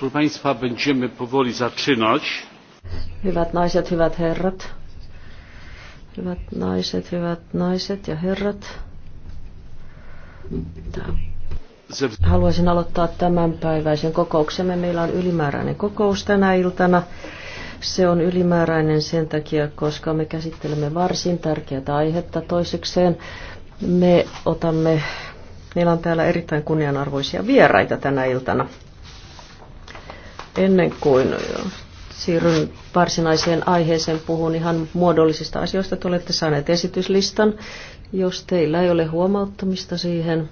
Proszę Państwa, będziemy powoli zaczynać. Hyvät naiset, hyvät herrat. Hyvät naiset, hyvät naiset ja herrat. Haluaisin aloittaa tämän päiväisen kokouksemme. Meillä on ylimääräinen kokous tänä iltana. Se on ylimääräinen sen takia, koska me käsittelemme varsin tärkeää aihetta toisekseen. Me otamme, meillä on täällä erittäin kunnianarvoisia vieraita tänä iltana. Ennen kuin siirryn varsinaiseen aiheeseen, puhun ihan muodollisista asioista. Te olette saaneet esityslistan. Jos teillä ei ole huomauttamista siihen,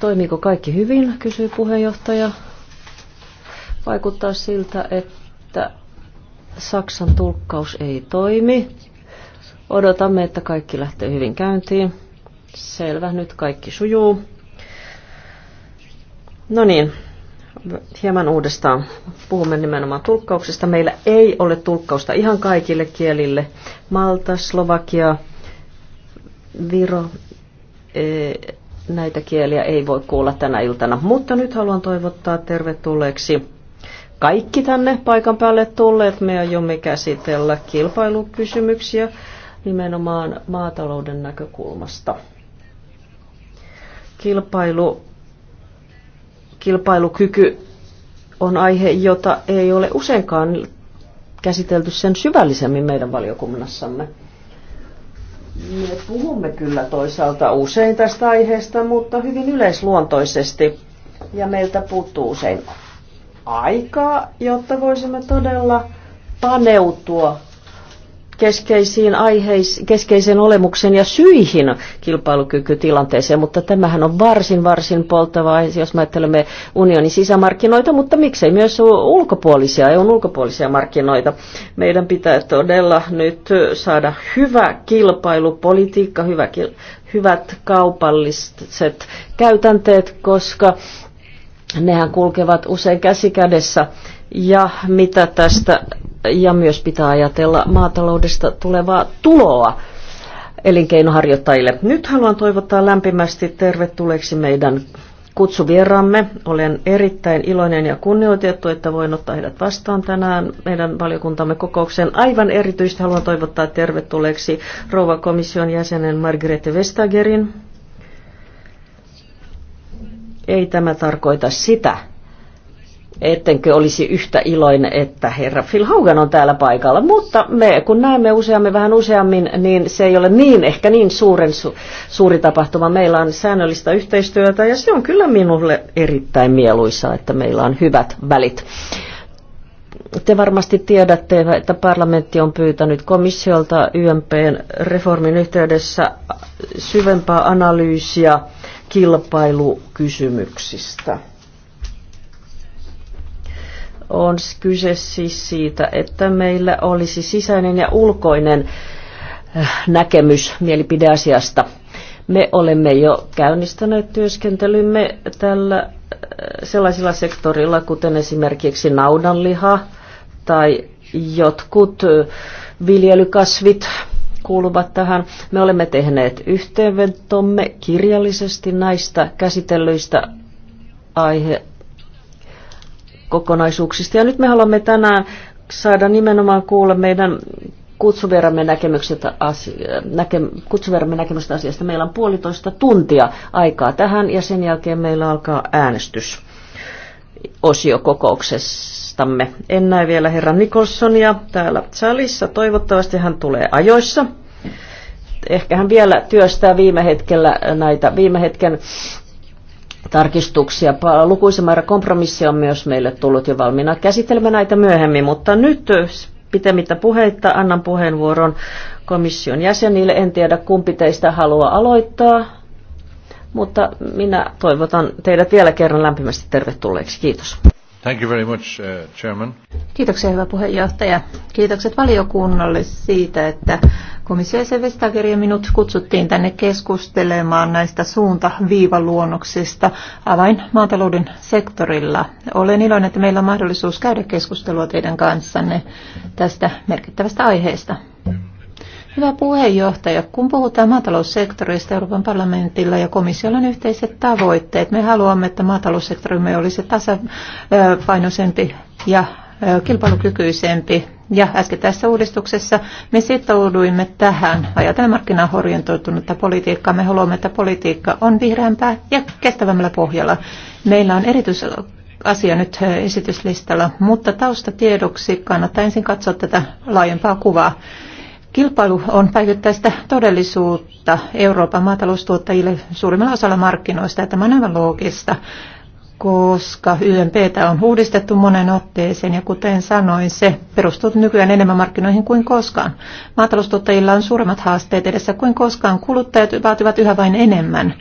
toimiiko kaikki hyvin, kysyy puheenjohtaja. Vaikuttaa siltä, että Saksan tulkkaus ei toimi. Odotamme, että kaikki lähtee hyvin käyntiin. Selvä, nyt kaikki sujuu. No niin, hieman uudestaan. Puhumme nimenomaan tulkkauksesta. Meillä ei ole tulkkausta ihan kaikille kielille. Malta, Slovakia, Viro, e, näitä kieliä ei voi kuulla tänä iltana. Mutta nyt haluan toivottaa tervetulleeksi kaikki tänne paikan päälle tulleet. Me aiomme käsitellä kilpailukysymyksiä nimenomaan maatalouden näkökulmasta. Kilpailu kilpailukyky on aihe, jota ei ole useinkaan käsitelty sen syvällisemmin meidän valiokunnassamme. Me puhumme kyllä toisaalta usein tästä aiheesta, mutta hyvin yleisluontoisesti. Ja meiltä puuttuu usein aikaa, jotta voisimme todella paneutua keskeisiin aiheisiin keskeisen olemuksen ja syihin kilpailukykytilanteeseen, mutta tämähän on varsin, varsin poltava aihe, jos me ajattelemme unionin sisämarkkinoita, mutta miksei myös ulkopuolisia, EUn ulkopuolisia markkinoita. Meidän pitää todella nyt saada hyvä kilpailupolitiikka, hyvä, hyvät kaupalliset käytänteet, koska nehän kulkevat usein käsikädessä. Ja mitä tästä ja myös pitää ajatella maataloudesta tulevaa tuloa elinkeinoharjoittajille. Nyt haluan toivottaa lämpimästi tervetulleeksi meidän kutsuvieraamme. Olen erittäin iloinen ja kunnioitettu, että voin ottaa heidät vastaan tänään meidän valiokuntamme kokoukseen. Aivan erityisesti haluan toivottaa tervetulleeksi rouva komission jäsenen Margrethe Vestagerin. Ei tämä tarkoita sitä, ettenkö olisi yhtä iloinen, että herra Phil Hogan on täällä paikalla. Mutta me, kun näemme useammin, vähän useammin, niin se ei ole niin, ehkä niin suuren su- suuri tapahtuma. Meillä on säännöllistä yhteistyötä ja se on kyllä minulle erittäin mieluisaa, että meillä on hyvät välit. Te varmasti tiedätte, että parlamentti on pyytänyt komissiolta YMPn reformin yhteydessä syvempää analyysiä kilpailukysymyksistä on kyse siis siitä, että meillä olisi sisäinen ja ulkoinen äh, näkemys mielipideasiasta. Me olemme jo käynnistäneet työskentelymme tällä äh, sellaisilla sektorilla, kuten esimerkiksi naudanliha tai jotkut äh, viljelykasvit kuuluvat tähän. Me olemme tehneet yhteenvetomme kirjallisesti näistä käsitellyistä aihe kokonaisuuksista. Ja nyt me haluamme tänään saada nimenomaan kuulla meidän kutsuveramme, näkemyksestä asia, näke, kutsuveramme näkemystä asiasta. Meillä on puolitoista tuntia aikaa tähän ja sen jälkeen meillä alkaa äänestys osio En näe vielä herra Nikolsonia täällä salissa. Toivottavasti hän tulee ajoissa. Ehkä hän vielä työstää viime hetkellä näitä viime hetken tarkistuksia. Lukuisen määrä kompromissia on myös meille tullut jo valmiina. Käsittelemme näitä myöhemmin, mutta nyt äh, pitemmittä puheitta annan puheenvuoron komission jäsenille. En tiedä kumpi teistä haluaa aloittaa, mutta minä toivotan teidät vielä kerran lämpimästi tervetulleeksi. Kiitos. Thank you very much, uh, chairman. Kiitoksia hyvä puheenjohtaja. Kiitokset valiokunnalle siitä, että Komissio Vestager ja minut kutsuttiin tänne keskustelemaan näistä suuntaviivaluonnoksista avain maatalouden sektorilla. Olen iloinen, että meillä on mahdollisuus käydä keskustelua teidän kanssanne tästä merkittävästä aiheesta. Hyvä puheenjohtaja, kun puhutaan maataloussektorista, Euroopan parlamentilla ja komissiolla on yhteiset tavoitteet. Me haluamme, että maataloussektorimme olisi tasapainoisempi ja kilpailukykyisempi. Ja äsken tässä uudistuksessa me sitouduimme tähän. Ajatellen markkinahorientoitunutta politiikkaa, me haluamme, että politiikka on vihreämpää ja kestävämmällä pohjalla. Meillä on erityis asia nyt esityslistalla, mutta taustatiedoksi kannattaa ensin katsoa tätä laajempaa kuvaa. Kilpailu on päivittäistä todellisuutta Euroopan maataloustuottajille suurimmalla osalla markkinoista, ja tämä on aivan loogista koska YMPtä on uudistettu monen otteeseen ja kuten sanoin, se perustuu nykyään enemmän markkinoihin kuin koskaan. Maataloustuottajilla on suuremmat haasteet edessä kuin koskaan. Kuluttajat vaativat yhä vain enemmän.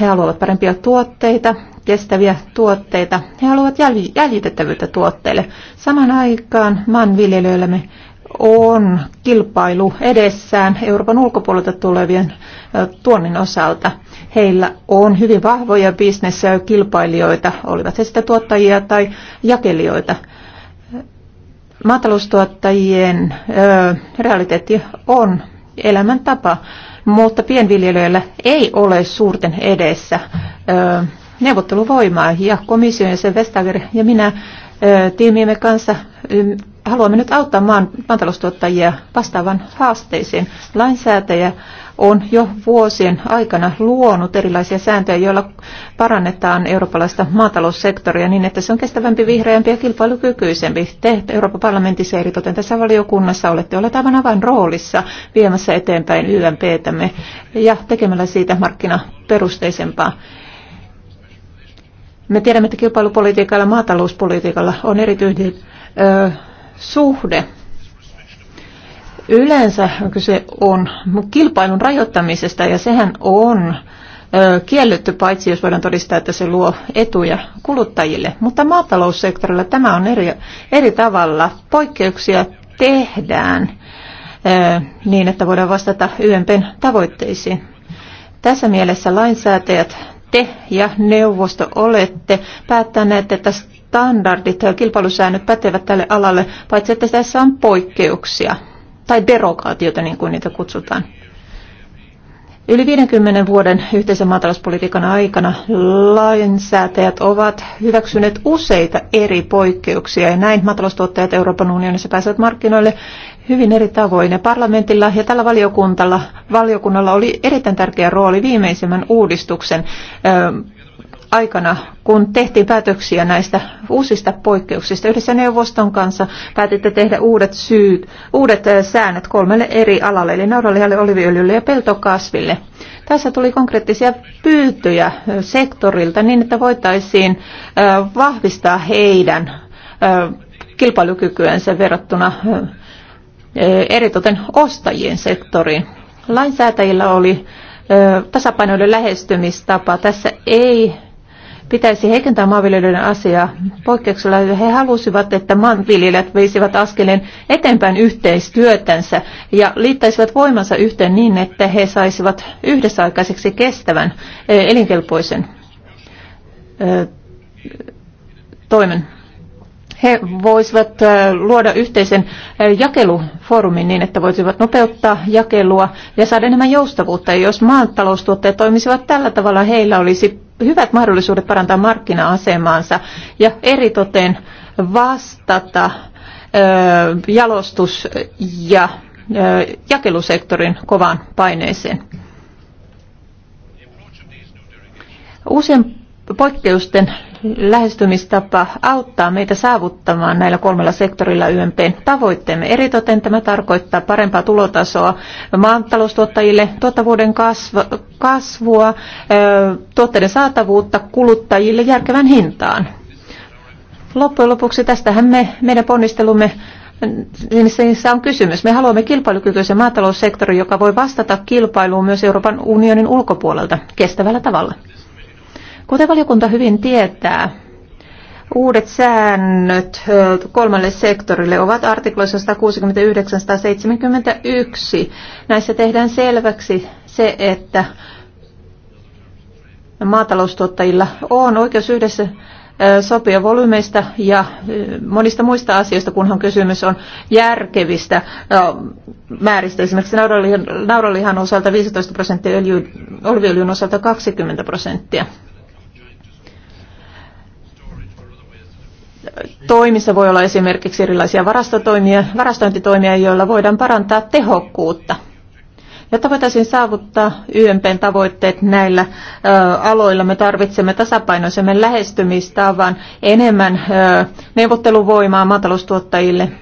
He haluavat parempia tuotteita, kestäviä tuotteita. He haluavat jäljitettävyyttä tuotteille. Saman aikaan maanviljelijöillämme on kilpailu edessään Euroopan ulkopuolelta tulevien tuonnin osalta. Heillä on hyvin vahvoja kilpailijoita, olivat he sitä tuottajia tai jakelijoita. Maataloustuottajien ö, realiteetti on elämäntapa, mutta pienviljelijöillä ei ole suurten edessä ö, neuvotteluvoimaa. Ja komission ja sen Vestager ja minä tiimiemme kanssa haluamme nyt auttaa maan, maataloustuottajia vastaavan haasteisiin. Lainsäätäjä on jo vuosien aikana luonut erilaisia sääntöjä, joilla parannetaan eurooppalaista maataloussektoria niin, että se on kestävämpi, vihreämpi ja kilpailukykyisempi. Te Euroopan parlamentissa eritoten tässä valiokunnassa olette olleet aivan avain roolissa viemässä eteenpäin YMPtämme ja tekemällä siitä markkinaperusteisempaa. Me tiedämme, että kilpailupolitiikalla ja maatalouspolitiikalla on erityisesti suhde. Yleensä kyse on kilpailun rajoittamisesta ja sehän on kielletty, paitsi jos voidaan todistaa, että se luo etuja kuluttajille. Mutta maataloussektorilla tämä on eri, eri tavalla. Poikkeuksia tehdään niin, että voidaan vastata YMPn tavoitteisiin. Tässä mielessä lainsäätäjät te ja neuvosto olette päättäneet, että standardit ja kilpailusäännöt pätevät tälle alalle, paitsi että tässä on poikkeuksia tai derogaatiota, niin kuin niitä kutsutaan. Yli 50 vuoden yhteisen maatalouspolitiikan aikana lainsäätäjät ovat hyväksyneet useita eri poikkeuksia ja näin maataloustuottajat Euroopan unionissa pääsevät markkinoille hyvin eri tavoin. Ja parlamentilla ja tällä valiokunnalla, oli erittäin tärkeä rooli viimeisimmän uudistuksen aikana, kun tehtiin päätöksiä näistä uusista poikkeuksista. Yhdessä neuvoston kanssa päätitte tehdä uudet, syyt, uudet eh, säännöt kolmelle eri alalle, eli naudalihalle, oliviöljylle ja peltokasville. Tässä tuli konkreettisia pyyntöjä eh, sektorilta niin, että voitaisiin eh, vahvistaa heidän kilpailukykyänsä verrattuna eritoten ostajien sektoriin. Lainsäätäjillä oli tasapainoinen lähestymistapa. Tässä ei pitäisi heikentää maanviljelijöiden asiaa. Poikkeuksella he halusivat, että maanviljelijät veisivät askeleen eteenpäin yhteistyötänsä ja liittäisivät voimansa yhteen niin, että he saisivat yhdessä aikaiseksi kestävän, eh, elinkelpoisen eh, toimen. He voisivat eh, luoda yhteisen jakelufoorumin niin, että voisivat nopeuttaa jakelua ja saada enemmän joustavuutta. Ja jos maataloustuotteet toimisivat tällä tavalla, heillä olisi hyvät mahdollisuudet parantaa markkina-asemaansa ja eritoten vastata jalostus- ja jakelusektorin kovaan paineeseen. Usein poikkeusten lähestymistapa auttaa meitä saavuttamaan näillä kolmella sektorilla YMP tavoitteemme. Eritoten tämä tarkoittaa parempaa tulotasoa maantaloustuottajille, tuottavuuden kasvua, tuotteiden saatavuutta kuluttajille järkevän hintaan. Loppujen lopuksi tästähän me, meidän ponnistelumme Niissä on kysymys. Me haluamme kilpailukykyisen maataloussektorin, joka voi vastata kilpailuun myös Euroopan unionin ulkopuolelta kestävällä tavalla. Kuten valiokunta hyvin tietää, uudet säännöt kolmalle sektorille ovat artikloissa 169-171. Näissä tehdään selväksi se, että maataloustuottajilla on oikeus yhdessä sopia volyymeista ja monista muista asioista, kunhan kysymys on järkevistä määristä. Esimerkiksi nauralihan, osalta 15 prosenttia, oliviöljyn osalta 20 prosenttia. toimissa voi olla esimerkiksi erilaisia varastotoimia, varastointitoimia, joilla voidaan parantaa tehokkuutta. Jotta voitaisiin saavuttaa YMPn tavoitteet näillä ö, aloilla, me tarvitsemme tasapainoisemme lähestymistavan enemmän ö, neuvotteluvoimaa maataloustuottajille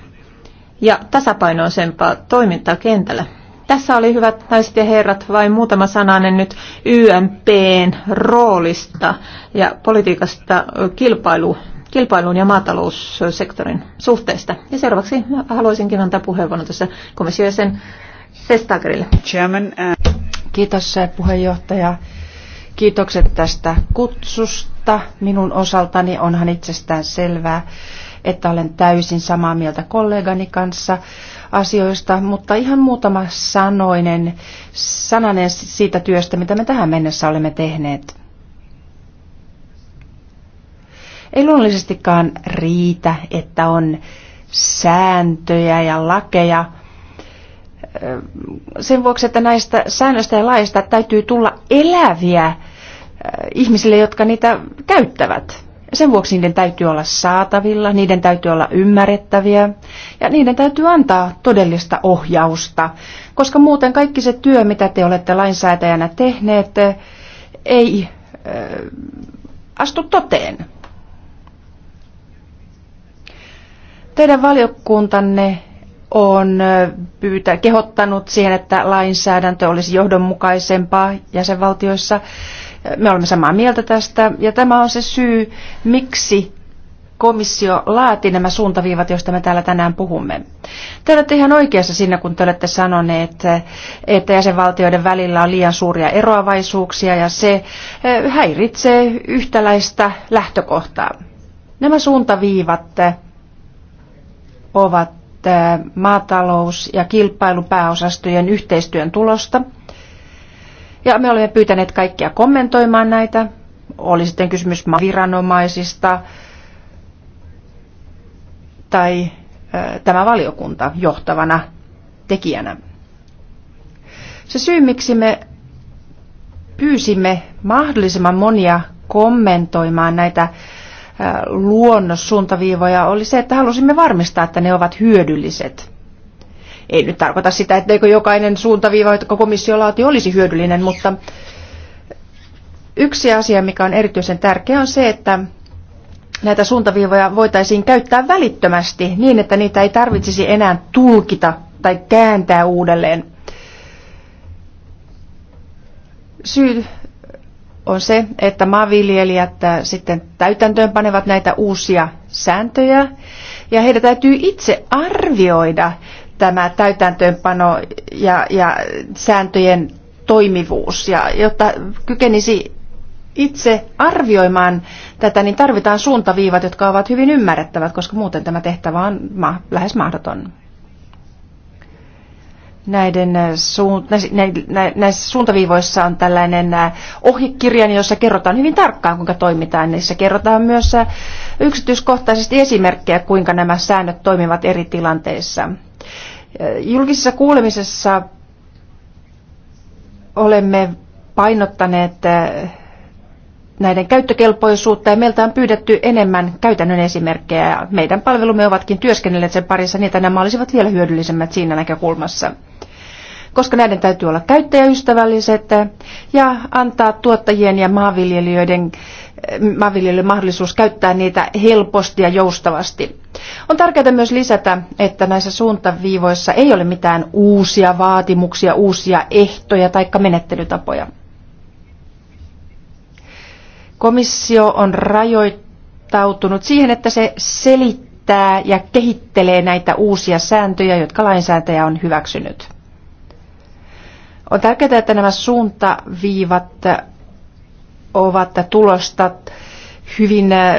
ja tasapainoisempaa toimintaa kentällä. Tässä oli hyvät naiset ja herrat vain muutama sananen nyt YMPn roolista ja politiikasta kilpailu kilpailun ja maataloussektorin suhteesta. Ja seuraavaksi haluaisinkin antaa puheenvuoron tässä komissiojäsen Sestagerille. Chairman, uh, Kiitos eh, puheenjohtaja. Kiitokset tästä kutsusta. Minun osaltani onhan itsestään selvää, että olen täysin samaa mieltä kollegani kanssa asioista, mutta ihan muutama sanoinen, sananen siitä työstä, mitä me tähän mennessä olemme tehneet. Ei luonnollisestikaan riitä, että on sääntöjä ja lakeja sen vuoksi, että näistä säännöistä ja laista täytyy tulla eläviä ihmisille, jotka niitä käyttävät. Sen vuoksi niiden täytyy olla saatavilla, niiden täytyy olla ymmärrettäviä ja niiden täytyy antaa todellista ohjausta, koska muuten kaikki se työ, mitä te olette lainsäätäjänä tehneet, ei äh, astu toteen. Teidän valiokuntanne on pyytä, kehottanut siihen, että lainsäädäntö olisi johdonmukaisempaa jäsenvaltioissa. Me olemme samaa mieltä tästä ja tämä on se syy, miksi komissio laati nämä suuntaviivat, joista me täällä tänään puhumme. Te olette ihan oikeassa siinä, kun te olette sanoneet, että jäsenvaltioiden välillä on liian suuria eroavaisuuksia ja se häiritsee yhtäläistä lähtökohtaa. Nämä suuntaviivat ovat maatalous- ja kilpailupääosastojen yhteistyön tulosta. Ja me olemme pyytäneet kaikkia kommentoimaan näitä. Oli sitten kysymys viranomaisista tai tämä valiokunta johtavana tekijänä. Se syy, miksi me pyysimme mahdollisimman monia kommentoimaan näitä luonnossuuntaviivoja oli se, että halusimme varmistaa, että ne ovat hyödylliset. Ei nyt tarkoita sitä, etteikö jokainen suuntaviiva, joka komissio laati, olisi hyödyllinen, mutta yksi asia, mikä on erityisen tärkeä, on se, että näitä suuntaviivoja voitaisiin käyttää välittömästi niin, että niitä ei tarvitsisi enää tulkita tai kääntää uudelleen. Syy on se, että maanviljelijät äh, sitten täytäntöönpanevat näitä uusia sääntöjä ja heidän täytyy itse arvioida tämä täytäntöönpano ja, ja sääntöjen toimivuus. Ja jotta kykenisi itse arvioimaan tätä, niin tarvitaan suuntaviivat, jotka ovat hyvin ymmärrettävät, koska muuten tämä tehtävä on ma- lähes mahdoton näiden äh, suunt- näissä suuntaviivoissa on tällainen äh, ohjekirja, jossa kerrotaan hyvin tarkkaan, kuinka toimitaan. Niissä kerrotaan myös äh, yksityiskohtaisesti esimerkkejä, kuinka nämä säännöt toimivat eri tilanteissa. Julkisessa kuulemisessa olemme painottaneet näiden käyttökelpoisuutta ja meiltä on pyydetty enemmän käytännön esimerkkejä ja meidän palvelumme ovatkin työskennelleet sen parissa niin, että nämä olisivat vielä hyödyllisemmät siinä näkökulmassa. Koska näiden täytyy olla käyttäjäystävälliset ja antaa tuottajien ja maanviljelijöiden maanviljelijöille mahdollisuus käyttää niitä helposti ja joustavasti. On tärkeää myös lisätä, että näissä suuntaviivoissa ei ole mitään uusia vaatimuksia, uusia ehtoja tai menettelytapoja. Komissio on rajoittautunut siihen, että se selittää ja kehittelee näitä uusia sääntöjä, jotka lainsäätäjä on hyväksynyt. On tärkeää, että nämä suuntaviivat ovat tulosta hyvin äh,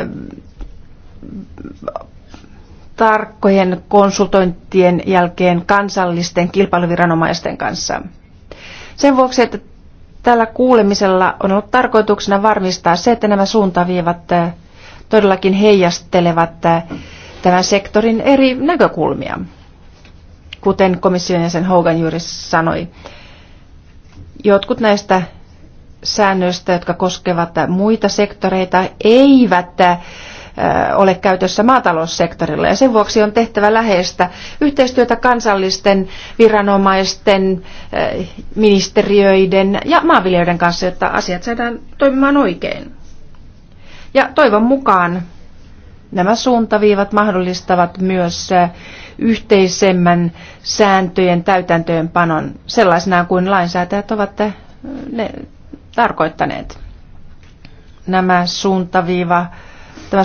tarkkojen konsultointien jälkeen kansallisten kilpailuviranomaisten kanssa. Sen vuoksi, että Tällä kuulemisella on ollut tarkoituksena varmistaa se, että nämä suuntaviivat eh, todellakin heijastelevat eh, tämän sektorin eri näkökulmia, kuten komission jäsen Hogan juuri sanoi. Jotkut näistä säännöistä, jotka koskevat muita sektoreita, eivät eh, ole käytössä maataloussektorilla. Ja sen vuoksi on tehtävä läheistä yhteistyötä kansallisten viranomaisten, ministeriöiden ja maanviljelijöiden kanssa, jotta asiat saadaan toimimaan oikein. Ja toivon mukaan nämä suuntaviivat mahdollistavat myös yhteisemmän sääntöjen täytäntöönpanon sellaisena kuin lainsäätäjät ovat ne tarkoittaneet. Nämä suuntaviiva Tämä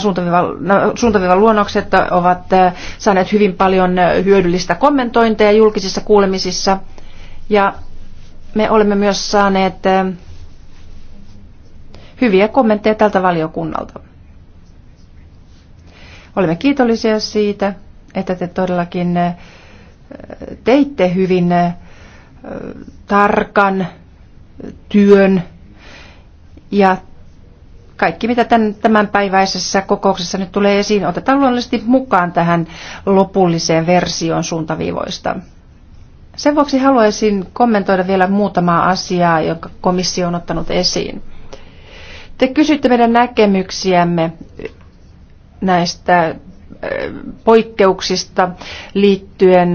suuntaviva luonnokset ovat äh, saaneet hyvin paljon äh, hyödyllistä kommentointeja julkisissa kuulemisissa. Ja me olemme myös saaneet äh, hyviä kommentteja tältä valiokunnalta. Olemme kiitollisia siitä, että te todellakin teitte hyvin tarkan työn ja kaikki, mitä tämän, tämänpäiväisessä kokouksessa nyt tulee esiin, otetaan luonnollisesti mukaan tähän lopulliseen versioon suuntaviivoista. Sen vuoksi haluaisin kommentoida vielä muutamaa asiaa, jonka komissio on ottanut esiin. Te kysytte meidän näkemyksiämme näistä poikkeuksista liittyen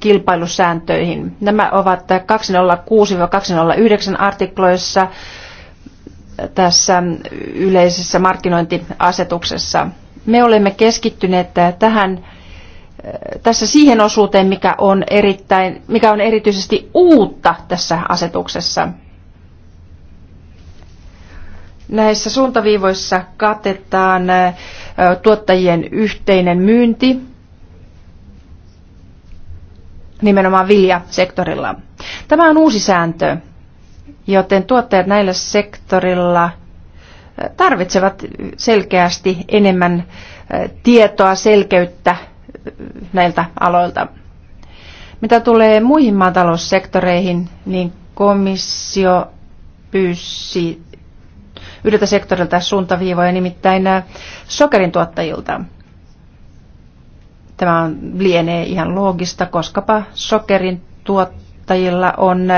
kilpailusääntöihin. Nämä ovat 206-209 artikloissa tässä yleisessä markkinointiasetuksessa. Me olemme keskittyneet tähän tässä siihen osuuteen, mikä on, erittäin, mikä on erityisesti uutta tässä asetuksessa. Näissä suuntaviivoissa katetaan tuottajien yhteinen myynti nimenomaan viljasektorilla. Tämä on uusi sääntö Joten tuottajat näillä sektorilla tarvitsevat selkeästi enemmän tietoa, selkeyttä näiltä aloilta. Mitä tulee muihin maataloussektoreihin, niin komissio pyysi yhdeltä sektorilta suuntaviivoja, nimittäin sokerin tuottajilta. Tämä on, lienee ihan loogista, koskapa sokerin tuottajilta kuluttajilla on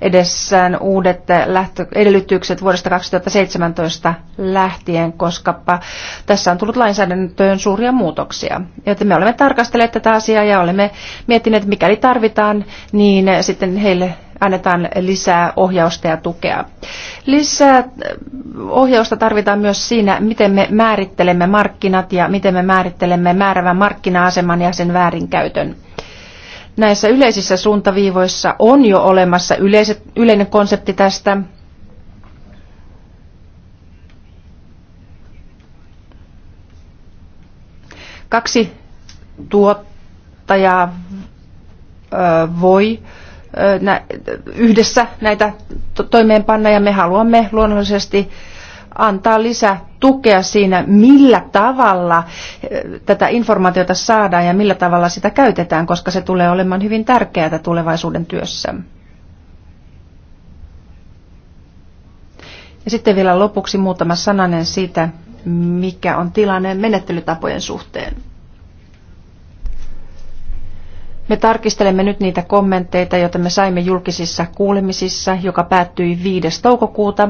edessään uudet lähtö- edellytykset vuodesta 2017 lähtien, koska tässä on tullut lainsäädäntöön suuria muutoksia. Joten me olemme tarkastelleet tätä asiaa ja olemme miettineet, että mikäli tarvitaan, niin sitten heille annetaan lisää ohjausta ja tukea. Lisää ohjausta tarvitaan myös siinä, miten me määrittelemme markkinat ja miten me määrittelemme määrävän markkina-aseman ja sen väärinkäytön näissä yleisissä suuntaviivoissa on jo olemassa yleiset, yleinen konsepti tästä. Kaksi tuottajaa voi yhdessä näitä toimeenpanna ja me haluamme luonnollisesti antaa lisää tukea siinä, millä tavalla eh, tätä informaatiota saadaan ja millä tavalla sitä käytetään, koska se tulee olemaan hyvin tärkeää tulevaisuuden työssä. Ja sitten vielä lopuksi muutama sananen siitä, mikä on tilanne menettelytapojen suhteen. Me tarkistelemme nyt niitä kommentteita, joita me saimme julkisissa kuulemisissa, joka päättyi 5. toukokuuta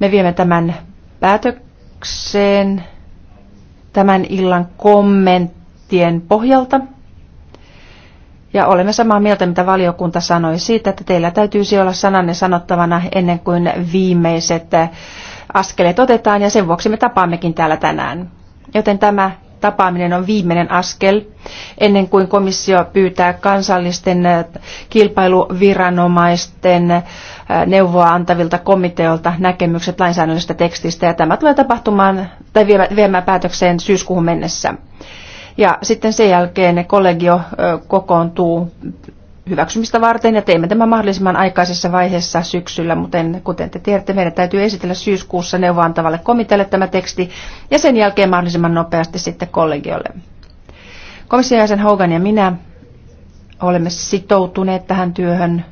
me viemme tämän päätökseen tämän illan kommenttien pohjalta. Ja olemme samaa mieltä, mitä valiokunta sanoi siitä, että teillä täytyisi olla sananne sanottavana ennen kuin viimeiset askeleet otetaan, ja sen vuoksi me tapaammekin täällä tänään. Joten tämä tapaaminen on viimeinen askel ennen kuin komissio pyytää kansallisten äh, kilpailuviranomaisten äh, neuvoa antavilta komiteolta näkemykset lainsäädännöllisestä tekstistä ja tämä tulee tapahtumaan tai viemään päätökseen syyskuuhun mennessä. Ja sitten sen jälkeen kollegio äh, kokoontuu hyväksymistä varten ja teemme tämän mahdollisimman aikaisessa vaiheessa syksyllä, mutta kuten te tiedätte, meidän täytyy esitellä syyskuussa neuvoantavalle komitealle tämä teksti ja sen jälkeen mahdollisimman nopeasti sitten kollegiolle. Komission jäsen Hogan ja minä olemme sitoutuneet tähän työhön.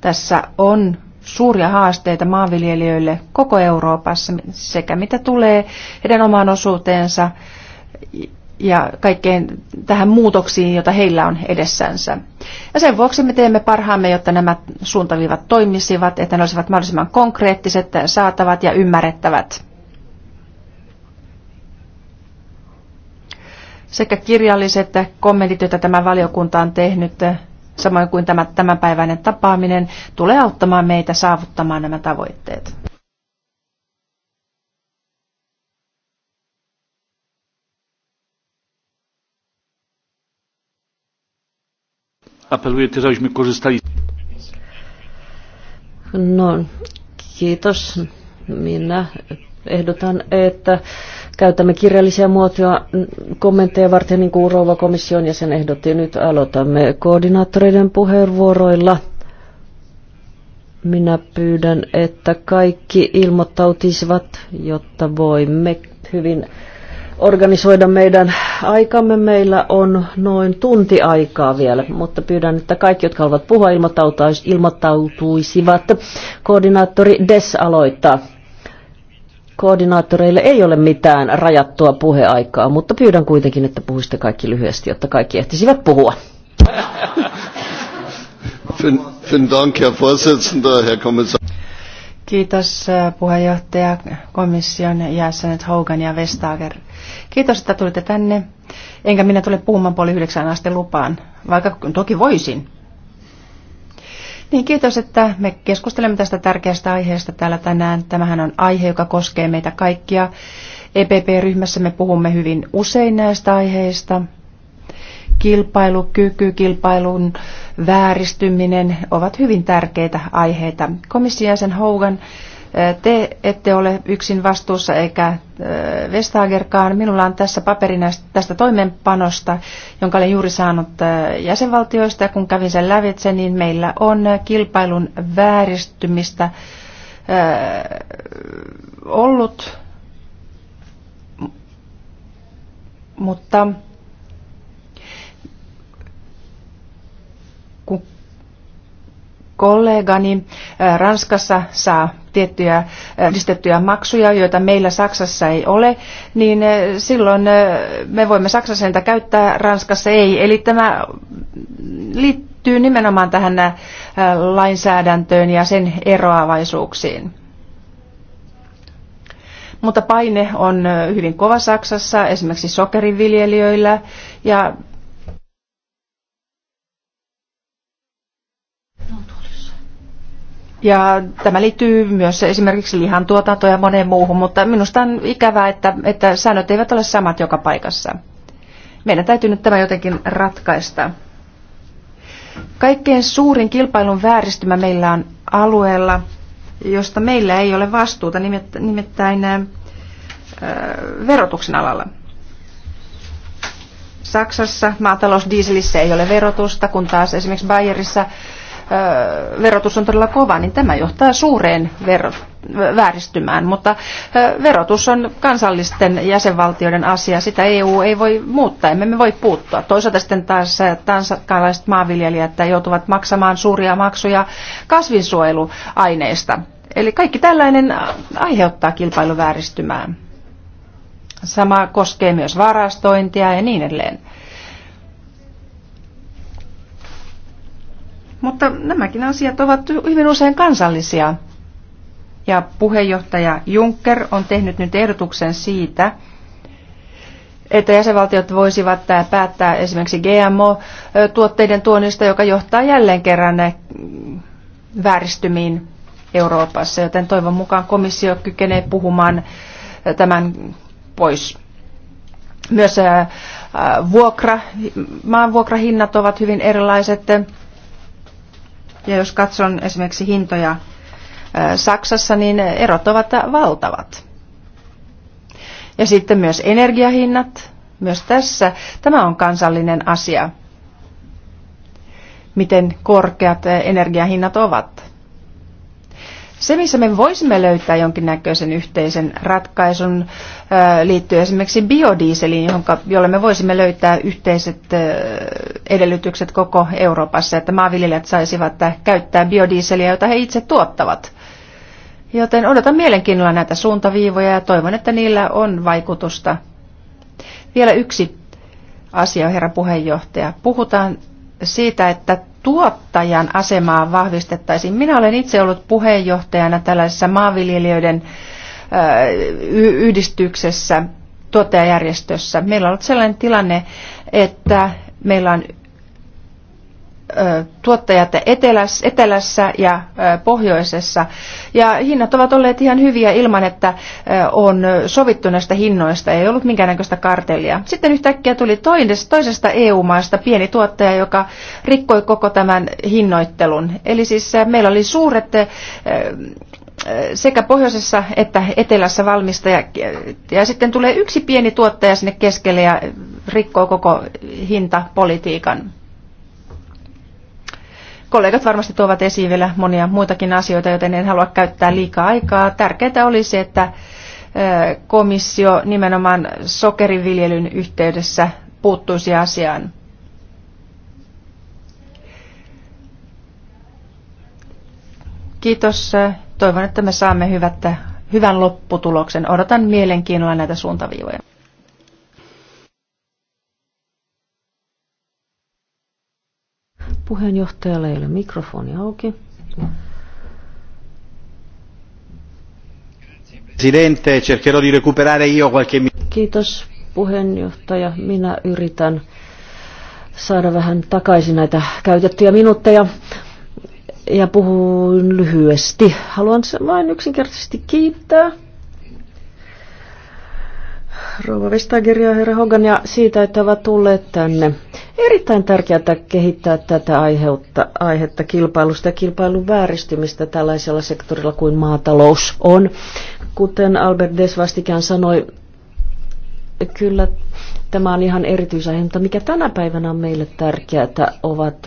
Tässä on suuria haasteita maanviljelijöille koko Euroopassa sekä mitä tulee heidän omaan osuuteensa ja kaikkeen tähän muutoksiin, jota heillä on edessänsä. Ja sen vuoksi me teemme parhaamme, jotta nämä suuntaviivat toimisivat, että ne olisivat mahdollisimman konkreettiset, saatavat ja ymmärrettävät. Sekä kirjalliset kommentit, joita tämä valiokunta on tehnyt, samoin kuin tämä tämänpäiväinen tapaaminen, tulee auttamaan meitä saavuttamaan nämä tavoitteet. Apeluję też, abyśmy korzystali. No, kiitos. Minä ehdotan, että käytämme kirjallisia muotoja kommentteja varten, niin kuin Rouva komission jäsen ehdotti. Nyt aloitamme koordinaattoreiden puheenvuoroilla. Minä pyydän, että kaikki ilmoittautisivat, jotta voimme hyvin organisoida meidän aikamme. Meillä on noin tunti aikaa vielä, mutta pyydän, että kaikki, jotka haluavat puhua, ilmoittautuisivat. Koordinaattori Des aloittaa. Koordinaattoreille ei ole mitään rajattua puheaikaa, mutta pyydän kuitenkin, että puhuisitte kaikki lyhyesti, jotta kaikki ehtisivät puhua. Vielen Dank, Herr Vorsitzender, Herr Kommissar. Kiitos äh, puheenjohtaja komission jäsenet Hogan ja Vestager. Kiitos, että tulitte tänne. Enkä minä tule puhumaan puoli yhdeksän asteen lupaan, vaikka toki voisin. Niin, kiitos, että me keskustelemme tästä tärkeästä aiheesta täällä tänään. Tämähän on aihe, joka koskee meitä kaikkia. EPP-ryhmässä me puhumme hyvin usein näistä aiheista kilpailukyky, kilpailun vääristyminen ovat hyvin tärkeitä aiheita. Komission jäsen Hogan, eh, te ette ole yksin vastuussa eikä eh, Vestagerkaan. Minulla on tässä paperi tästä toimeenpanosta, jonka olen juuri saanut eh, jäsenvaltioista. Kun kävin sen lävitse, niin meillä on kilpailun vääristymistä ollut, mutta kollegani äh, Ranskassa saa tiettyjä äh, yhdistettyjä maksuja, joita meillä Saksassa ei ole, niin äh, silloin me voimme Saksassa niitä käyttää, Ranskassa ei. Eli tämä liittyy nimenomaan tähän lainsäädäntöön ja sen eroavaisuuksiin. Mutta paine on hyvin kova Saksassa, esimerkiksi sokeriviljelijöillä, ja Ja tämä liittyy myös esimerkiksi lihantuotantoon ja moneen muuhun, mutta minusta on ikävää, että, että säännöt eivät ole samat joka paikassa. Meidän täytyy nyt tämä jotenkin ratkaista. Kaikkein suurin kilpailun vääristymä meillä on alueella, josta meillä ei ole vastuuta, nimittäin verotuksen alalla. Saksassa maatalousdieselissä ei ole verotusta, kun taas esimerkiksi Bayerissa verotus on todella kova, niin tämä johtaa suureen vero, vääristymään. Mutta verotus on kansallisten jäsenvaltioiden asia. Sitä EU ei voi muuttaa, emme me voi puuttua. Toisaalta sitten taas tanskalaiset maanviljelijät joutuvat maksamaan suuria maksuja kasvinsuojeluaineista. Eli kaikki tällainen aiheuttaa kilpailuvääristymää. Sama koskee myös varastointia ja niin edelleen. Mutta nämäkin asiat ovat hyvin usein kansallisia. Ja puheenjohtaja Juncker on tehnyt nyt ehdotuksen siitä, että jäsenvaltiot voisivat äh, päättää esimerkiksi GMO-tuotteiden tuonnista, joka johtaa jälleen kerran äh, vääristymiin Euroopassa, joten toivon mukaan komissio kykenee puhumaan äh, tämän pois. Myös vuokra, maan vuokrahinnat ovat hyvin erilaiset ja jos katson esimerkiksi hintoja Saksassa, niin erot ovat valtavat. Ja sitten myös energiahinnat, myös tässä. Tämä on kansallinen asia, miten korkeat energiahinnat ovat. Se, missä me voisimme löytää jonkinnäköisen yhteisen ratkaisun, liittyy esimerkiksi biodieseliin, jolle me voisimme löytää yhteiset edellytykset koko Euroopassa, että maanviljelijät saisivat käyttää biodieseliä, jota he itse tuottavat. Joten odotan mielenkiinnolla näitä suuntaviivoja ja toivon, että niillä on vaikutusta. Vielä yksi asia, herra puheenjohtaja. Puhutaan siitä, että tuottajan asemaa vahvistettaisiin. Minä olen itse ollut puheenjohtajana tällaisessa maanviljelijöiden yhdistyksessä, tuottajajärjestössä. Meillä on ollut sellainen tilanne, että meillä on tuottajat etelässä, ja pohjoisessa. Ja hinnat ovat olleet ihan hyviä ilman, että on sovittu näistä hinnoista, ei ollut minkäännäköistä kartellia. Sitten yhtäkkiä tuli toisesta EU-maasta pieni tuottaja, joka rikkoi koko tämän hinnoittelun. Eli siis meillä oli suuret sekä pohjoisessa että etelässä valmistaja. Ja sitten tulee yksi pieni tuottaja sinne keskelle ja rikkoo koko hintapolitiikan. Kollegat varmasti tuovat esiin vielä monia muitakin asioita, joten en halua käyttää liikaa aikaa. Tärkeää olisi, että komissio nimenomaan sokeriviljelyn yhteydessä puuttuisi asiaan. Kiitos. Toivon, että me saamme hyvät, hyvän lopputuloksen. Odotan mielenkiinnolla näitä suuntaviivoja. puheenjohtajalle ei ole mikrofoni auki. Presidente, cercherò di recuperare io qualche Kiitos puheenjohtaja. Minä yritän saada vähän takaisin näitä käytettyjä minuutteja ja puhun lyhyesti. Haluan vain yksinkertaisesti kiittää rouva Vestager ja herra Hogan ja siitä, että ovat tulleet tänne. Erittäin tärkeää kehittää tätä aiheutta, aihetta kilpailusta ja kilpailun vääristymistä tällaisella sektorilla kuin maatalous on. Kuten Albert Desvastikään sanoi, kyllä tämä on ihan erityisaihe, mutta mikä tänä päivänä on meille tärkeää, ovat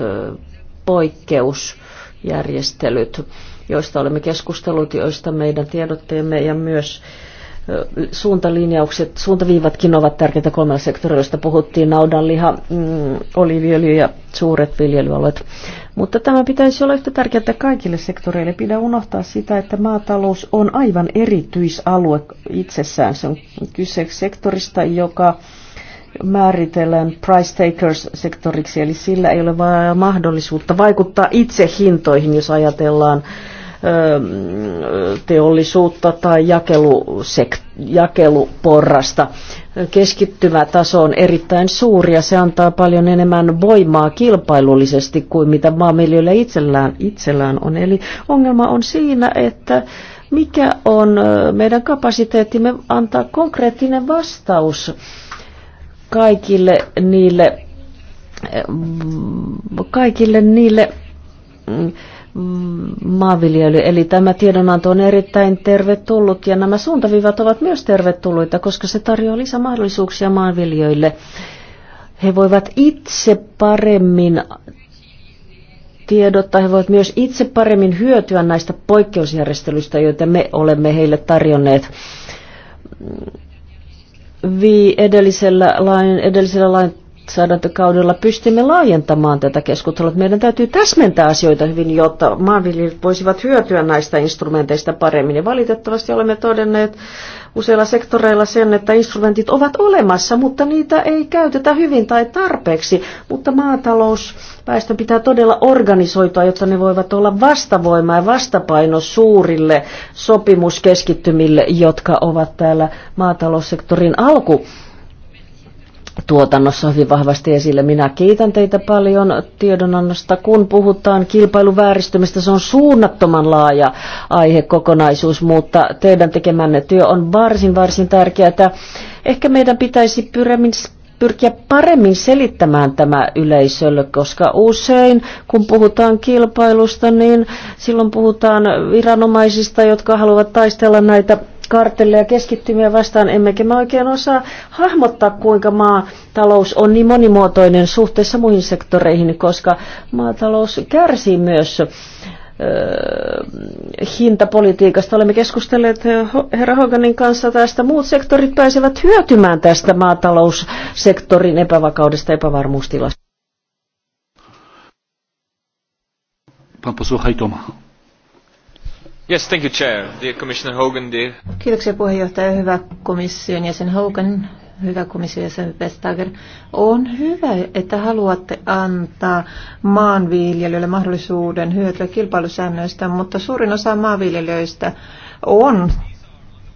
poikkeusjärjestelyt, joista olemme keskustellut, joista meidän tiedotteemme ja myös suuntalinjaukset, suuntaviivatkin ovat tärkeitä kolmella sektorilla, josta puhuttiin, naudanliha, mm, oliiviöljy ja suuret viljelyalueet. Mutta tämä pitäisi olla yhtä tärkeää kaikille sektoreille. Pidä unohtaa sitä, että maatalous on aivan erityisalue itsessään. Se on kyse sektorista, joka määritellään price takers sektoriksi, eli sillä ei ole mahdollisuutta vaikuttaa itse hintoihin, jos ajatellaan teollisuutta tai jakeluporrasta. Keskittymätaso on erittäin suuri ja se antaa paljon enemmän voimaa kilpailullisesti kuin mitä maanviljelijöillä itsellään, itsellään on. Eli ongelma on siinä, että mikä on meidän kapasiteettimme antaa konkreettinen vastaus kaikille niille, kaikille niille maanviljely. Eli tämä tiedonanto on erittäin tervetullut ja nämä suuntaviivat ovat myös tervetulleita, koska se tarjoaa lisämahdollisuuksia maanviljelijöille. He voivat itse paremmin tiedottaa, he voivat myös itse paremmin hyötyä näistä poikkeusjärjestelyistä, joita me olemme heille tarjonneet. Vi edellisellä lain, edellisellä lain lainsäädäntökaudella pystymme laajentamaan tätä keskustelua. Meidän täytyy täsmentää asioita hyvin, jotta maanviljelijät voisivat hyötyä näistä instrumenteista paremmin. Ja valitettavasti olemme todenneet useilla sektoreilla sen, että instrumentit ovat olemassa, mutta niitä ei käytetä hyvin tai tarpeeksi. Mutta maatalousväestön pitää todella organisoitua, jotta ne voivat olla vastavoima ja vastapaino suurille sopimuskeskittymille, jotka ovat täällä maataloussektorin alku tuotannossa hyvin vahvasti esille. Minä kiitän teitä paljon tiedonannosta. Kun puhutaan kilpailuvääristymistä, se on suunnattoman laaja aihekokonaisuus, mutta teidän tekemänne työ on varsin, varsin tärkeää. Ehkä meidän pitäisi pyrämin pyrkiä paremmin selittämään tämä yleisölle, koska usein kun puhutaan kilpailusta, niin silloin puhutaan viranomaisista, jotka haluavat taistella näitä kartelleja keskittymiä vastaan, emmekä me oikein osaa hahmottaa, kuinka maatalous on niin monimuotoinen suhteessa muihin sektoreihin, koska maatalous kärsii myös hintapolitiikasta. Olemme keskustelleet herra Hoganin kanssa tästä. Muut sektorit pääsevät hyötymään tästä maataloussektorin epävakaudesta epävarmuustilasta. Pan posłuchaj Toma. Yes, thank you, Chair. Dear Commissioner Hogan, dear. Kiitoksia puheenjohtaja, hyvä komission jäsen Hogan, hyvä komission jäsen Vestager. On hyvä, että haluatte antaa maanviljelijöille mahdollisuuden hyötyä kilpailusäännöistä, mutta suurin osa maanviljelijöistä on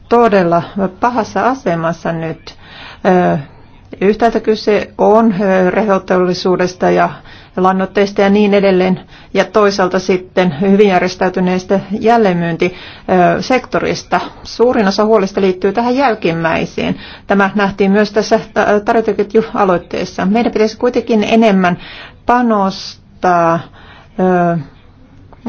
todella pahassa asemassa nyt. Yhtäältä kyse on rehoteollisuudesta ja lannoitteista ja niin edelleen, ja toisaalta sitten hyvin järjestäytyneestä jälleenmyyntisektorista. Suurin osa huolista liittyy tähän jälkimmäiseen. Tämä nähtiin myös tässä tarjotuketju-aloitteessa. Meidän pitäisi kuitenkin enemmän panostaa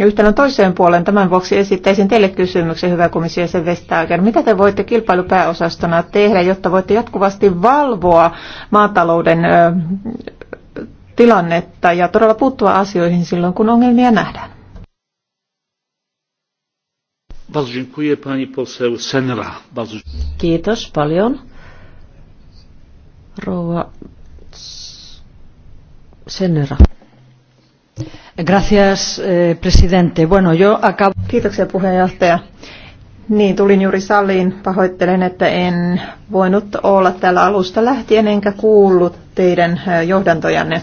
Yhtälön toiseen puoleen tämän vuoksi esittäisin teille kysymyksen, hyvä komissio sen Vestager. Mitä te voitte kilpailupääosastona tehdä, jotta voitte jatkuvasti valvoa maatalouden tilannetta ja todella puuttua asioihin silloin, kun ongelmia nähdään. Kiitos paljon. Rouva Senera. Gracias, eh, presidente. Bueno, yo acabo... Kiitoksia puheenjohtaja. Niin, tulin juuri saliin. Pahoittelen, että en voinut olla täällä alusta lähtien enkä kuullut teidän eh, johdantojanne.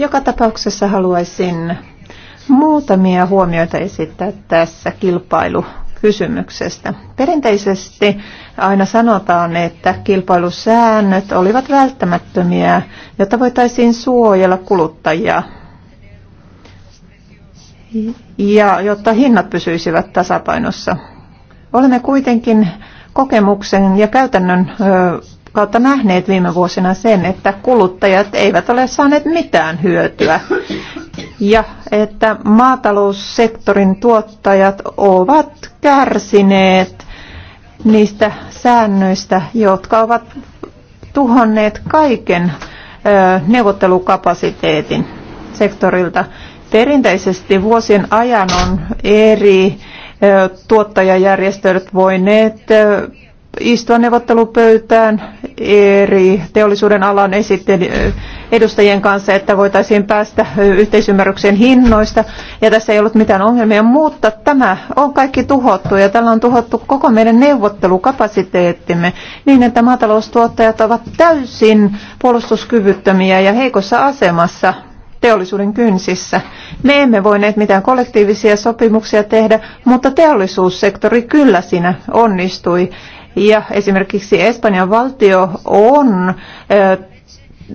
Joka tapauksessa haluaisin muutamia huomioita esittää tässä kilpailukysymyksestä. Perinteisesti aina sanotaan, että kilpailusäännöt olivat välttämättömiä, jotta voitaisiin suojella kuluttajia ja jotta hinnat pysyisivät tasapainossa. Olemme kuitenkin kokemuksen ja käytännön kautta nähneet viime vuosina sen, että kuluttajat eivät ole saaneet mitään hyötyä ja että maataloussektorin tuottajat ovat kärsineet niistä säännöistä, jotka ovat tuhonneet kaiken neuvottelukapasiteetin sektorilta. Perinteisesti vuosien ajan on eri tuottajajärjestöt voineet istua neuvottelupöytään eri teollisuuden alan edustajien kanssa, että voitaisiin päästä yhteisymmärrykseen hinnoista. Ja tässä ei ollut mitään ongelmia, mutta tämä on kaikki tuhottu ja tällä on tuhottu koko meidän neuvottelukapasiteettimme niin, että maataloustuottajat ovat täysin puolustuskyvyttömiä ja heikossa asemassa teollisuuden kynsissä. Me emme voineet mitään kollektiivisia sopimuksia tehdä, mutta teollisuussektori kyllä siinä onnistui. Ja esimerkiksi Espanjan valtio on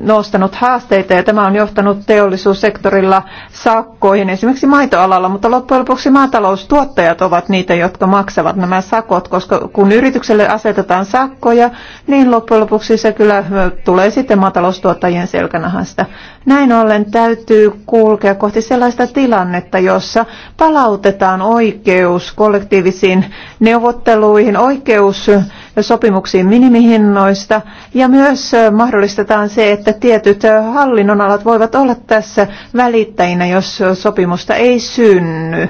nostanut haasteita ja tämä on johtanut teollisuussektorilla sakkoihin, esimerkiksi maitoalalla, mutta loppujen lopuksi maataloustuottajat ovat niitä, jotka maksavat nämä sakot, koska kun yritykselle asetetaan sakkoja, niin loppujen lopuksi se kyllä tulee sitten maataloustuottajien selkänahasta. Näin ollen täytyy kulkea kohti sellaista tilannetta, jossa palautetaan oikeus kollektiivisiin neuvotteluihin, oikeus sopimuksiin minimihinnoista ja myös mahdollistetaan se, että tietyt hallinnonalat voivat olla tässä välittäjinä, jos sopimusta ei synny,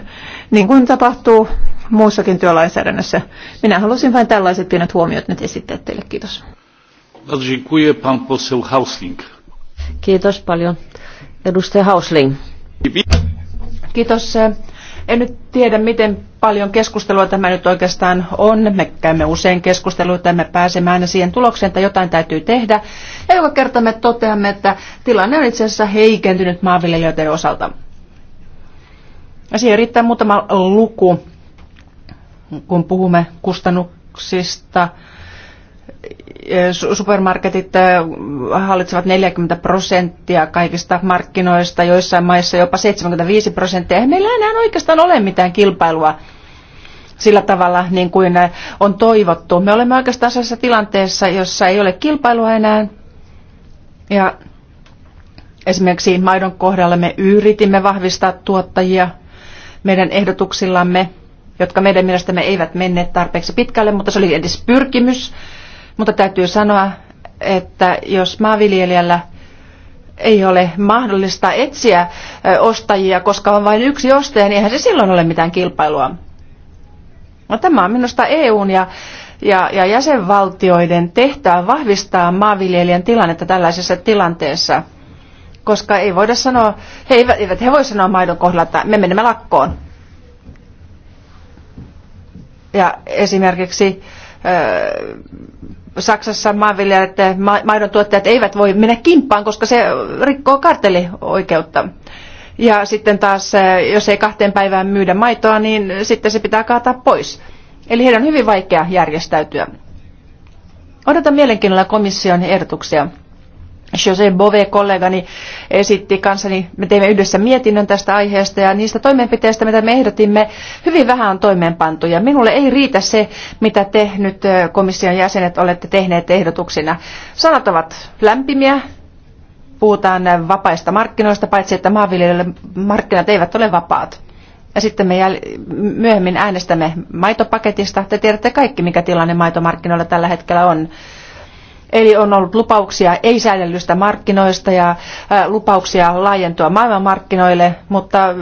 niin kuin tapahtuu muussakin työlainsäädännössä. Minä halusin vain tällaiset pienet huomiot nyt esittää teille. Kiitos. Kiitos paljon. Edustaja Hausling. Kiitos en nyt tiedä, miten paljon keskustelua tämä nyt oikeastaan on. Me käymme usein keskustelua, ja me pääsemme aina siihen tulokseen, että jotain täytyy tehdä. Ja joka kerta me toteamme, että tilanne on itse asiassa heikentynyt maanviljelijöiden osalta. Ja siihen riittää muutama luku, kun puhumme kustannuksista – supermarketit hallitsevat 40 prosenttia kaikista markkinoista, joissain maissa jopa 75 prosenttia. Eihän meillä enää oikeastaan ole mitään kilpailua sillä tavalla niin kuin on toivottu. Me olemme oikeastaan sellaisessa tilanteessa, jossa ei ole kilpailua enää. Ja esimerkiksi maidon kohdalla me yritimme vahvistaa tuottajia meidän ehdotuksillamme, jotka meidän mielestämme eivät menneet tarpeeksi pitkälle, mutta se oli edes pyrkimys mutta täytyy sanoa, että jos maanviljelijällä ei ole mahdollista etsiä ostajia, koska on vain yksi ostaja, niin eihän se silloin ole mitään kilpailua. No, tämä on minusta EUn ja, ja, ja jäsenvaltioiden tehtävä vahvistaa maanviljelijän tilannetta tällaisessa tilanteessa, koska ei voida sanoa, he eivät, eivät he voi sanoa maidon kohdalla, että me menemme lakkoon. Ja esimerkiksi öö, Saksassa maanviljelijät, maidon tuottajat eivät voi mennä kimppaan, koska se rikkoo kartelioikeutta. Ja sitten taas, eh, jos ei kahteen päivään myydä maitoa, niin sitten se pitää kaataa pois. Eli heidän on hyvin vaikea järjestäytyä. Odotan mielenkiinnolla komission ehdotuksia. Jose Bove, kollegani, esitti kanssani, me teimme yhdessä mietinnön tästä aiheesta ja niistä toimenpiteistä, mitä me ehdotimme, hyvin vähän on toimeenpantu ja minulle ei riitä se, mitä te nyt komission jäsenet olette tehneet ehdotuksina. Sanat ovat lämpimiä, puhutaan vapaista markkinoista, paitsi että maanviljelijöille markkinat eivät ole vapaat. Ja sitten me jäl- myöhemmin äänestämme maitopaketista. Te tiedätte kaikki, mikä tilanne maitomarkkinoilla tällä hetkellä on. Eli on ollut lupauksia ei-säädellystä markkinoista ja äh, lupauksia laajentua maailmanmarkkinoille, mutta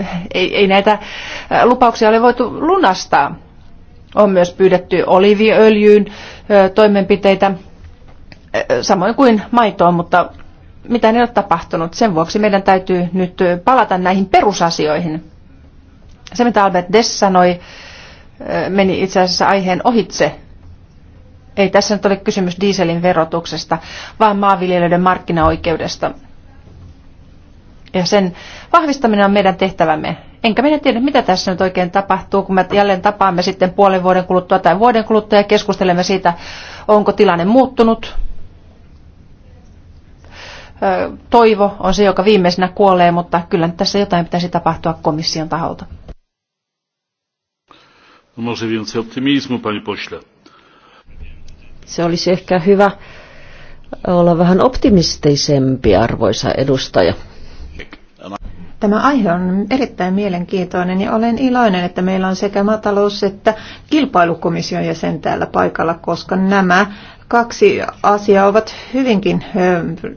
äh, ei, ei näitä äh, lupauksia ole voitu lunastaa. On myös pyydetty oliiviöljyyn toimenpiteitä, samoin kuin maitoon, mutta mitä ei ole tapahtunut. Sen vuoksi meidän täytyy nyt palata näihin perusasioihin. Se, mitä Albert Dess sanoi, meni itse asiassa aiheen ohitse ei tässä nyt ole kysymys dieselin verotuksesta, vaan maanviljelijöiden markkinaoikeudesta. Ja sen vahvistaminen on meidän tehtävämme. Enkä minä tiedä, mitä tässä nyt oikein tapahtuu, kun me jälleen tapaamme sitten puolen vuoden kuluttua tai vuoden kuluttua ja keskustelemme siitä, onko tilanne muuttunut. Toivo on se, joka viimeisenä kuolee, mutta kyllä nyt tässä jotain pitäisi tapahtua komission taholta. No, więcej optymizmu, panie se olisi ehkä hyvä olla vähän optimistisempi, arvoisa edustaja. Tämä aihe on erittäin mielenkiintoinen ja olen iloinen, että meillä on sekä maatalous- että kilpailukomission jäsen täällä paikalla, koska nämä kaksi asiaa ovat hyvinkin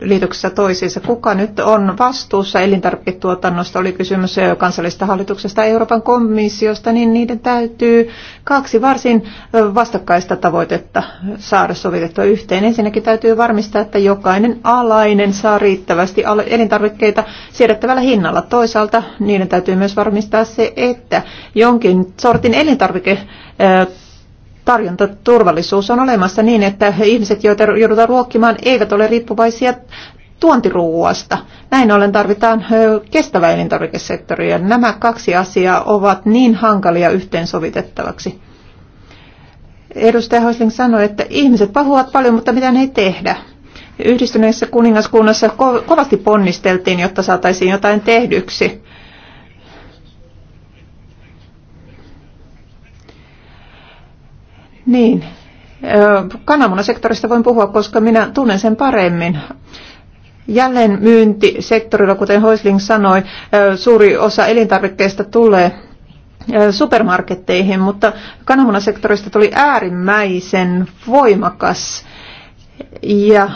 liitoksessa toisiinsa. Kuka nyt on vastuussa elintarviketuotannosta, oli kysymys kansallisesta hallituksesta Euroopan komissiosta, niin niiden täytyy kaksi varsin vastakkaista tavoitetta saada sovitettua yhteen. Ensinnäkin täytyy varmistaa, että jokainen alainen saa riittävästi elintarvikkeita siedettävällä hinnalla. Toisaalta niiden täytyy myös varmistaa se, että jonkin sortin elintarvike tarjontaturvallisuus on olemassa niin, että ihmiset, joita joudutaan ruokkimaan, eivät ole riippuvaisia tuontiruuasta. Näin ollen tarvitaan kestävä elintarvikesektori ja nämä kaksi asiaa ovat niin hankalia yhteensovitettavaksi. Edustaja Hoisling sanoi, että ihmiset pahuvat paljon, mutta mitä ne ei tehdä. Yhdistyneessä kuningaskunnassa kovasti ponnisteltiin, jotta saataisiin jotain tehdyksi. Niin, kananmunasektorista voin puhua, koska minä tunnen sen paremmin. Jälleen myyntisektorilla, kuten Hoisling sanoi, suuri osa elintarvikkeista tulee supermarketteihin, mutta kananmunasektorista tuli äärimmäisen voimakas ja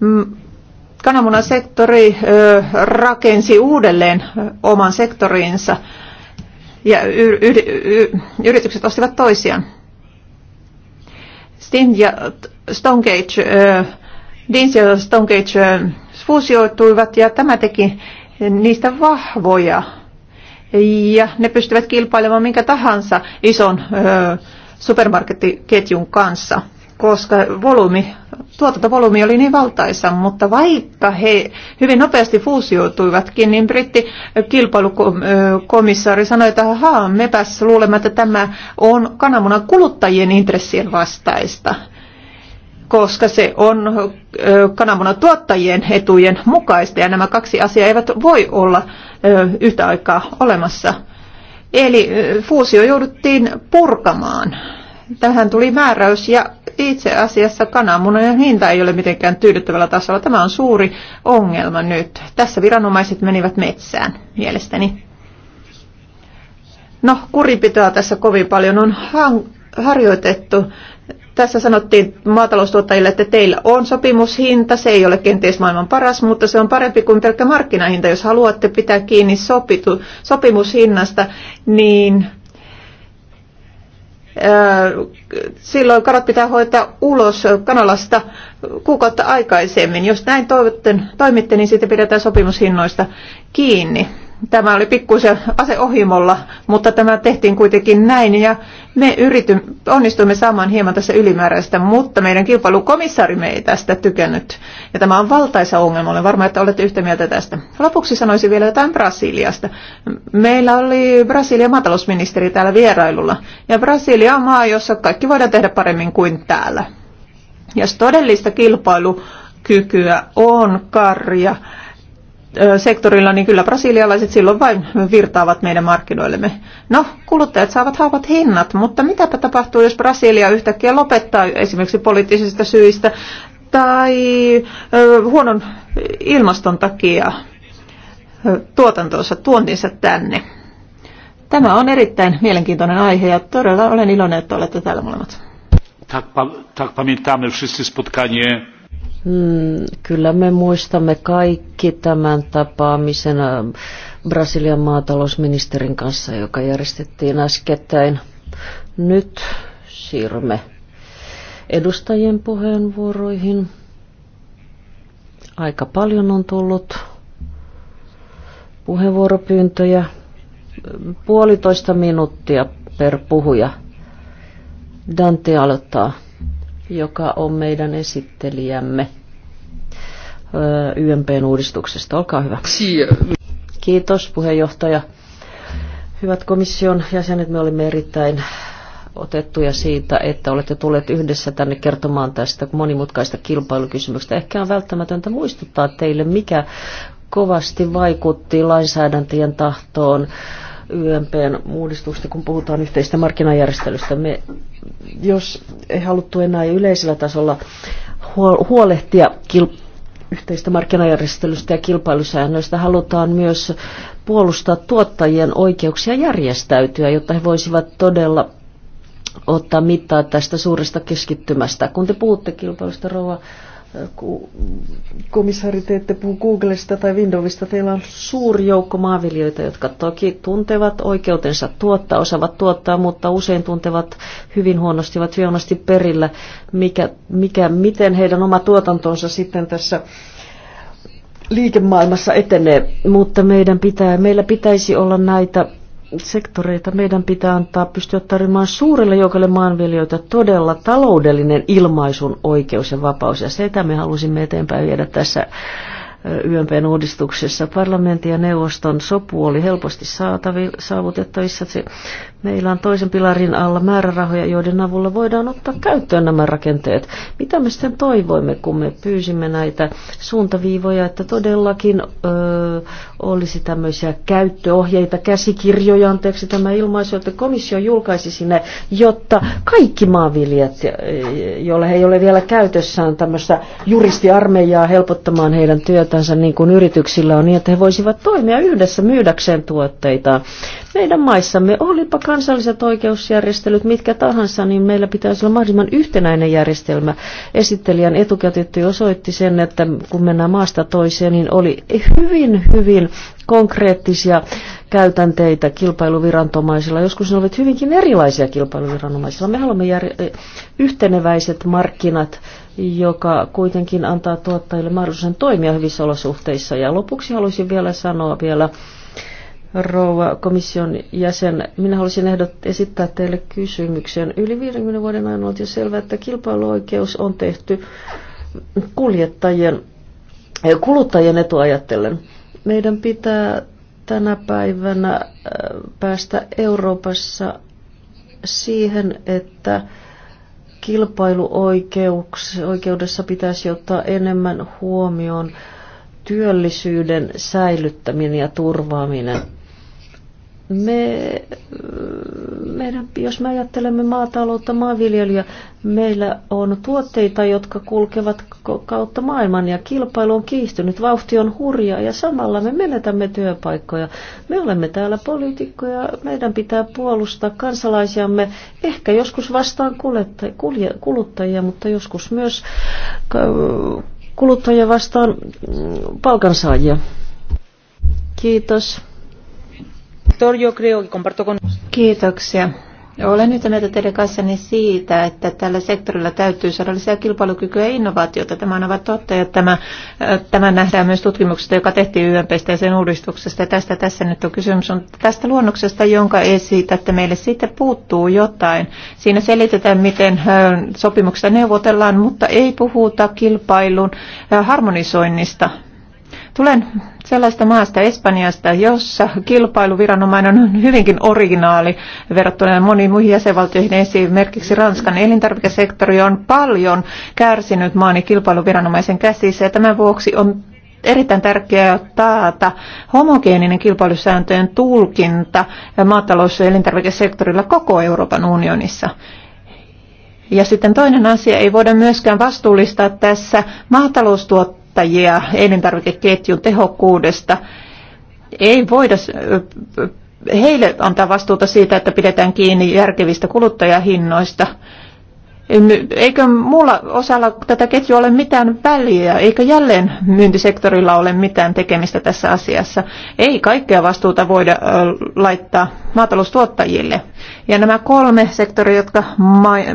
mm, kananmunasektori rakensi uudelleen oman sektorinsa ja yritykset ostivat toisiaan. Stint ja Stonegate, äh, Dins ja Stonegate äh, fuusioituivat ja tämä teki niistä vahvoja. Ja ne pystyvät kilpailemaan minkä tahansa ison äh, supermarkettiketjun kanssa koska volyymi, tuotantovolyymi oli niin valtaisa, mutta vaikka he hyvin nopeasti fuusioituivatkin, niin britti kilpailukomissaari sanoi, että haa, mepäs luulemme, että tämä on kananmunan kuluttajien intressien vastaista koska se on kananmunan tuottajien etujen mukaista ja nämä kaksi asiaa eivät voi olla yhtä aikaa olemassa. Eli fuusio jouduttiin purkamaan. Tähän tuli määräys ja itse asiassa kananmunojen hinta ei ole mitenkään tyydyttävällä tasolla. Tämä on suuri ongelma nyt. Tässä viranomaiset menivät metsään mielestäni. No, kuripitoa tässä kovin paljon on harjoitettu. Tässä sanottiin maataloustuottajille, että teillä on sopimushinta, se ei ole kenties maailman paras, mutta se on parempi kuin pelkkä markkinahinta. Jos haluatte pitää kiinni sopitu, sopimushinnasta, niin Äh, silloin kanat pitää hoitaa ulos kanalasta kuukautta aikaisemmin. Jos näin toimitte, niin siitä pidetään sopimushinnoista kiinni. Tämä oli pikkuisen aseohimolla, mutta tämä tehtiin kuitenkin näin ja me yrity, onnistuimme saamaan hieman tässä ylimääräistä, mutta meidän kilpailukomissaarimme ei tästä tykännyt. Ja tämä on valtaisa ongelma, olen varma, että olette yhtä mieltä tästä. Lopuksi sanoisin vielä jotain Brasiliasta. Meillä oli Brasilian maatalousministeri täällä vierailulla ja Brasilia on maa, jossa kaikki voidaan tehdä paremmin kuin täällä. Jos todellista kilpailu kykyä on karja sektorilla, niin kyllä brasilialaiset silloin vain virtaavat meidän markkinoillemme. No, kuluttajat saavat halvat hinnat, mutta mitäpä tapahtuu, jos Brasilia yhtäkkiä lopettaa esimerkiksi poliittisista syistä tai huonon ilmaston takia tuotantonsa, tuontinsa tänne? Tämä on erittäin mielenkiintoinen aihe ja todella olen iloinen, että olette täällä molemmat. Tak, tak pamiętamy wszyscy spotkanie Mm, kyllä me muistamme kaikki tämän tapaamisen äh, Brasilian maatalousministerin kanssa, joka järjestettiin äskettäin. Nyt siirrymme edustajien puheenvuoroihin. Aika paljon on tullut puheenvuoropyyntöjä. Puolitoista minuuttia per puhuja. Dante aloittaa, joka on meidän esittelijämme. YMPn uudistuksesta. Olkaa hyvä. Kiitos puheenjohtaja. Hyvät komission jäsenet, me olimme erittäin otettuja siitä, että olette tulleet yhdessä tänne kertomaan tästä monimutkaista kilpailukysymyksestä. Ehkä on välttämätöntä muistuttaa teille, mikä kovasti vaikutti lainsäädäntöjen tahtoon YMPn uudistuksesta, kun puhutaan yhteistä markkinajärjestelystä. Me, jos ei haluttu enää yleisellä tasolla huolehtia kilpailukysymyksestä, yhteistä markkinajärjestelystä ja kilpailusäännöistä halutaan myös puolustaa tuottajien oikeuksia järjestäytyä, jotta he voisivat todella ottaa mittaa tästä suuresta keskittymästä. Kun te puhutte kilpailusta, rouva komissaari, te ette puhu Googlesta tai Windowsista. Teillä on suuri joukko maanviljoita, jotka toki tuntevat oikeutensa tuottaa, osaavat tuottaa, mutta usein tuntevat hyvin huonosti, ovat huonosti perillä, mikä, mikä, miten heidän oma tuotantonsa sitten tässä liikemaailmassa etenee. Mutta meidän pitää, meillä pitäisi olla näitä sektoreita meidän pitää antaa pystyä tarjoamaan suurelle joukolle maanviljelijöitä todella taloudellinen ilmaisun oikeus ja vapaus. Ja sitä me halusimme eteenpäin viedä tässä YMPn uudistuksessa. Parlamentin ja neuvoston sopu oli helposti saavutettavissa, saavutettavissa. Meillä on toisen pilarin alla määrärahoja, joiden avulla voidaan ottaa käyttöön nämä rakenteet. Mitä me sitten toivoimme, kun me pyysimme näitä suuntaviivoja, että todellakin öö, olisi tämmöisiä käyttöohjeita, käsikirjoja, anteeksi tämä ilmaisu, että komissio julkaisi sinne, jotta kaikki maanviljat, joilla he ei ole vielä käytössään tämmöistä juristiarmeijaa helpottamaan heidän työtään, asioitansa niin kuin yrityksillä on, niin että he voisivat toimia yhdessä myydäkseen tuotteita. Meidän maissamme, olipa kansalliset oikeusjärjestelyt mitkä tahansa, niin meillä pitäisi olla mahdollisimman yhtenäinen järjestelmä. Esittelijän etukäteen osoitti sen, että kun mennään maasta toiseen, niin oli hyvin, hyvin konkreettisia käytänteitä kilpailuviranomaisilla. Joskus ne olivat hyvinkin erilaisia kilpailuviranomaisilla. Me haluamme yhteneväiset markkinat joka kuitenkin antaa tuottajille mahdollisuuden toimia hyvissä olosuhteissa. Ja lopuksi haluaisin vielä sanoa vielä, rouva komission jäsen, minä haluaisin ehdot, esittää teille kysymyksen. Yli 50 vuoden ajan on jo selvää, että kilpailuoikeus on tehty kuljettajien, kuluttajien etuajattelen. Meidän pitää tänä päivänä päästä Euroopassa siihen, että kilpailuoikeudessa pitäisi ottaa enemmän huomioon työllisyyden säilyttäminen ja turvaaminen me, meidän, jos me ajattelemme maataloutta, maanviljelyä, meillä on tuotteita, jotka kulkevat kautta maailman ja kilpailu on kiihtynyt, vauhti on hurja ja samalla me menetämme työpaikkoja. Me olemme täällä poliitikkoja, meidän pitää puolustaa kansalaisiamme, ehkä joskus vastaan kuluttajia, mutta joskus myös kuluttajia vastaan mm, palkansaajia. Kiitos yo creo que comparto con... Kiitoksia. Olen yhtä mieltä teidän kanssanne siitä, että tällä sektorilla täytyy saada lisää kilpailukykyä ja innovaatiota. Tämä on aivan totta ja tämä, tämä nähdään myös tutkimuksesta, joka tehtiin YMPstä ja sen uudistuksesta. Ja tästä tässä nyt on kysymys on tästä luonnoksesta, jonka esitätte meille. Siitä puuttuu jotain. Siinä selitetään, miten sopimuksesta neuvotellaan, mutta ei puhuta kilpailun harmonisoinnista. Tulen sellaista maasta Espanjasta, jossa kilpailuviranomainen on hyvinkin originaali verrattuna moniin muihin jäsenvaltioihin. Esimerkiksi Ranskan elintarvikesektori on paljon kärsinyt maani kilpailuviranomaisen käsissä ja tämän vuoksi on erittäin tärkeää taata homogeeninen kilpailusääntöjen tulkinta maatalous- ja elintarvikesektorilla koko Euroopan unionissa. Ja sitten toinen asia, ei voida myöskään vastuullistaa tässä maataloustuotteita päättäjiä elintarvikeketjun tehokkuudesta. Ei voida heille antaa vastuuta siitä, että pidetään kiinni järkevistä kuluttajahinnoista. Eikö muulla osalla tätä ketjua ole mitään väliä, eikä jälleen myyntisektorilla ole mitään tekemistä tässä asiassa? Ei kaikkea vastuuta voida laittaa maataloustuottajille. Ja nämä kolme sektoria, jotka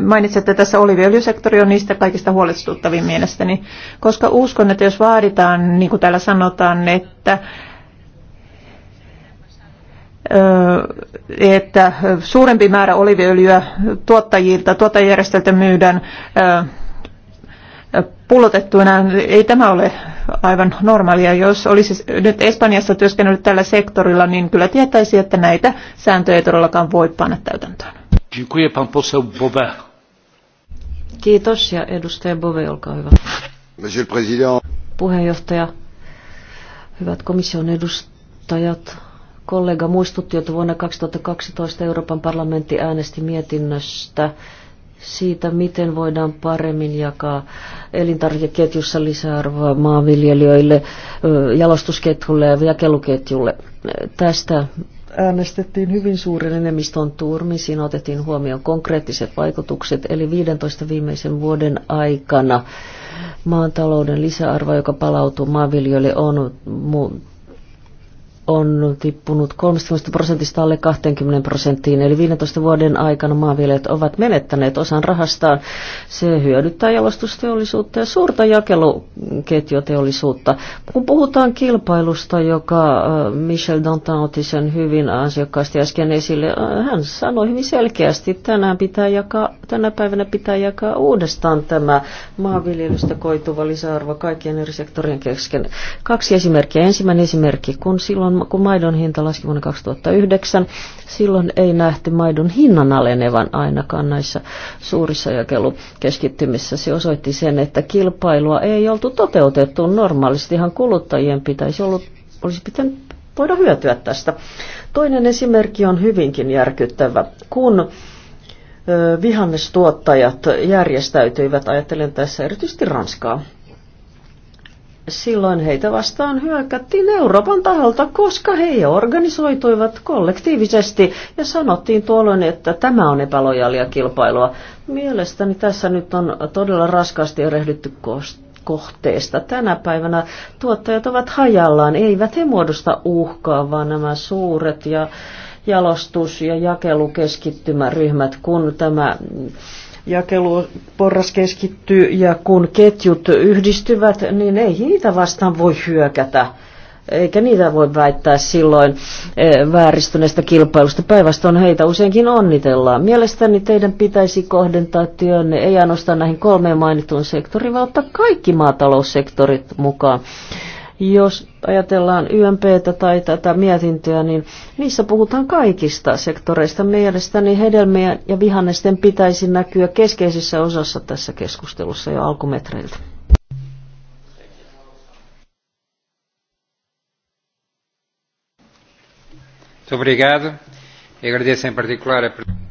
mainitsette tässä, oliviöljysektori on niistä kaikista huolestuttavin mielestäni, koska uskon, että jos vaaditaan, niin kuin täällä sanotaan, että että suurempi määrä oliviöljyä tuottajilta, tuottajajärjestöltä myydään pullotettuina. Ei tämä ole aivan normaalia. Jos olisi nyt Espanjassa työskennellyt tällä sektorilla, niin kyllä tietäisi, että näitä sääntöjä ei todellakaan voi panna täytäntöön. Kiitos ja edustaja Bove, olkaa hyvä. Puheenjohtaja, hyvät komission edustajat, kollega muistutti, että vuonna 2012 Euroopan parlamentti äänesti mietinnöstä siitä, miten voidaan paremmin jakaa elintarvikeketjussa lisäarvoa maanviljelijöille, jalostusketjulle ja jakeluketjulle. Tästä äänestettiin hyvin suuren enemmistön turmi. Siinä otettiin huomioon konkreettiset vaikutukset, eli 15 viimeisen vuoden aikana maantalouden lisäarvo, joka palautuu maanviljelijöille, on on tippunut 30 prosentista alle 20 prosenttiin, eli 15 vuoden aikana maanviljelijät ovat menettäneet osan rahastaan. Se hyödyttää jalostusteollisuutta ja suurta jakeluketjuteollisuutta. Kun puhutaan kilpailusta, joka äh, Michel Dantin otti sen hyvin ansiokkaasti äsken esille, äh, hän sanoi hyvin selkeästi, että tänään pitää jakaa, tänä päivänä pitää jakaa uudestaan tämä maanviljelystä koituva lisäarvo kaikkien eri sektorien kesken. Kaksi esimerkkiä. Ensimmäinen esimerkki, kun silloin silloin, kun maidon hinta laski vuonna 2009, silloin ei nähty maidon hinnan alenevan ainakaan näissä suurissa jakelukeskittymissä. Se osoitti sen, että kilpailua ei oltu toteutettu normaalistihan kuluttajien pitäisi ollut, olisi pitänyt voida hyötyä tästä. Toinen esimerkki on hyvinkin järkyttävä. Kun vihannestuottajat järjestäytyivät, ajattelen tässä erityisesti Ranskaa, silloin heitä vastaan hyökättiin Euroopan taholta, koska he organisoituivat kollektiivisesti ja sanottiin tuolloin, että tämä on epälojaalia kilpailua. Mielestäni tässä nyt on todella raskaasti erehdytty kohteesta. Tänä päivänä tuottajat ovat hajallaan, eivät he muodosta uhkaa, vaan nämä suuret ja jalostus- ja jakelukeskittymäryhmät, kun tämä jakeluporras keskittyy ja kun ketjut yhdistyvät, niin ei niitä vastaan voi hyökätä. Eikä niitä voi väittää silloin eh, vääristyneestä kilpailusta. Päinvastoin heitä useinkin onnitellaan. Mielestäni teidän pitäisi kohdentaa työnne ei ainoastaan näihin kolmeen mainittuun sektoriin, vaan ottaa kaikki maataloussektorit mukaan. Jos ajatellaan YMPtä tai tätä mietintöä, niin niissä puhutaan kaikista sektoreista. Mielestäni hedelmien ja vihannesten pitäisi näkyä keskeisessä osassa tässä keskustelussa jo alkumetreiltä. Obrigado. E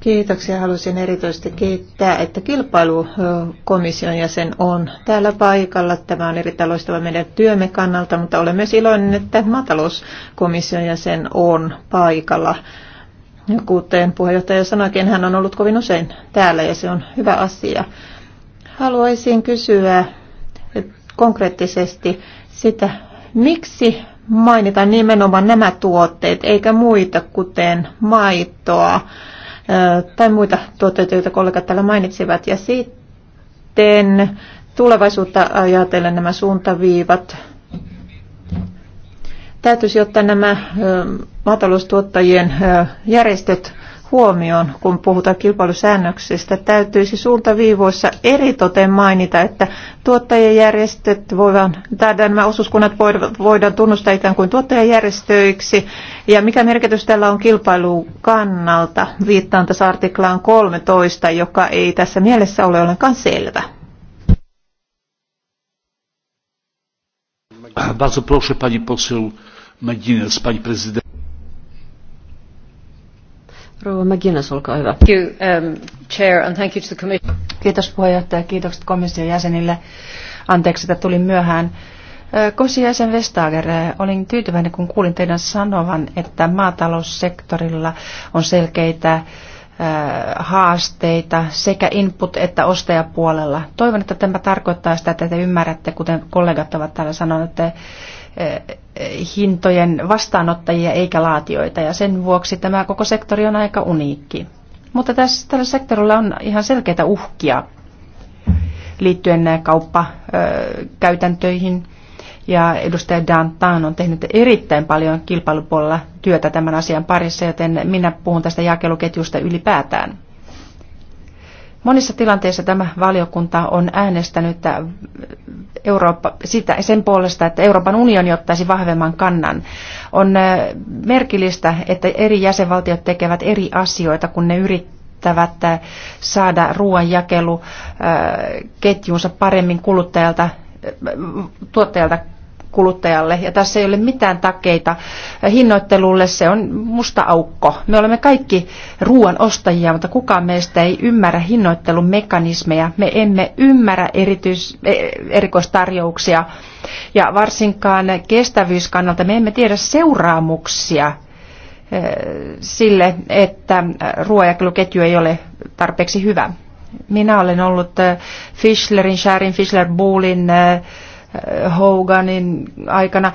Kiitoksia. Haluaisin erityisesti kiittää, että kilpailukomission jäsen on täällä paikalla. Tämä on erittäin loistava meidän työmme kannalta, mutta olen myös iloinen, että matalouskomission jäsen on paikalla. Kuten puheenjohtaja sanoikin, hän on ollut kovin usein täällä ja se on hyvä asia. Haluaisin kysyä konkreettisesti sitä, miksi mainita nimenomaan nämä tuotteet, eikä muita, kuten maitoa tai muita tuotteita, joita kollegat täällä mainitsivat. Ja sitten tulevaisuutta ajatellen nämä suuntaviivat. Täytyisi ottaa nämä maataloustuottajien järjestöt huomioon, kun puhutaan kilpailusäännöksistä, täytyisi suuntaviivoissa eritoten mainita, että tuottajajärjestöt voidaan, tai nämä osuuskunnat voidaan tunnustaa ikään kuin tuottajajärjestöiksi, ja mikä merkitys tällä on kilpailun kannalta, viittaan tässä artiklaan 13, joka ei tässä mielessä ole ollenkaan selvä. Bardzo proszę pani poseł Medines, pani prezydent. Rouva McGuinness, olkaa hyvä. Kiitos puheenjohtaja, kiitokset komission jäsenille. Anteeksi, että tulin myöhään. Komission jäsen Vestager, olin tyytyväinen, kun kuulin teidän sanovan, että maataloussektorilla on selkeitä haasteita sekä input- että ostajapuolella. Toivon, että tämä tarkoittaa sitä, että te ymmärrätte, kuten kollegat ovat täällä sanoneet, että Eh, hintojen vastaanottajia eikä laatioita ja sen vuoksi tämä koko sektori on aika uniikki. Mutta tässä, tällä sektorilla on ihan selkeitä uhkia liittyen kauppakäytäntöihin eh, ja edustaja Dantan on tehnyt erittäin paljon kilpailupuolella työtä tämän asian parissa, joten minä puhun tästä jakeluketjusta ylipäätään. Monissa tilanteissa tämä valiokunta on äänestänyt äh, Eurooppa, sitä, sen puolesta, että Euroopan unioni ottaisi vahvemman kannan. On äh, merkillistä, että eri jäsenvaltiot tekevät eri asioita, kun ne yrittävät äh, saada ruoanjakelu ketjuunsa paremmin kuluttajalta tuottajalta kuluttajalle. Ja tässä ei ole mitään takeita hinnoittelulle, se on musta aukko. Me olemme kaikki ruoan ostajia, mutta kukaan meistä ei ymmärrä hinnoittelun mekanismeja. Me emme ymmärrä erityis, e, erikoistarjouksia ja varsinkaan kestävyyskannalta me emme tiedä seuraamuksia e, sille, että ruoajakeluketju ei ole tarpeeksi hyvä. Minä olen ollut e, Fischlerin, Sharin, Fischler, äh, Hoganin aikana.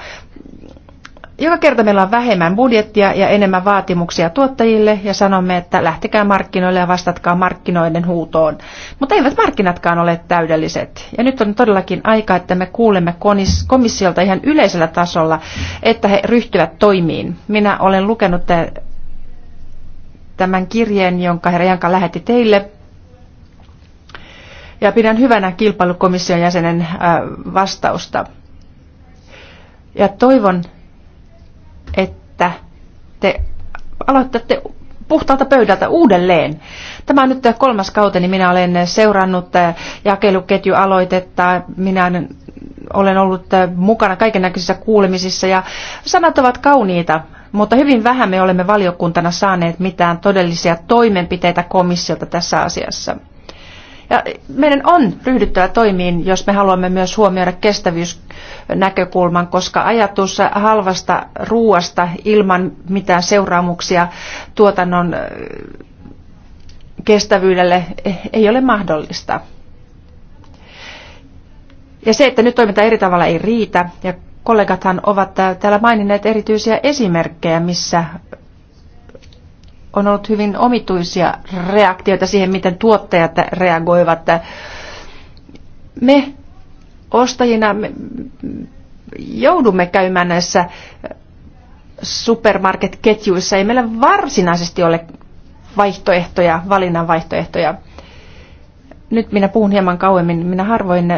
Joka kerta meillä on vähemmän budjettia ja enemmän vaatimuksia tuottajille ja sanomme, että lähtekää markkinoille ja vastatkaa markkinoiden huutoon. Mutta eivät markkinatkaan ole täydelliset. Ja nyt on todellakin aika, että me kuulemme komissiolta ihan yleisellä tasolla, että he ryhtyvät toimiin. Minä olen lukenut tämän kirjeen, jonka herra Janka lähetti teille ja pidän hyvänä kilpailukomission jäsenen äh, vastausta. Ja toivon, että te aloitatte puhtaalta pöydältä uudelleen. Tämä on nyt kolmas kauteni. Niin minä olen seurannut äh, jakeluketjualoitetta. Minä olen ollut äh, mukana kaiken näköisissä kuulemisissa ja sanat ovat kauniita, mutta hyvin vähän me olemme valiokuntana saaneet mitään todellisia toimenpiteitä komissiolta tässä asiassa. Ja meidän on ryhdyttävä toimiin, jos me haluamme myös huomioida kestävyysnäkökulman, koska ajatus halvasta ruuasta ilman mitään seuraamuksia tuotannon kestävyydelle ei ole mahdollista. Ja se, että nyt toiminta eri tavalla ei riitä. Ja kollegathan ovat täällä maininneet erityisiä esimerkkejä, missä on ollut hyvin omituisia reaktioita siihen, miten tuottajat reagoivat. Me ostajina me joudumme käymään näissä supermarketketjuissa. Ei meillä varsinaisesti ole vaihtoehtoja, valinnan vaihtoehtoja nyt minä puhun hieman kauemmin, minä harvoin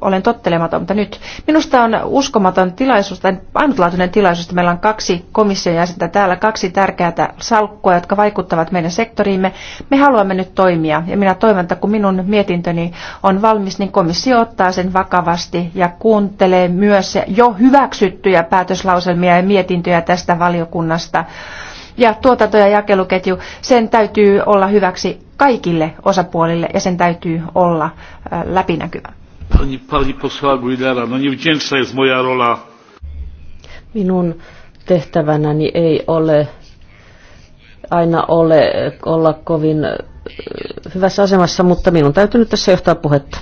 olen tottelematon, mutta nyt minusta on uskomaton tilaisuus, tai ainutlaatuinen tilaisuus, että meillä on kaksi komission jäsentä täällä, kaksi tärkeää salkkua, jotka vaikuttavat meidän sektoriimme. Me haluamme nyt toimia, ja minä toivon, että kun minun mietintöni on valmis, niin komissio ottaa sen vakavasti ja kuuntelee myös jo hyväksyttyjä päätöslauselmia ja mietintöjä tästä valiokunnasta. Ja tuotanto- ja jakeluketju, sen täytyy olla hyväksi kaikille osapuolille ja sen täytyy olla läpinäkyvä. No minun tehtävänäni ei ole aina ole olla kovin hyvässä asemassa, mutta minun täytyy nyt tässä johtaa puhetta.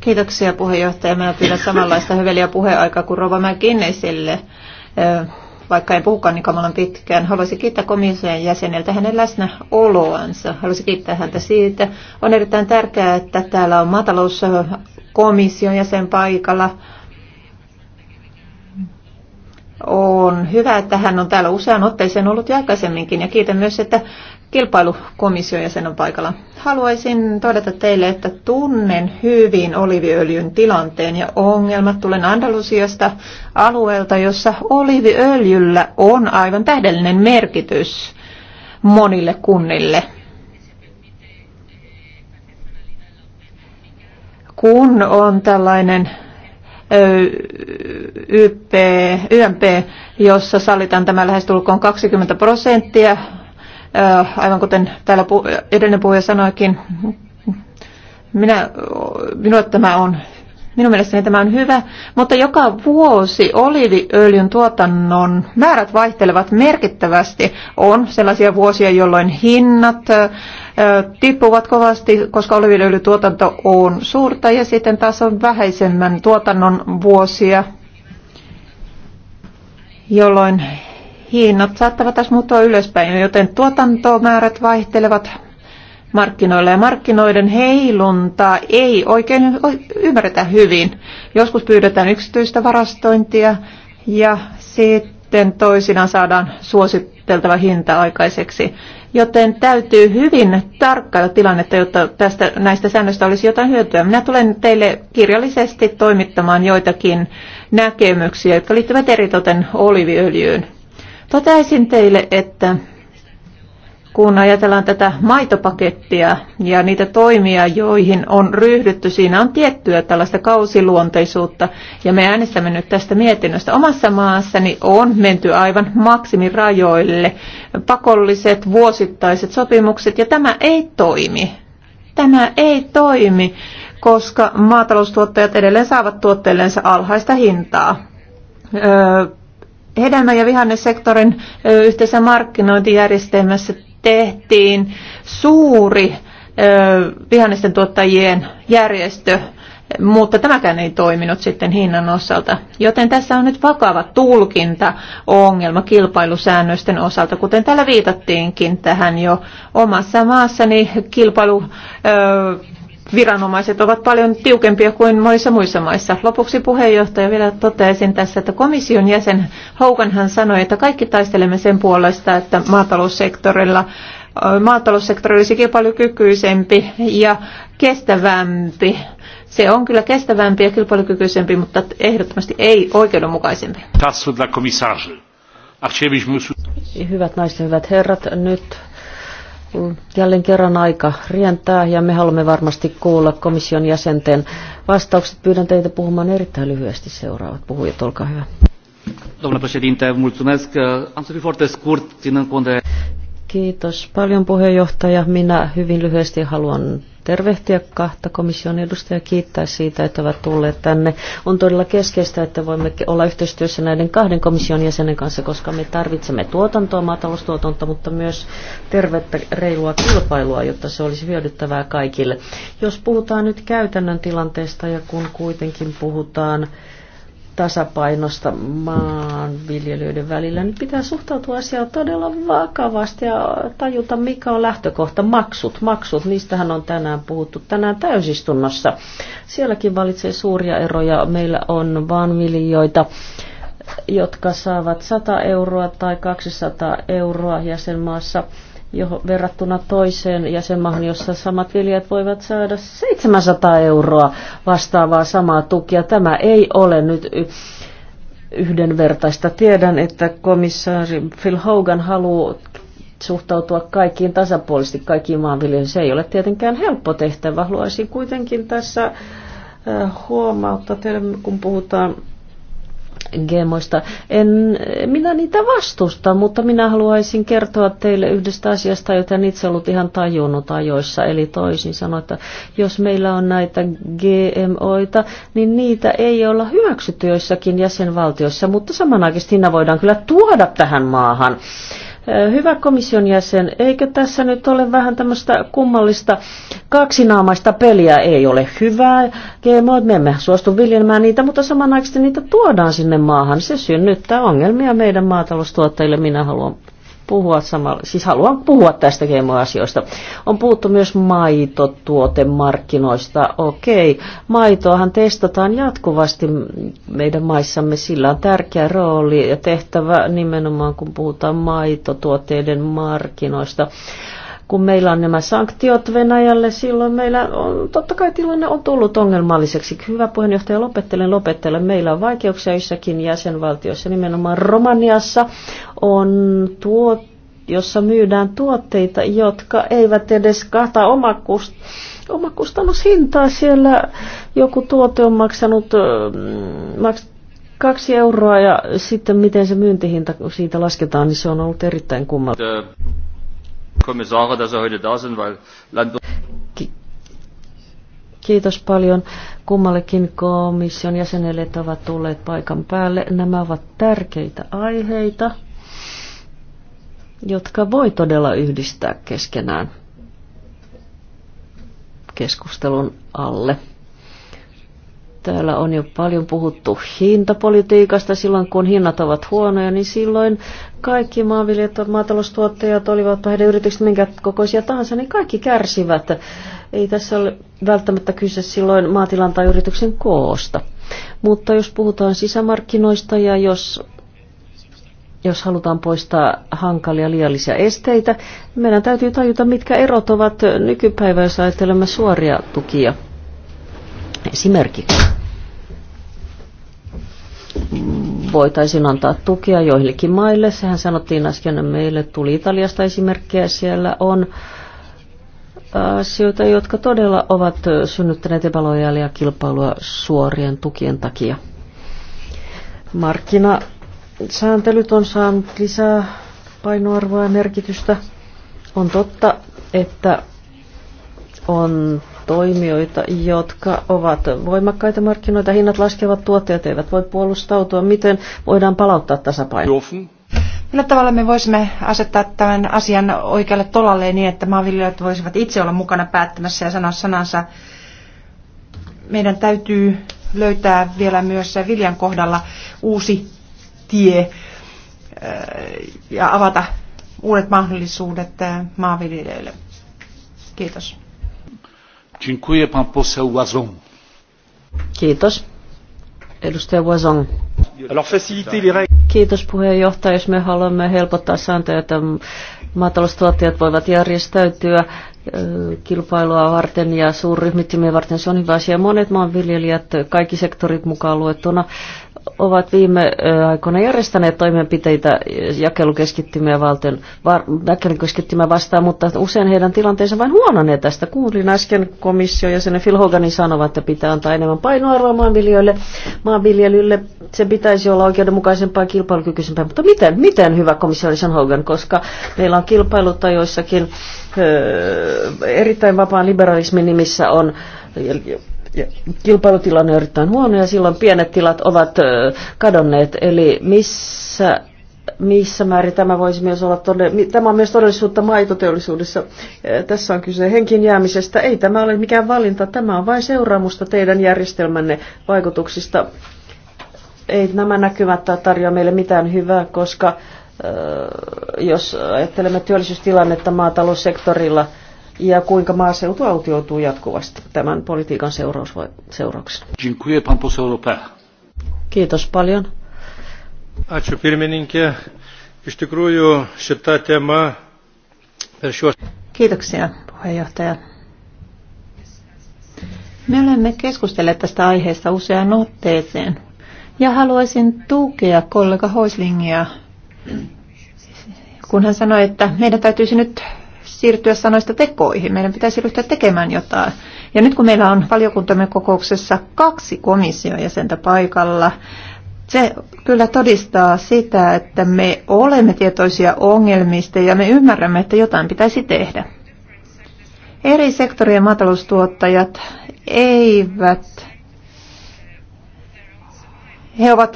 Kiitoksia puheenjohtaja. Minä pyydän samanlaista hyveliä puheaikaa kuin Rova McGinnisille vaikka en puhukaan niin kamalan pitkään. Haluaisin kiittää komission jäseneltä hänen läsnäoloansa. Haluaisin kiittää häntä siitä. On erittäin tärkeää, että täällä on maatalouskomission jäsen paikalla. On hyvä, että hän on täällä usean otteeseen ollut jo aikaisemminkin ja kiitän myös, että kilpailukomission jäsen on paikalla. Haluaisin todeta teille, että tunnen hyvin oliviöljyn tilanteen ja ongelmat. Tulen Andalusiasta alueelta, jossa oliviöljyllä on aivan tähdellinen merkitys monille kunnille. Kun on tällainen YMP, jossa sallitaan tämä lähestulkoon 20 prosenttia aivan kuten täällä edellinen puhuja sanoikin, minä, minua tämä on, minun mielestäni tämä on hyvä, mutta joka vuosi oliiviöljyn tuotannon määrät vaihtelevat merkittävästi. On sellaisia vuosia, jolloin hinnat tippuvat kovasti, koska oliiviöljytuotanto on suurta ja sitten taas on vähäisemmän tuotannon vuosia, jolloin hinnat saattavat taas muuttua ylöspäin, joten tuotantomäärät vaihtelevat markkinoilla ja markkinoiden heiluntaa ei oikein ymmärretä hyvin. Joskus pyydetään yksityistä varastointia ja sitten toisinaan saadaan suositteltava hinta aikaiseksi. Joten täytyy hyvin tarkkailla tilannetta, jotta tästä, näistä säännöistä olisi jotain hyötyä. Minä tulen teille kirjallisesti toimittamaan joitakin näkemyksiä, jotka liittyvät eritoten oliviöljyyn. Toteaisin teille, että kun ajatellaan tätä maitopakettia ja niitä toimia, joihin on ryhdytty, siinä on tiettyä tällaista kausiluonteisuutta. Ja me äänestämme nyt tästä mietinnöstä. Omassa maassani on menty aivan maksimirajoille pakolliset vuosittaiset sopimukset, ja tämä ei toimi. Tämä ei toimi, koska maataloustuottajat edelleen saavat tuotteillensa alhaista hintaa. Öö, hedelmä- ja vihannesektorin yhteisessä markkinointijärjestelmässä tehtiin suuri vihannesten tuottajien järjestö, mutta tämäkään ei toiminut sitten hinnan osalta. Joten tässä on nyt vakava tulkinta ongelma kilpailusäännösten osalta, kuten täällä viitattiinkin tähän jo omassa maassani kilpailu viranomaiset ovat paljon tiukempia kuin monissa muissa maissa. Lopuksi puheenjohtaja vielä toteaisin tässä, että komission jäsen Houkanhan sanoi, että kaikki taistelemme sen puolesta, että maataloussektorilla maataloussektori olisi kilpailukykyisempi ja kestävämpi. Se on kyllä kestävämpi ja kilpailukykyisempi, mutta ehdottomasti ei oikeudenmukaisempi. Hyvät naiset ja hyvät herrat, nyt Jälleen kerran aika rientää ja me haluamme varmasti kuulla komission jäsenten vastaukset. Pyydän teitä puhumaan erittäin lyhyesti seuraavat puhujat, olkaa hyvä. Kiitos paljon puheenjohtaja. Minä hyvin lyhyesti haluan tervehtiä kahta komission edustajaa ja kiittää siitä, että ovat tulleet tänne. On todella keskeistä, että voimme olla yhteistyössä näiden kahden komission jäsenen kanssa, koska me tarvitsemme tuotantoa, maataloustuotantoa, mutta myös tervettä reilua kilpailua, jotta se olisi hyödyttävää kaikille. Jos puhutaan nyt käytännön tilanteesta ja kun kuitenkin puhutaan tasapainosta maanviljelijöiden välillä. niin pitää suhtautua asiaan todella vakavasti ja tajuta, mikä on lähtökohta. Maksut, maksut, niistähän on tänään puhuttu tänään täysistunnossa. Sielläkin valitsee suuria eroja. Meillä on maanviljelijöitä, jotka saavat 100 euroa tai 200 euroa jäsenmaassa – johon, verrattuna toiseen jäsenmaahan, jossa samat viljat voivat saada 700 euroa vastaavaa samaa tukia. Tämä ei ole nyt yhdenvertaista. Tiedän, että komissaari Phil Hogan haluaa suhtautua kaikkiin tasapuolisesti, kaikkiin maanviljelijöihin. Se ei ole tietenkään helppo tehtävä. Haluaisin kuitenkin tässä äh, huomauttaa teille, kun puhutaan GMOista. En minä niitä vastusta, mutta minä haluaisin kertoa teille yhdestä asiasta, jota en itse ollut ihan tajunnut ajoissa. Eli toisin sanoen, että jos meillä on näitä GMOita, niin niitä ei olla hyväksytty joissakin jäsenvaltioissa, mutta samanaikaisesti niitä voidaan kyllä tuoda tähän maahan. Hyvä komission jäsen, eikö tässä nyt ole vähän tämmöistä kummallista kaksinaamaista peliä? Ei ole hyvää, GMO, me emme suostu viljelmään niitä, mutta samanaikaisesti niitä tuodaan sinne maahan. Se synnyttää ongelmia meidän maataloustuottajille. Minä haluan puhua samalla, siis haluan puhua tästä GMO-asioista. On puhuttu myös maitotuotemarkkinoista. Okei, maitoahan testataan jatkuvasti meidän maissamme. Sillä on tärkeä rooli ja tehtävä nimenomaan, kun puhutaan maitotuotteiden markkinoista kun meillä on nämä sanktiot Venäjälle, silloin meillä on, totta kai tilanne on tullut ongelmalliseksi. Hyvä puheenjohtaja, lopettelen, lopettelen. Meillä on vaikeuksia jossakin jäsenvaltiossa, nimenomaan Romaniassa on tuot, jossa myydään tuotteita, jotka eivät edes kata omakust, omakustannushintaa. Siellä joku tuote on maksanut, mm, maks, kaksi euroa ja sitten miten se myyntihinta siitä lasketaan, niin se on ollut erittäin kummallista. Kommissare, dass er heute da sind, weil Kiitos paljon kummallekin komission jäsenelle, että ovat tulleet paikan päälle. Nämä ovat tärkeitä aiheita, jotka voi todella yhdistää keskenään keskustelun alle. Täällä on jo paljon puhuttu hintapolitiikasta. Silloin kun hinnat ovat huonoja, niin silloin kaikki maanviljelijät, maataloustuottajat, olivat heidän yritykset minkä kokoisia tahansa, niin kaikki kärsivät. Ei tässä ole välttämättä kyse silloin maatilan tai yrityksen koosta. Mutta jos puhutaan sisämarkkinoista ja jos jos halutaan poistaa hankalia liiallisia esteitä, meidän täytyy tajuta, mitkä erot ovat nykypäivässä ajattelemme suoria tukia esimerkiksi voitaisiin antaa tukea joillekin maille. Sehän sanottiin äsken, meille tuli Italiasta esimerkkejä, siellä on äh, asioita, jotka todella ovat äh, synnyttäneet epälojalia kilpailua suorien tukien takia. Markkinasääntelyt on saanut lisää painoarvoa ja merkitystä. On totta, että on toimijoita, jotka ovat voimakkaita markkinoita. Hinnat laskevat, tuotteet eivät voi puolustautua. Miten voidaan palauttaa tasapaino? Millä tavalla me voisimme asettaa tämän asian oikealle tolalle niin, että maanviljelijät voisivat itse olla mukana päättämässä ja sanoa sanansa? Meidän täytyy löytää vielä myös viljan kohdalla uusi tie äh, ja avata uudet mahdollisuudet äh, maanviljelijöille. Kiitos. Dziękuję pan poseł Łazon. Kiitos. Edustaja Kiitos puheenjohtaja. Jos me haluamme helpottaa sääntöjä, että maataloustuottajat voivat järjestäytyä kilpailua varten ja suurryhmittymiä varten, se on hyvä asia. Monet maanviljelijät, kaikki sektorit mukaan luettuna, ovat viime aikoina järjestäneet toimenpiteitä jakelukeskittymiä valtion jakelukeskittymiä vastaan, mutta usein heidän tilanteensa vain huononee tästä. Kuulin äsken ja sen Phil Hoganin sanovat, että pitää antaa enemmän painoarvoa maanviljelijöille. maanviljelijöille. Se pitäisi olla oikeudenmukaisempaa ja kilpailukykyisempää, mutta miten, miten hyvä komissio jäsen Hogan, koska meillä on kilpailutta joissakin öö, erittäin vapaan liberalismin nimissä on kilpailutilanne on erittäin huono ja silloin pienet tilat ovat kadonneet. Eli missä, missä määrin tämä voisi myös olla todell- Tämä on myös todellisuutta maitoteollisuudessa. Tässä on kyse henkin jäämisestä. Ei tämä ole mikään valinta, tämä on vain seuraamusta teidän järjestelmänne vaikutuksista. Ei nämä näkymät tarjoa meille mitään hyvää, koska jos ajattelemme työllisyystilannetta maataloussektorilla – ja kuinka maaseutu autioituu jatkuvasti tämän politiikan seurauksena. Kiitos paljon. Kiitoksia puheenjohtaja. Me olemme keskustelleet tästä aiheesta useaan otteeseen ja haluaisin tukea kollega Hoislingia, kun hän sanoi, että meidän täytyisi nyt siirtyä sanoista tekoihin. Meidän pitäisi ryhtyä tekemään jotain. Ja nyt kun meillä on valiokuntamme kokouksessa kaksi komission jäsentä paikalla, se kyllä todistaa sitä, että me olemme tietoisia ongelmista ja me ymmärrämme, että jotain pitäisi tehdä. Eri sektorien maataloustuottajat eivät he ovat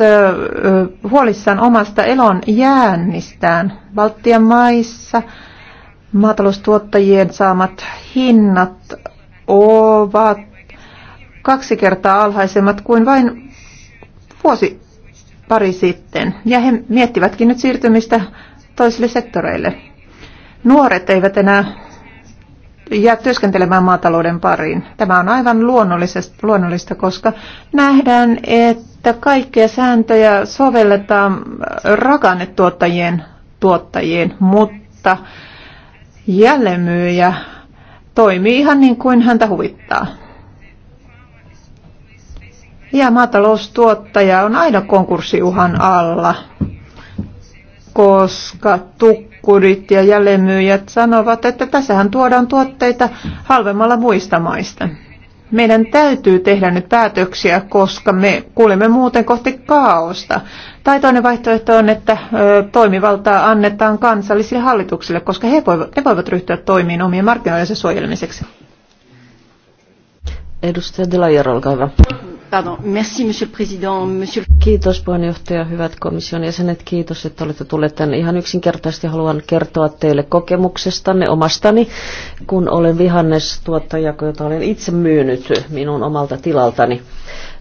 huolissaan omasta elon jäännistään. Baltian maissa maataloustuottajien saamat hinnat ovat kaksi kertaa alhaisemmat kuin vain vuosi pari sitten. Ja he miettivätkin nyt siirtymistä toisille sektoreille. Nuoret eivät enää jää työskentelemään maatalouden pariin. Tämä on aivan luonnollista, koska nähdään, että kaikkia sääntöjä sovelletaan rakannetuottajien tuottajien, mutta jälleenmyyjä toimii ihan niin kuin häntä huvittaa. Ja maataloustuottaja on aina konkurssiuhan alla, koska tukkurit ja jälleenmyyjät sanovat, että tässähän tuodaan tuotteita halvemmalla muista maista. Meidän täytyy tehdä nyt päätöksiä, koska me kuulemme muuten kohti kaaosta. Tai toinen vaihtoehto on, että toimivaltaa annetaan kansallisille hallituksille, koska he voivat, he voivat ryhtyä toimiin omien markkinoidensa suojelemiseksi. Edustaja Delajero, olkaa hyvä. Kiitos puheenjohtaja, hyvät komission jäsenet, kiitos, että olette tulleet tänne. Ihan yksinkertaisesti haluan kertoa teille kokemuksestanne omastani, kun olen vihannestuottaja, jota olen itse myynyt minun omalta tilaltani.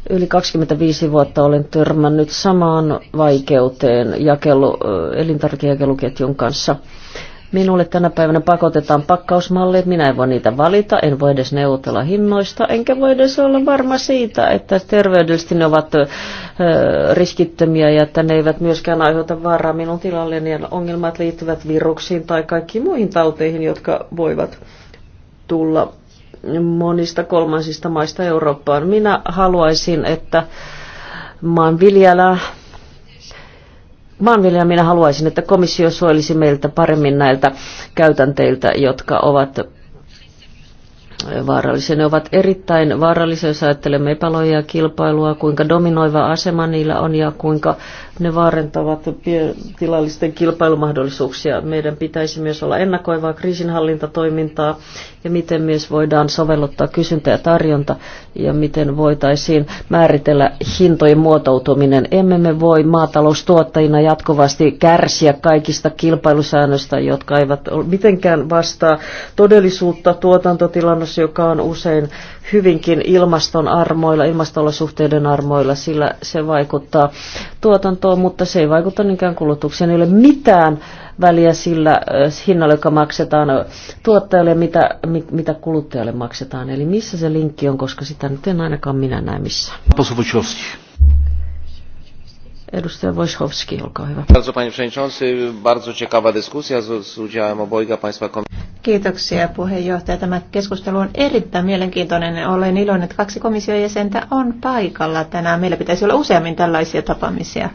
Yli 25 vuotta olen törmännyt samaan vaikeuteen jakelu, elintarvikejakeluketjun kanssa Minulle tänä päivänä pakotetaan pakkausmalleja, minä en voi niitä valita, en voi edes neuvotella hinnoista, enkä voi edes olla varma siitä, että terveydellisesti ne ovat ö, riskittömiä ja että ne eivät myöskään aiheuta vaaraa minun tilalleni. Ja ongelmat liittyvät viruksiin tai kaikkiin muihin tauteihin, jotka voivat tulla monista kolmansista maista Eurooppaan. Minä haluaisin, että maanviljelijä maanviljelijä minä haluaisin, että komissio suojelisi meiltä paremmin näiltä käytänteiltä, jotka ovat vaarallisia. Ne ovat erittäin vaarallisia, jos ajattelemme epälojia kilpailua, kuinka dominoiva asema niillä on ja kuinka ne vaarentavat tilallisten kilpailumahdollisuuksia. Meidän pitäisi myös olla ennakoivaa kriisinhallintatoimintaa ja miten myös voidaan sovelluttaa kysyntä ja tarjonta ja miten voitaisiin määritellä hintojen muotoutuminen. Emme me voi maataloustuottajina jatkuvasti kärsiä kaikista kilpailusäännöistä, jotka eivät mitenkään vastaa todellisuutta tuotantotilannossa, joka on usein hyvinkin ilmaston armoilla, ilmastolosuhteiden armoilla, sillä se vaikuttaa tuotantoon, mutta se ei vaikuta niinkään kulutukseen. Ei ole mitään väliä sillä hinnalla, joka maksetaan tuottajalle ja mitä, mitä kuluttajalle maksetaan. Eli missä se linkki on, koska sitä nyt en ainakaan minä näe missään. Edustaja Wojciechowski, olkaa hyvä. Bardzo panie przewodniczący, bardzo ciekawa dyskusja z, z udziałem obojga państwa komisji. Kiitoksia puheenjohtaja. Tämä keskustelu on erittäin mielenkiintoinen. Olen iloinen, että kaksi komission jäsentä on paikalla tänään. Meillä pitäisi olla useammin tällaisia tapaamisia.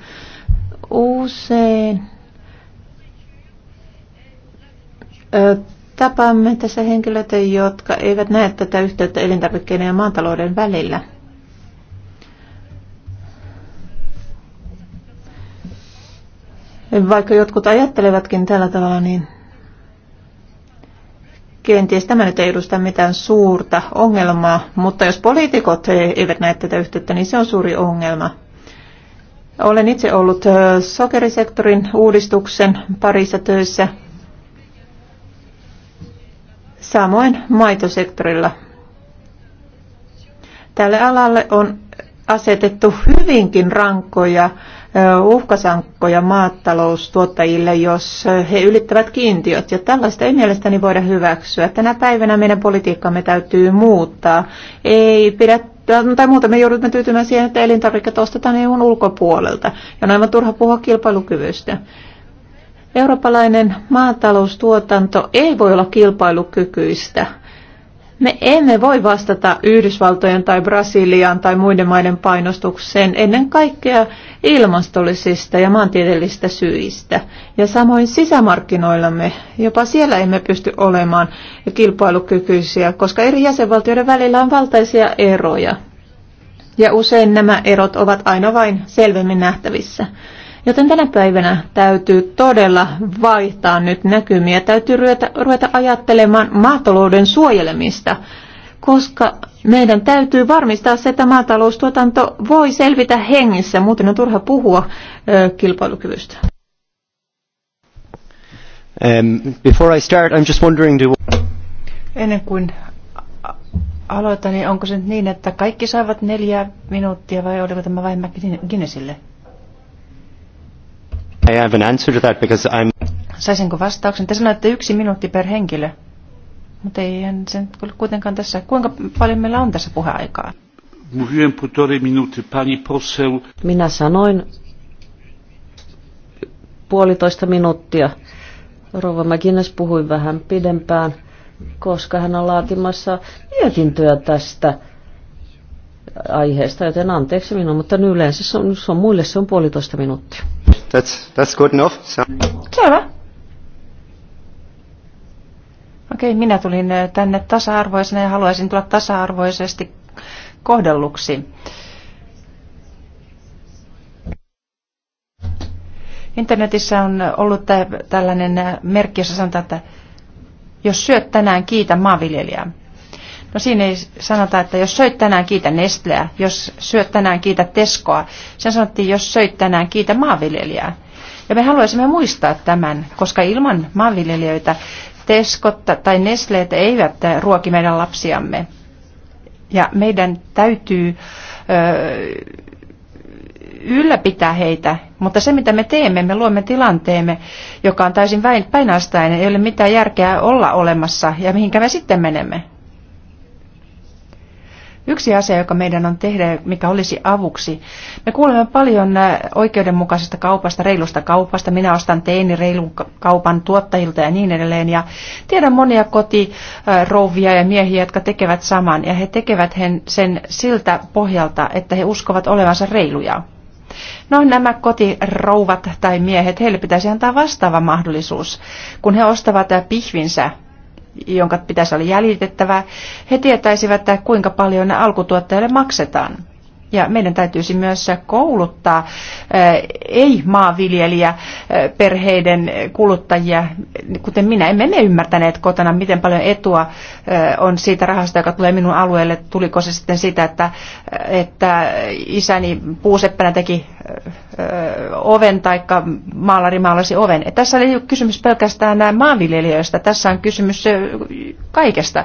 Usein tapaamme tässä henkilöitä, jotka eivät näe tätä yhteyttä elintarvikkeiden ja maatalouden välillä. Vaikka jotkut ajattelevatkin tällä tavalla, niin Kenties tämä nyt ei edusta mitään suurta ongelmaa, mutta jos poliitikot eivät näe tätä yhteyttä, niin se on suuri ongelma. Olen itse ollut sokerisektorin uudistuksen parissa töissä, samoin maitosektorilla. Tälle alalle on asetettu hyvinkin rankkoja uhkasankkoja maataloustuottajille, jos he ylittävät kiintiöt. Ja tällaista ei mielestäni voida hyväksyä. Tänä päivänä meidän politiikkamme täytyy muuttaa. Ei pidä tai muuta me joudumme tyytymään siihen, että elintarvikkeet ostetaan EUn ulkopuolelta. Ja on aivan turha puhua kilpailukyvystä. Eurooppalainen maataloustuotanto ei voi olla kilpailukykyistä me emme voi vastata Yhdysvaltojen tai Brasilian tai muiden maiden painostukseen ennen kaikkea ilmastollisista ja maantieteellisistä syistä. Ja samoin sisämarkkinoillamme, jopa siellä emme pysty olemaan kilpailukykyisiä, koska eri jäsenvaltioiden välillä on valtaisia eroja. Ja usein nämä erot ovat aina vain selvemmin nähtävissä. Joten tänä päivänä täytyy todella vaihtaa nyt näkymiä. Täytyy ruveta, ruveta ajattelemaan maatalouden suojelemista, koska meidän täytyy varmistaa se, että maataloustuotanto voi selvitä hengissä. Muuten on turha puhua ö, kilpailukyvystä. Um, before I start, I'm just wondering, do... Ennen kuin aloitan, niin onko se niin, että kaikki saivat neljä minuuttia vai oliko tämä vähemmänkin Guinnessille? I have an answer to that because I'm... Saisinko vastauksen? Te sanoitte yksi minuutti per henkilö. Mutta ei sen kuitenkaan tässä. Kuinka paljon meillä on tässä puheaikaa? Mówiłem półtorej minuty. Pani poseł... Minä sanoin puolitoista minuuttia. Rova McGuinness puhui vähän pidempään, koska hän on laatimassa mietintöä tästä aiheesta, joten anteeksi minun, mutta yleensä se on, se on muille se on puolitoista minuuttia. That's, that's good enough. So. Selvä. Okei, minä tulin äh, tänne tasa-arvoisena ja haluaisin tulla tasa-arvoisesti kohdelluksi. Internetissä on ollut tällainen äh, merkki, jossa sanotaan, että jos syöt tänään, kiitä maanviljelijää. No siinä ei sanota, että jos söit tänään, kiitä Nestleä. Jos syöt tänään, kiitä Teskoa. Sen sanottiin, jos söit tänään, kiitä maanviljelijää. Ja me haluaisimme muistaa tämän, koska ilman maanviljelijöitä Teskot tai Nestleet eivät ruoki meidän lapsiamme. Ja meidän täytyy öö, ylläpitää heitä, mutta se mitä me teemme, me luomme tilanteemme, joka on täysin päinvastainen, ei ole mitään järkeä olla olemassa ja mihinkä me sitten menemme. Yksi asia, joka meidän on tehdä, mikä olisi avuksi. Me kuulemme paljon äh, oikeudenmukaisesta kaupasta, reilusta kaupasta. Minä ostan teini reilun kaupan tuottajilta ja niin edelleen. Ja tiedän monia kotirouvia äh, ja miehiä, jotka tekevät saman. Ja he tekevät sen siltä pohjalta, että he uskovat olevansa reiluja. No nämä kotirouvat tai miehet, heille pitäisi antaa vastaava mahdollisuus, kun he ostavat äh, pihvinsä jonka pitäisi olla jäljitettävää, he tietäisivät, kuinka paljon alkutuottajalle maksetaan. Ja meidän täytyisi myös kouluttaa ei-maanviljelijä perheiden kuluttajia, kuten minä. Emme me ymmärtäneet kotona, miten paljon etua on siitä rahasta, joka tulee minun alueelle. Tuliko se sitten sitä, että, että isäni puuseppänä teki oven tai maalari maalasi oven. Et tässä ei ole kysymys pelkästään maanviljelijöistä, tässä on kysymys kaikesta.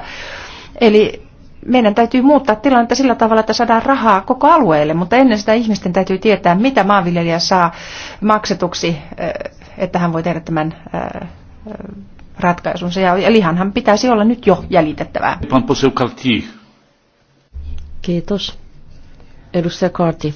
Eli meidän täytyy muuttaa tilannetta sillä tavalla, että saadaan rahaa koko alueelle, mutta ennen sitä ihmisten täytyy tietää, mitä maanviljelijä saa maksetuksi, eh, että hän voi tehdä tämän eh, ratkaisunsa. Ja lihanhan pitäisi olla nyt jo jäljitettävää. Kiitos. Edustaja Karti.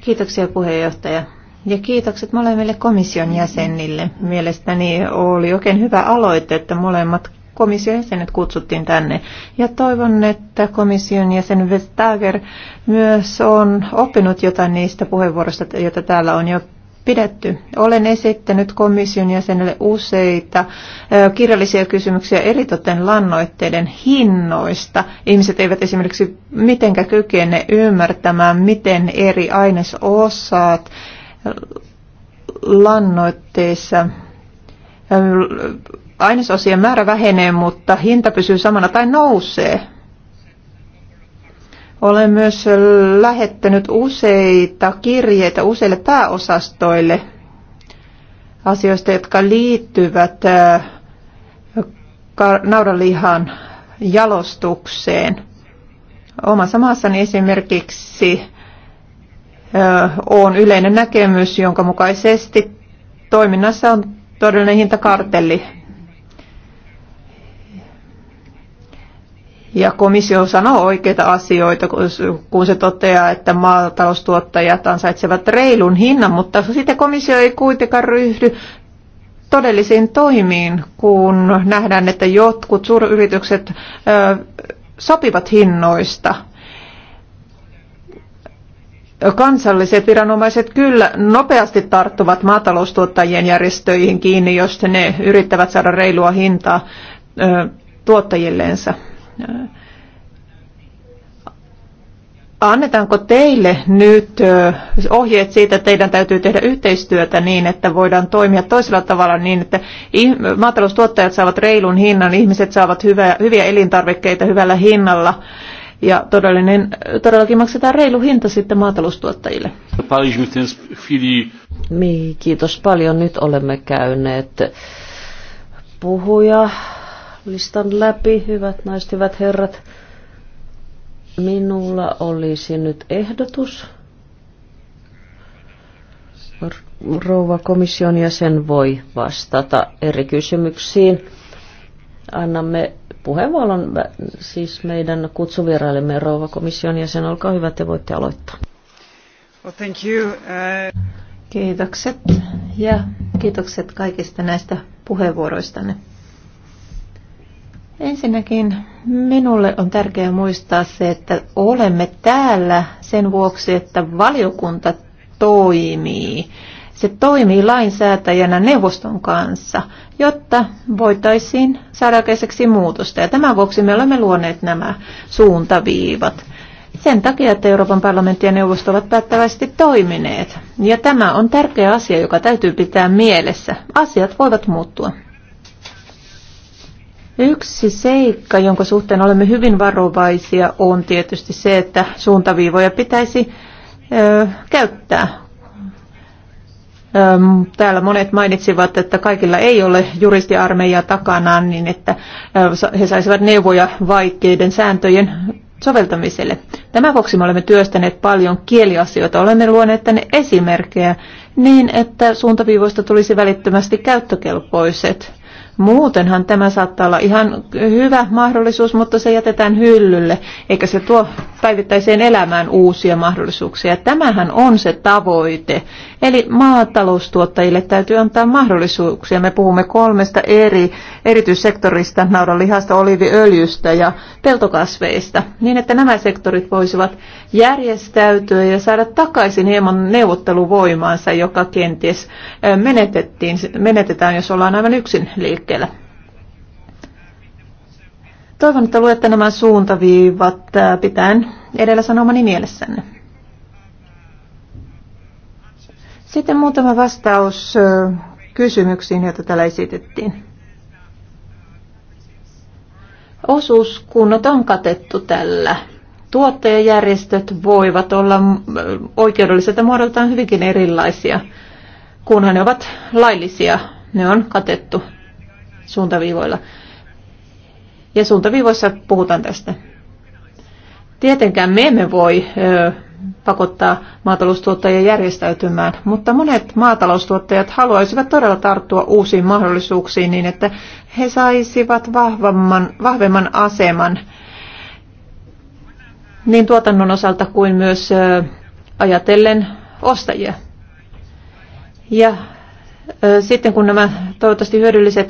Kiitoksia puheenjohtaja. Ja kiitokset molemmille komission jäsenille. Mielestäni oli oikein hyvä aloite, että molemmat komission jäsenet kutsuttiin tänne. Ja toivon, että komission jäsen Vestager myös on oppinut jotain niistä puheenvuoroista, joita täällä on jo pidetty. Olen esittänyt komission jäsenelle useita kirjallisia kysymyksiä eritoten lannoitteiden hinnoista. Ihmiset eivät esimerkiksi mitenkä kykene ymmärtämään, miten eri ainesosat lannoitteissa ainesosien määrä vähenee, mutta hinta pysyy samana tai nousee. Olen myös lähettänyt useita kirjeitä useille pääosastoille asioista, jotka liittyvät naudanlihan jalostukseen. Omassa maassani esimerkiksi on yleinen näkemys, jonka mukaisesti toiminnassa on todellinen hintakartelli Ja komissio sanoo oikeita asioita, kun se toteaa, että maataloustuottajat ansaitsevat reilun hinnan, mutta sitten komissio ei kuitenkaan ryhdy todellisiin toimiin, kun nähdään, että jotkut suuryritykset sopivat hinnoista. Kansalliset viranomaiset kyllä nopeasti tarttuvat maataloustuottajien järjestöihin kiinni, jos ne yrittävät saada reilua hintaa tuottajilleensa. Annetaanko teille nyt ohjeet siitä, että teidän täytyy tehdä yhteistyötä niin, että voidaan toimia toisella tavalla niin, että maataloustuottajat saavat reilun hinnan, ihmiset saavat hyvä, hyviä elintarvikkeita hyvällä hinnalla ja todellinen, todellakin maksetaan reilu hinta sitten maataloustuottajille. Niin, kiitos paljon. Nyt olemme käyneet puhuja listan läpi, hyvät naiset, hyvät herrat. Minulla olisi nyt ehdotus. Rouva komission jäsen voi vastata eri kysymyksiin. Annamme puheenvuoron siis meidän kutsuvierailemme rouva komission jäsen. Olkaa hyvä, te voitte aloittaa. Well, thank you. Uh... Kiitokset ja kiitokset kaikista näistä puheenvuoroistanne. Ensinnäkin minulle on tärkeää muistaa se, että olemme täällä sen vuoksi, että valiokunta toimii. Se toimii lainsäätäjänä neuvoston kanssa, jotta voitaisiin saada aikaiseksi muutosta. Ja tämän vuoksi me olemme luoneet nämä suuntaviivat. Sen takia, että Euroopan parlamentti ja neuvosto ovat päättävästi toimineet. Ja tämä on tärkeä asia, joka täytyy pitää mielessä. Asiat voivat muuttua. Yksi seikka, jonka suhteen olemme hyvin varovaisia, on tietysti se, että suuntaviivoja pitäisi ö, käyttää. Ö, täällä monet mainitsivat, että kaikilla ei ole juristiarmeijaa takanaan, niin että ö, he saisivat neuvoja vaikeiden sääntöjen soveltamiselle. Tämän vuoksi me olemme työstäneet paljon kieliasioita. Olemme luoneet tänne esimerkkejä niin, että suuntaviivoista tulisi välittömästi käyttökelpoiset. Muutenhan tämä saattaa olla ihan hyvä mahdollisuus, mutta se jätetään hyllylle, eikä se tuo päivittäiseen elämään uusia mahdollisuuksia. Tämähän on se tavoite. Eli maataloustuottajille täytyy antaa mahdollisuuksia. Me puhumme kolmesta eri erityissektorista, naudanlihasta, oliiviöljystä ja peltokasveista, niin että nämä sektorit voisivat järjestäytyä ja saada takaisin hieman neuvotteluvoimaansa, joka kenties menetettiin, menetetään, jos ollaan aivan yksin liikkeellä liikkeellä. Toivon, että luette nämä suuntaviivat pitäen edellä sanomani mielessänne. Sitten muutama vastaus kysymyksiin, joita täällä esitettiin. Osuuskunnat on katettu tällä. Tuottajajärjestöt voivat olla oikeudelliselta muodoltaan hyvinkin erilaisia, kunhan ne ovat laillisia. Ne on katettu suuntaviivoilla. Ja suuntaviivoissa puhutaan tästä. Tietenkään me emme voi ö, pakottaa maataloustuottajia järjestäytymään, mutta monet maataloustuottajat haluaisivat todella tarttua uusiin mahdollisuuksiin niin, että he saisivat vahvemman, vahvemman aseman niin tuotannon osalta kuin myös ö, ajatellen ostajia. Ja sitten kun nämä toivottavasti hyödylliset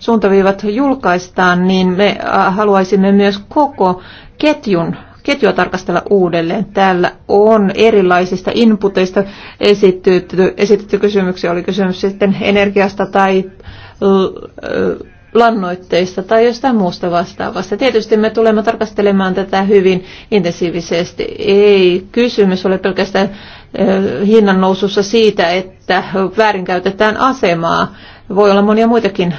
suuntaviivat julkaistaan, niin me haluaisimme myös koko ketjun ketjua tarkastella uudelleen. Täällä on erilaisista inputeista esitetty, esitetty kysymyksiä, oli kysymys sitten energiasta tai lannoitteista tai jostain muusta vastaavasta. Tietysti me tulemme tarkastelemaan tätä hyvin intensiivisesti. Ei kysymys ole pelkästään hinnan nousussa siitä, että väärinkäytetään asemaa. Voi olla monia muitakin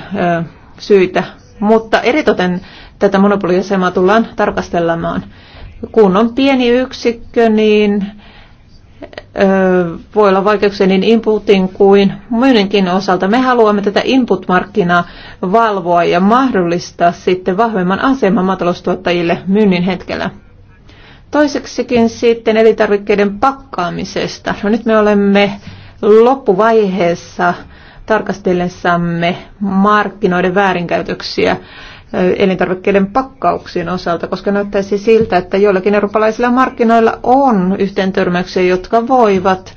syitä, mutta eritoten tätä monopoliasemaa tullaan tarkastelemaan. Kun on pieni yksikkö, niin voi olla vaikeuksia niin inputin kuin myynninkin osalta. Me haluamme tätä input-markkinaa valvoa ja mahdollistaa sitten vahvemman aseman maataloustuottajille myynnin hetkellä. Toiseksikin sitten elintarvikkeiden pakkaamisesta. No nyt me olemme loppuvaiheessa tarkastellessamme markkinoiden väärinkäytöksiä elintarvikkeiden pakkauksien osalta, koska näyttäisi siltä, että joillakin eurooppalaisilla markkinoilla on yhteentörmäyksiä, jotka voivat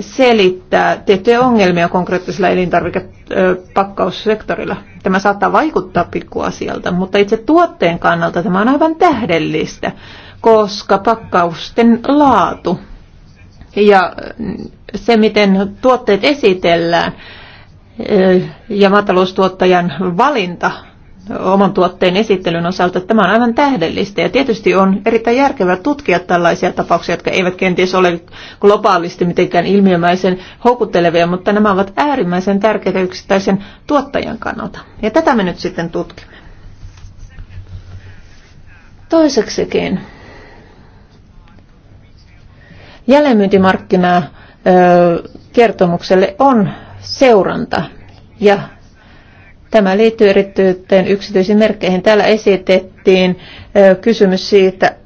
selittää tiettyjä ongelmia konkreettisella elintarvikepakkaussektorilla. Tämä saattaa vaikuttaa pikkuasialta, mutta itse tuotteen kannalta tämä on aivan tähdellistä, koska pakkausten laatu ja mm, se, miten tuotteet esitellään ja maataloustuottajan valinta oman tuotteen esittelyn osalta. Tämä on aivan tähdellistä ja tietysti on erittäin järkevää tutkia tällaisia tapauksia, jotka eivät kenties ole globaalisti mitenkään ilmiömäisen houkuttelevia, mutta nämä ovat äärimmäisen tärkeitä yksittäisen tuottajan kannalta. Ja tätä me nyt sitten tutkimme. Toiseksikin jälleenmyyntimarkkinaa kertomukselle on seuranta ja Tämä liittyy erityisesti yksityisiin merkkeihin. Täällä esitettiin kysymys siitä,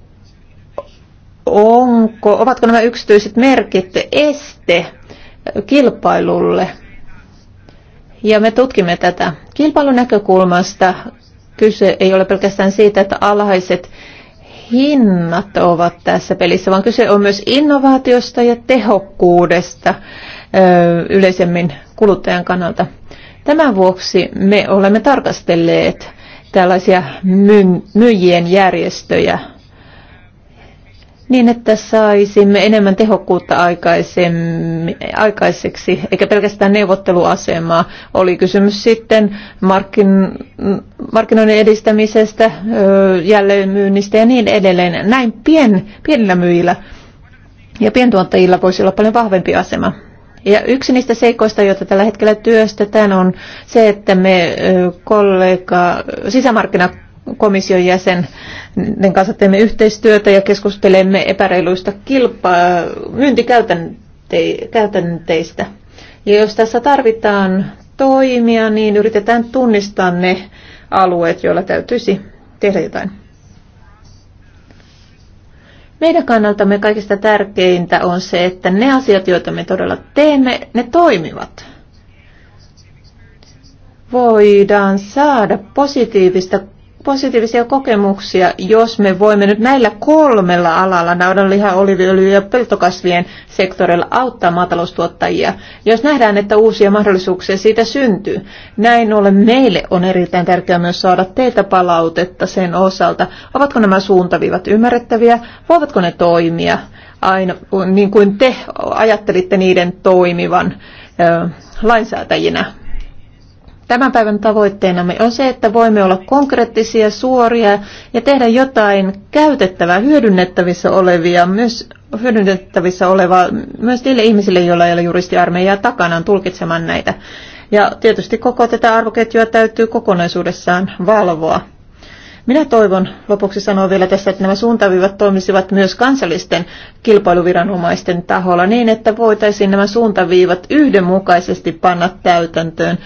onko, ovatko nämä yksityiset merkit este kilpailulle. Ja me tutkimme tätä. Kilpailun näkökulmasta kyse ei ole pelkästään siitä, että alhaiset hinnat ovat tässä pelissä, vaan kyse on myös innovaatiosta ja tehokkuudesta yleisemmin kuluttajan kannalta. Tämän vuoksi me olemme tarkastelleet tällaisia myyjien järjestöjä niin, että saisimme enemmän tehokkuutta aikaiseksi, eikä pelkästään neuvotteluasemaa. Oli kysymys sitten markkin, markkinoiden edistämisestä, jälleenmyynnistä ja niin edelleen. Näin pien, pienillä myyjillä ja pientuottajilla voisi olla paljon vahvempi asema. Ja yksi niistä seikoista, joita tällä hetkellä työstetään, on se, että me kollega, sisämarkkinakomission jäsenen kanssa teemme yhteistyötä ja keskustelemme epäreiluista kilpaa, myyntikäytänteistä. Ja jos tässä tarvitaan toimia, niin yritetään tunnistaa ne alueet, joilla täytyisi tehdä jotain. Meidän kannaltamme kaikista tärkeintä on se, että ne asiat, joita me todella teemme, ne toimivat. Voidaan saada positiivista positiivisia kokemuksia, jos me voimme nyt näillä kolmella alalla, naudanliha, oliviöljy ja peltokasvien sektorilla auttaa maataloustuottajia, jos nähdään, että uusia mahdollisuuksia siitä syntyy. Näin ollen meille on erittäin tärkeää myös saada teiltä palautetta sen osalta, ovatko nämä suuntaviivat ymmärrettäviä, voivatko ne toimia aina niin kuin te ajattelitte niiden toimivan lainsäätäjinä Tämän päivän tavoitteenamme on se, että voimme olla konkreettisia, suoria ja tehdä jotain käytettävää, hyödynnettävissä olevia, myös hyödynnettävissä olevaa myös niille ihmisille, joilla ei ole juristiarmeijaa takanaan tulkitsemaan näitä. Ja tietysti koko tätä arvoketjua täytyy kokonaisuudessaan valvoa. Minä toivon, lopuksi sanoa vielä tässä, että nämä suuntaviivat toimisivat myös kansallisten kilpailuviranomaisten taholla niin, että voitaisiin nämä suuntaviivat yhdenmukaisesti panna täytäntöön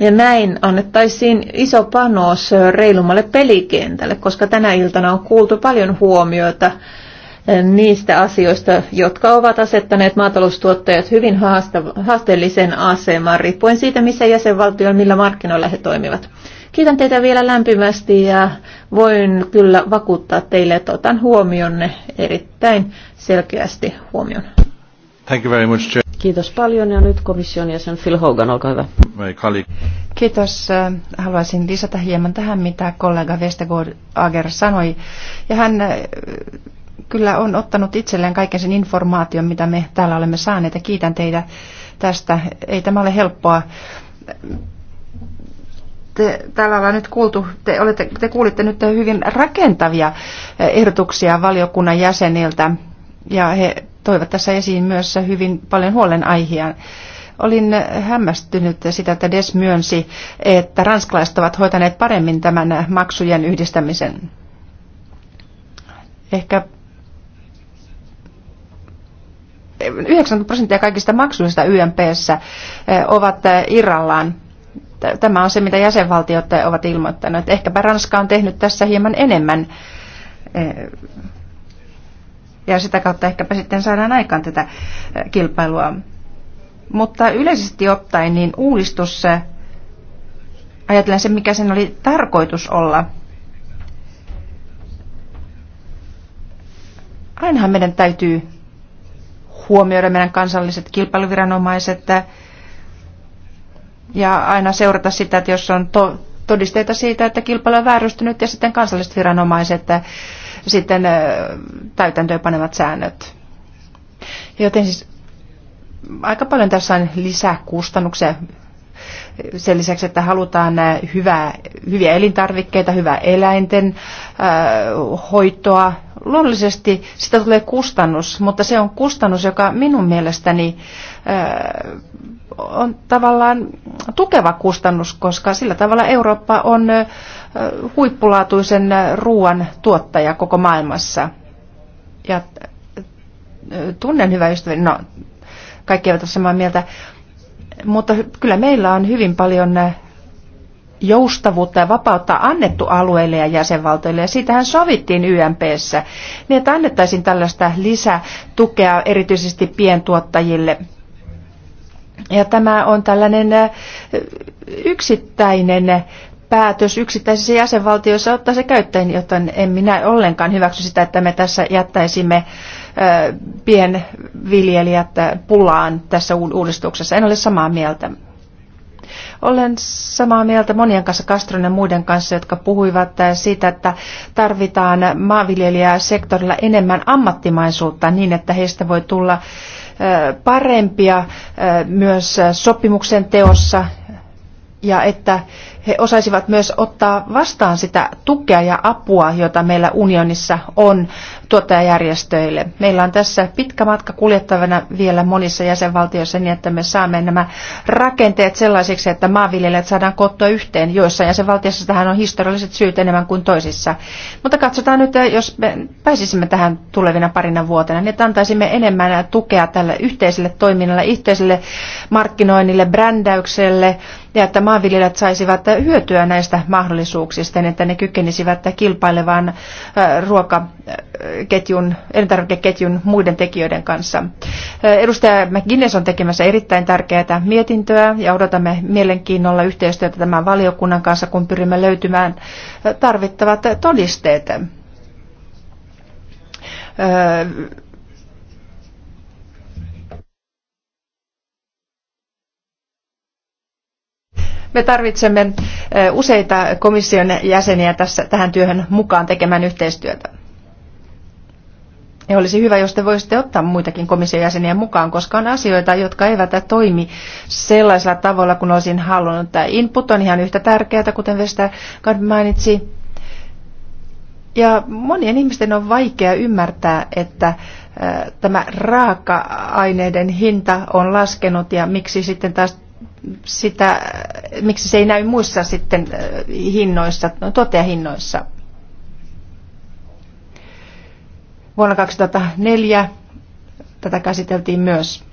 ja näin annettaisiin iso panos reilummalle pelikentälle, koska tänä iltana on kuultu paljon huomiota eh, niistä asioista, jotka ovat asettaneet maataloustuottajat hyvin haasteelliseen asemaan, riippuen siitä, missä jäsenvaltioilla, millä markkinoilla he toimivat. Kiitän teitä vielä lämpimästi ja voin kyllä vakuuttaa teille, että otan huomionne erittäin selkeästi huomioon. Thank you very much, Kiitos paljon ja nyt komission jäsen Phil Hogan, olkaa hyvä. Kiitos. Haluaisin lisätä hieman tähän, mitä kollega Vestegård Ager sanoi. Ja hän äh, kyllä on ottanut itselleen kaiken sen informaation, mitä me täällä olemme saaneet ja kiitän teitä tästä. Ei tämä ole helppoa. Te, täällä ollaan nyt kuultu, te, olette, te kuulitte nyt hyvin rakentavia äh, ehdotuksia valiokunnan jäseniltä ja he toivat tässä esiin myös hyvin paljon huolenaiheita. Olin hämmästynyt sitä, että Des myönsi, että ranskalaiset ovat hoitaneet paremmin tämän maksujen yhdistämisen. Ehkä 90 prosenttia kaikista maksuista YMPssä eh, ovat eh, irrallaan. Tämä on se, mitä jäsenvaltiot eh, ovat ilmoittaneet. Ehkäpä Ranska on tehnyt tässä hieman enemmän ja sitä kautta ehkäpä sitten saadaan aikaan tätä kilpailua. Mutta yleisesti ottaen niin uudistus, ajatellen se mikä sen oli tarkoitus olla, ainahan meidän täytyy huomioida meidän kansalliset kilpailuviranomaiset ja aina seurata sitä, että jos on to, todisteita siitä, että kilpailu on vääristynyt ja sitten kansalliset viranomaiset sitten täytäntöönpanevat säännöt. Joten siis aika paljon tässä on lisää kustannuksia sen lisäksi, että halutaan äh, hyvää, hyviä elintarvikkeita, hyvää eläinten äh, hoitoa. Luonnollisesti sitä tulee kustannus, mutta se on kustannus, joka minun mielestäni äh, on tavallaan tukeva kustannus, koska sillä tavalla Eurooppa on huippulaatuisen ruoan tuottaja koko maailmassa. Ja tunnen hyvä ystäväni, no kaikki eivät ole samaa mieltä, mutta kyllä meillä on hyvin paljon eh, joustavuutta ja vapautta annettu alueille ja jäsenvaltioille, ja siitähän sovittiin YMPssä, niin että annettaisiin tällaista lisätukea erityisesti pientuottajille. Ja tämä on tällainen eh, yksittäinen päätös yksittäisissä jäsenvaltioissa ottaa se käyttäen, joten en minä ollenkaan hyväksy sitä, että me tässä jättäisimme äh, pienviljelijät pulaan tässä uudistuksessa. En ole samaa mieltä. Olen samaa mieltä monien kanssa, Kastron ja muiden kanssa, jotka puhuivat siitä, että tarvitaan maanviljelijää sektorilla enemmän ammattimaisuutta niin, että heistä voi tulla parempia myös sopimuksen teossa ja että he osaisivat myös ottaa vastaan sitä tukea ja apua, jota meillä unionissa on tuottajajärjestöille. Meillä on tässä pitkä matka kuljettavana vielä monissa jäsenvaltioissa niin, että me saamme nämä rakenteet sellaisiksi, että maanviljelijät saadaan koottua yhteen. Joissa jäsenvaltioissa tähän on historialliset syyt enemmän kuin toisissa. Mutta katsotaan nyt, eh, jos me pääsisimme tähän tulevina parina vuotena, niin että antaisimme enemmän tukea tälle yhteiselle toiminnalle, yhteiselle markkinoinnille, brändäykselle, ja että maanviljelijät saisivat hyötyä näistä mahdollisuuksista, niin että ne kykenisivät kilpailevaan äh, ruokaketjun, äh, elintarvikeketjun muiden tekijöiden kanssa. Äh, edustaja McGuinness on tekemässä erittäin tärkeää mietintöä ja odotamme mielenkiinnolla yhteistyötä tämän valiokunnan kanssa, kun pyrimme löytymään tarvittavat todisteet Me tarvitsemme useita komission jäseniä tässä, tähän työhön mukaan tekemään yhteistyötä. Ja olisi hyvä, jos te voisitte ottaa muitakin komission jäseniä mukaan, koska on asioita, jotka eivät toimi sellaisella tavalla, kun olisin halunnut. Tämä input on ihan yhtä tärkeää, kuten Vestergaard mainitsi. Ja monien ihmisten on vaikea ymmärtää, että tämä raaka-aineiden hinta on laskenut ja miksi sitten taas sitä, miksi se ei näy muissa sitten äh, hinnoissa, toteahinnoissa. Vuonna 2004 tätä käsiteltiin myös.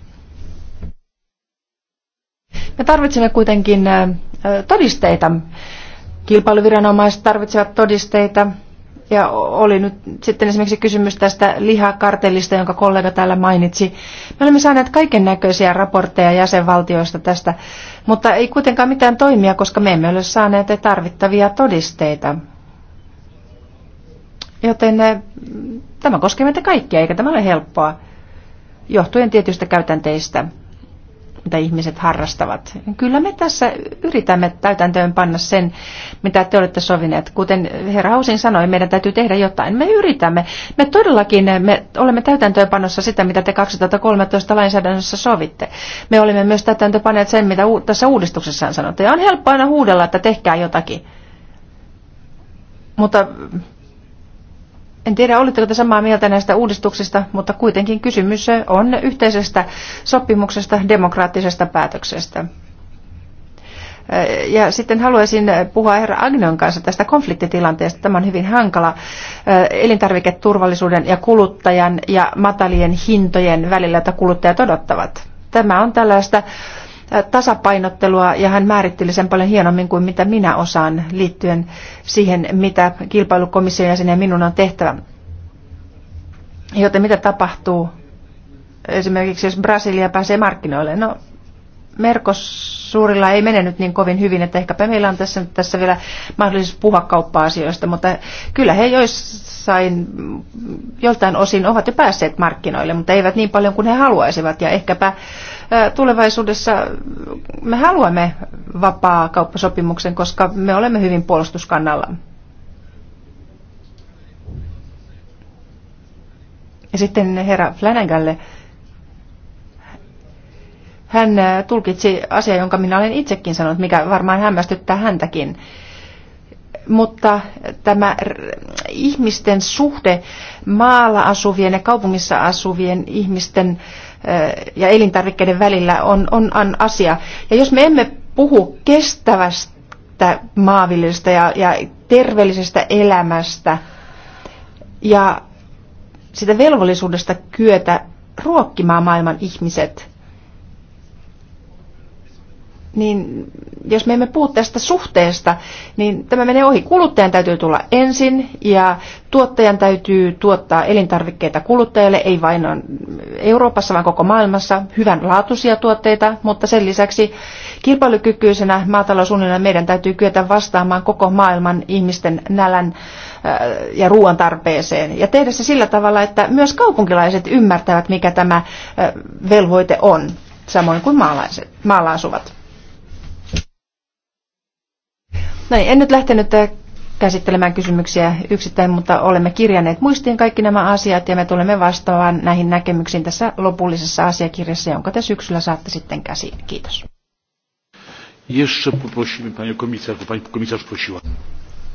Me tarvitsemme kuitenkin äh, äh, todisteita. Kilpailuviranomaiset tarvitsevat todisteita ja oli nyt sitten esimerkiksi kysymys tästä lihakartellista, jonka kollega täällä mainitsi. Me olemme saaneet kaiken näköisiä raportteja jäsenvaltioista tästä, mutta ei kuitenkaan mitään toimia, koska me emme ole saaneet tarvittavia todisteita. Joten eh, tämä koskee meitä kaikkia, eikä tämä ole helppoa, johtuen tietystä käytänteistä mitä ihmiset harrastavat. Kyllä me tässä yritämme täytäntöön panna sen, mitä te olette sovineet. Kuten herra Hausin sanoi, meidän täytyy tehdä jotain. Me yritämme. Me todellakin me olemme täytäntöönpanossa sitä, mitä te 2013 lainsäädännössä sovitte. Me olemme myös täytäntöönpaneet sen, mitä tässä uudistuksessa sanottu. Ja on helppo aina huudella, että tehkää jotakin. Mutta en tiedä, oletteko te samaa mieltä näistä uudistuksista, mutta kuitenkin kysymys on yhteisestä sopimuksesta, demokraattisesta päätöksestä. Ja sitten haluaisin puhua herra Agnon kanssa tästä konfliktitilanteesta. Tämä on hyvin hankala eh, elintarviketurvallisuuden ja kuluttajan ja matalien hintojen välillä, jota kuluttajat odottavat. Tämä on tällaista tasapainottelua ja hän määritteli sen paljon hienommin kuin mitä minä osaan liittyen siihen, mitä kilpailukomission jäsenen minun on tehtävä. Joten mitä tapahtuu esimerkiksi, jos Brasilia pääsee markkinoille? No, Merkosuurilla ei mene nyt niin kovin hyvin, että ehkäpä meillä on tässä, tässä vielä mahdollisuus puhua kauppa-asioista, mutta kyllä he joissain, joltain osin ovat jo päässeet markkinoille, mutta eivät niin paljon kuin he haluaisivat ja ehkäpä tulevaisuudessa me haluamme vapaa kauppasopimuksen, koska me olemme hyvin puolustuskannalla. Ja sitten herra Flanagalle hän äh, tulkitsi asiaa, jonka minä olen itsekin sanonut, mikä varmaan hämmästyttää häntäkin. Mutta tämä ihmisten suhde maalla asuvien ja kaupungissa asuvien ihmisten äh, ja elintarvikkeiden välillä on, on asia. Ja jos me emme puhu kestävästä maanviljelystä ja, ja terveellisestä elämästä ja sitä velvollisuudesta kyetä ruokkimaan maailman ihmiset, niin jos me emme puhu tästä suhteesta, niin tämä menee ohi. Kuluttajan täytyy tulla ensin ja tuottajan täytyy tuottaa elintarvikkeita kuluttajalle, ei vain Euroopassa, vaan koko maailmassa, hyvänlaatuisia tuotteita, mutta sen lisäksi kilpailukykyisenä maatalousunionina meidän täytyy kyetä vastaamaan koko maailman ihmisten nälän äh, ja ruoan tarpeeseen. Ja tehdä se sillä tavalla, että myös kaupunkilaiset ymmärtävät, mikä tämä äh, velvoite on, samoin kuin maalaiset, maalla asuvat. No niin, en nyt lähtenyt äh, käsittelemään kysymyksiä yksittäin, mutta olemme kirjanneet muistiin kaikki nämä asiat ja me tulemme vastaamaan näihin näkemyksiin tässä lopullisessa asiakirjassa, jonka te syksyllä saatte sitten käsiin. Kiitos.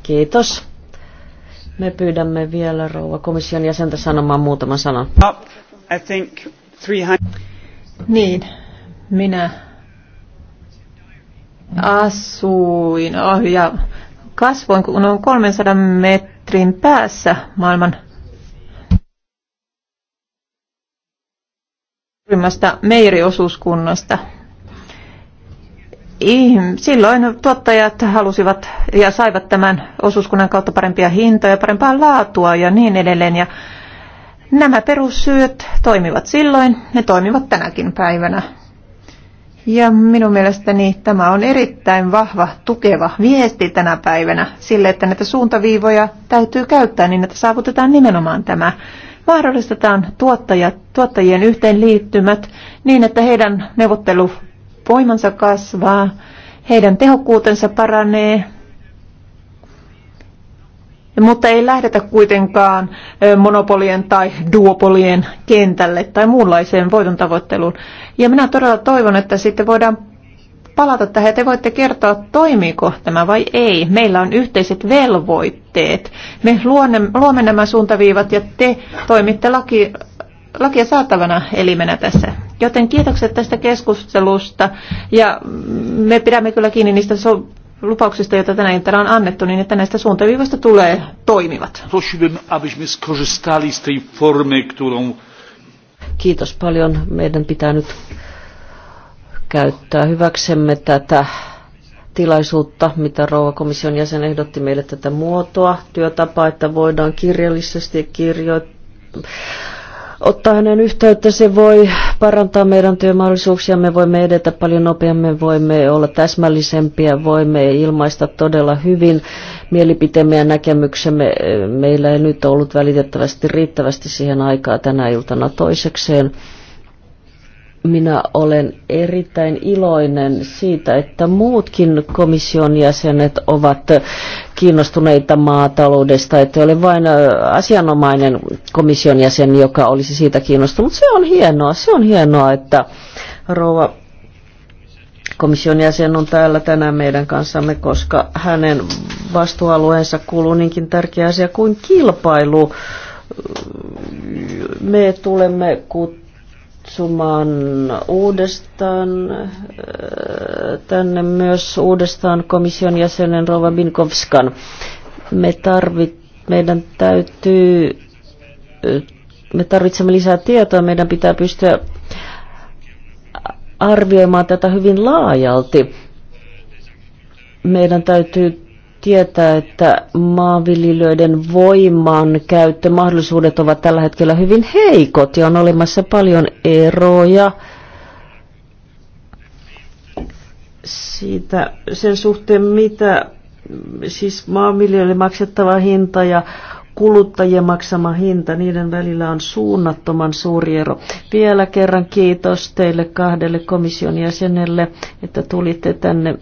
Kiitos. Me pyydämme vielä rouva komission jäsentä sanomaan muutaman sanan. I think Niin, minä asuin oh, ja kasvoin kun on 300 metrin päässä maailman suurimmasta meiriosuuskunnasta. Silloin tuottajat halusivat ja saivat tämän osuuskunnan kautta parempia hintoja, parempaa laatua ja niin edelleen. Ja nämä perussyöt toimivat silloin, ne toimivat tänäkin päivänä. Ja minun mielestäni tämä on erittäin vahva, tukeva viesti tänä päivänä sille, että näitä suuntaviivoja täytyy käyttää niin, että saavutetaan nimenomaan tämä. Mahdollistetaan tuottajat, tuottajien yhteenliittymät niin, että heidän neuvotteluvoimansa kasvaa, heidän tehokkuutensa paranee mutta ei lähdetä kuitenkaan monopolien tai duopolien kentälle tai muunlaiseen voiton tavoitteluun. Ja minä todella toivon, että sitten voidaan palata tähän ja te voitte kertoa, toimiiko tämä vai ei. Meillä on yhteiset velvoitteet. Me luomme nämä suuntaviivat ja te toimitte laki, lakia saatavana elimenä tässä. Joten kiitokset tästä keskustelusta ja me pidämme kyllä kiinni niistä so- lupauksista, joita tänä iltana on annettu, niin että näistä suuntaviivoista tulee toimivat. Kiitos paljon. Meidän pitää nyt käyttää hyväksemme tätä tilaisuutta, mitä rouva komission jäsen ehdotti meille tätä muotoa, työtapaa, että voidaan kirjallisesti kirjoittaa ottaa hänen yhteyttä, se voi parantaa meidän työmahdollisuuksia, me voimme edetä paljon nopeammin, voimme olla täsmällisempiä, voimme ilmaista todella hyvin mielipiteemme ja näkemyksemme. Meillä ei nyt ollut välitettävästi riittävästi siihen aikaa tänä iltana toisekseen minä olen erittäin iloinen siitä, että muutkin komission jäsenet ovat kiinnostuneita maataloudesta, että ole vain asianomainen komission jäsen, joka olisi siitä kiinnostunut. Se on hienoa, se on hienoa, että rouva komission jäsen on täällä tänään meidän kanssamme, koska hänen vastuualueensa kuuluu niinkin tärkeä asia kuin kilpailu. Me tulemme kut kutsumaan uudestaan äh, tänne myös uudestaan komission jäsenen Rova Binkovskan. Me tarvit, meidän täytyy, äh, me tarvitsemme lisää tietoa, meidän pitää pystyä arvioimaan tätä hyvin laajalti. Meidän täytyy tietää, että maanviljelijöiden voiman käyttömahdollisuudet ovat tällä hetkellä hyvin heikot ja on olemassa paljon eroja siitä, sen suhteen, mitä siis maanviljelijöille maksettava hinta ja kuluttajien maksama hinta, niiden välillä on suunnattoman suuri ero. Vielä kerran kiitos teille kahdelle komission jäsenelle, että tulitte tänne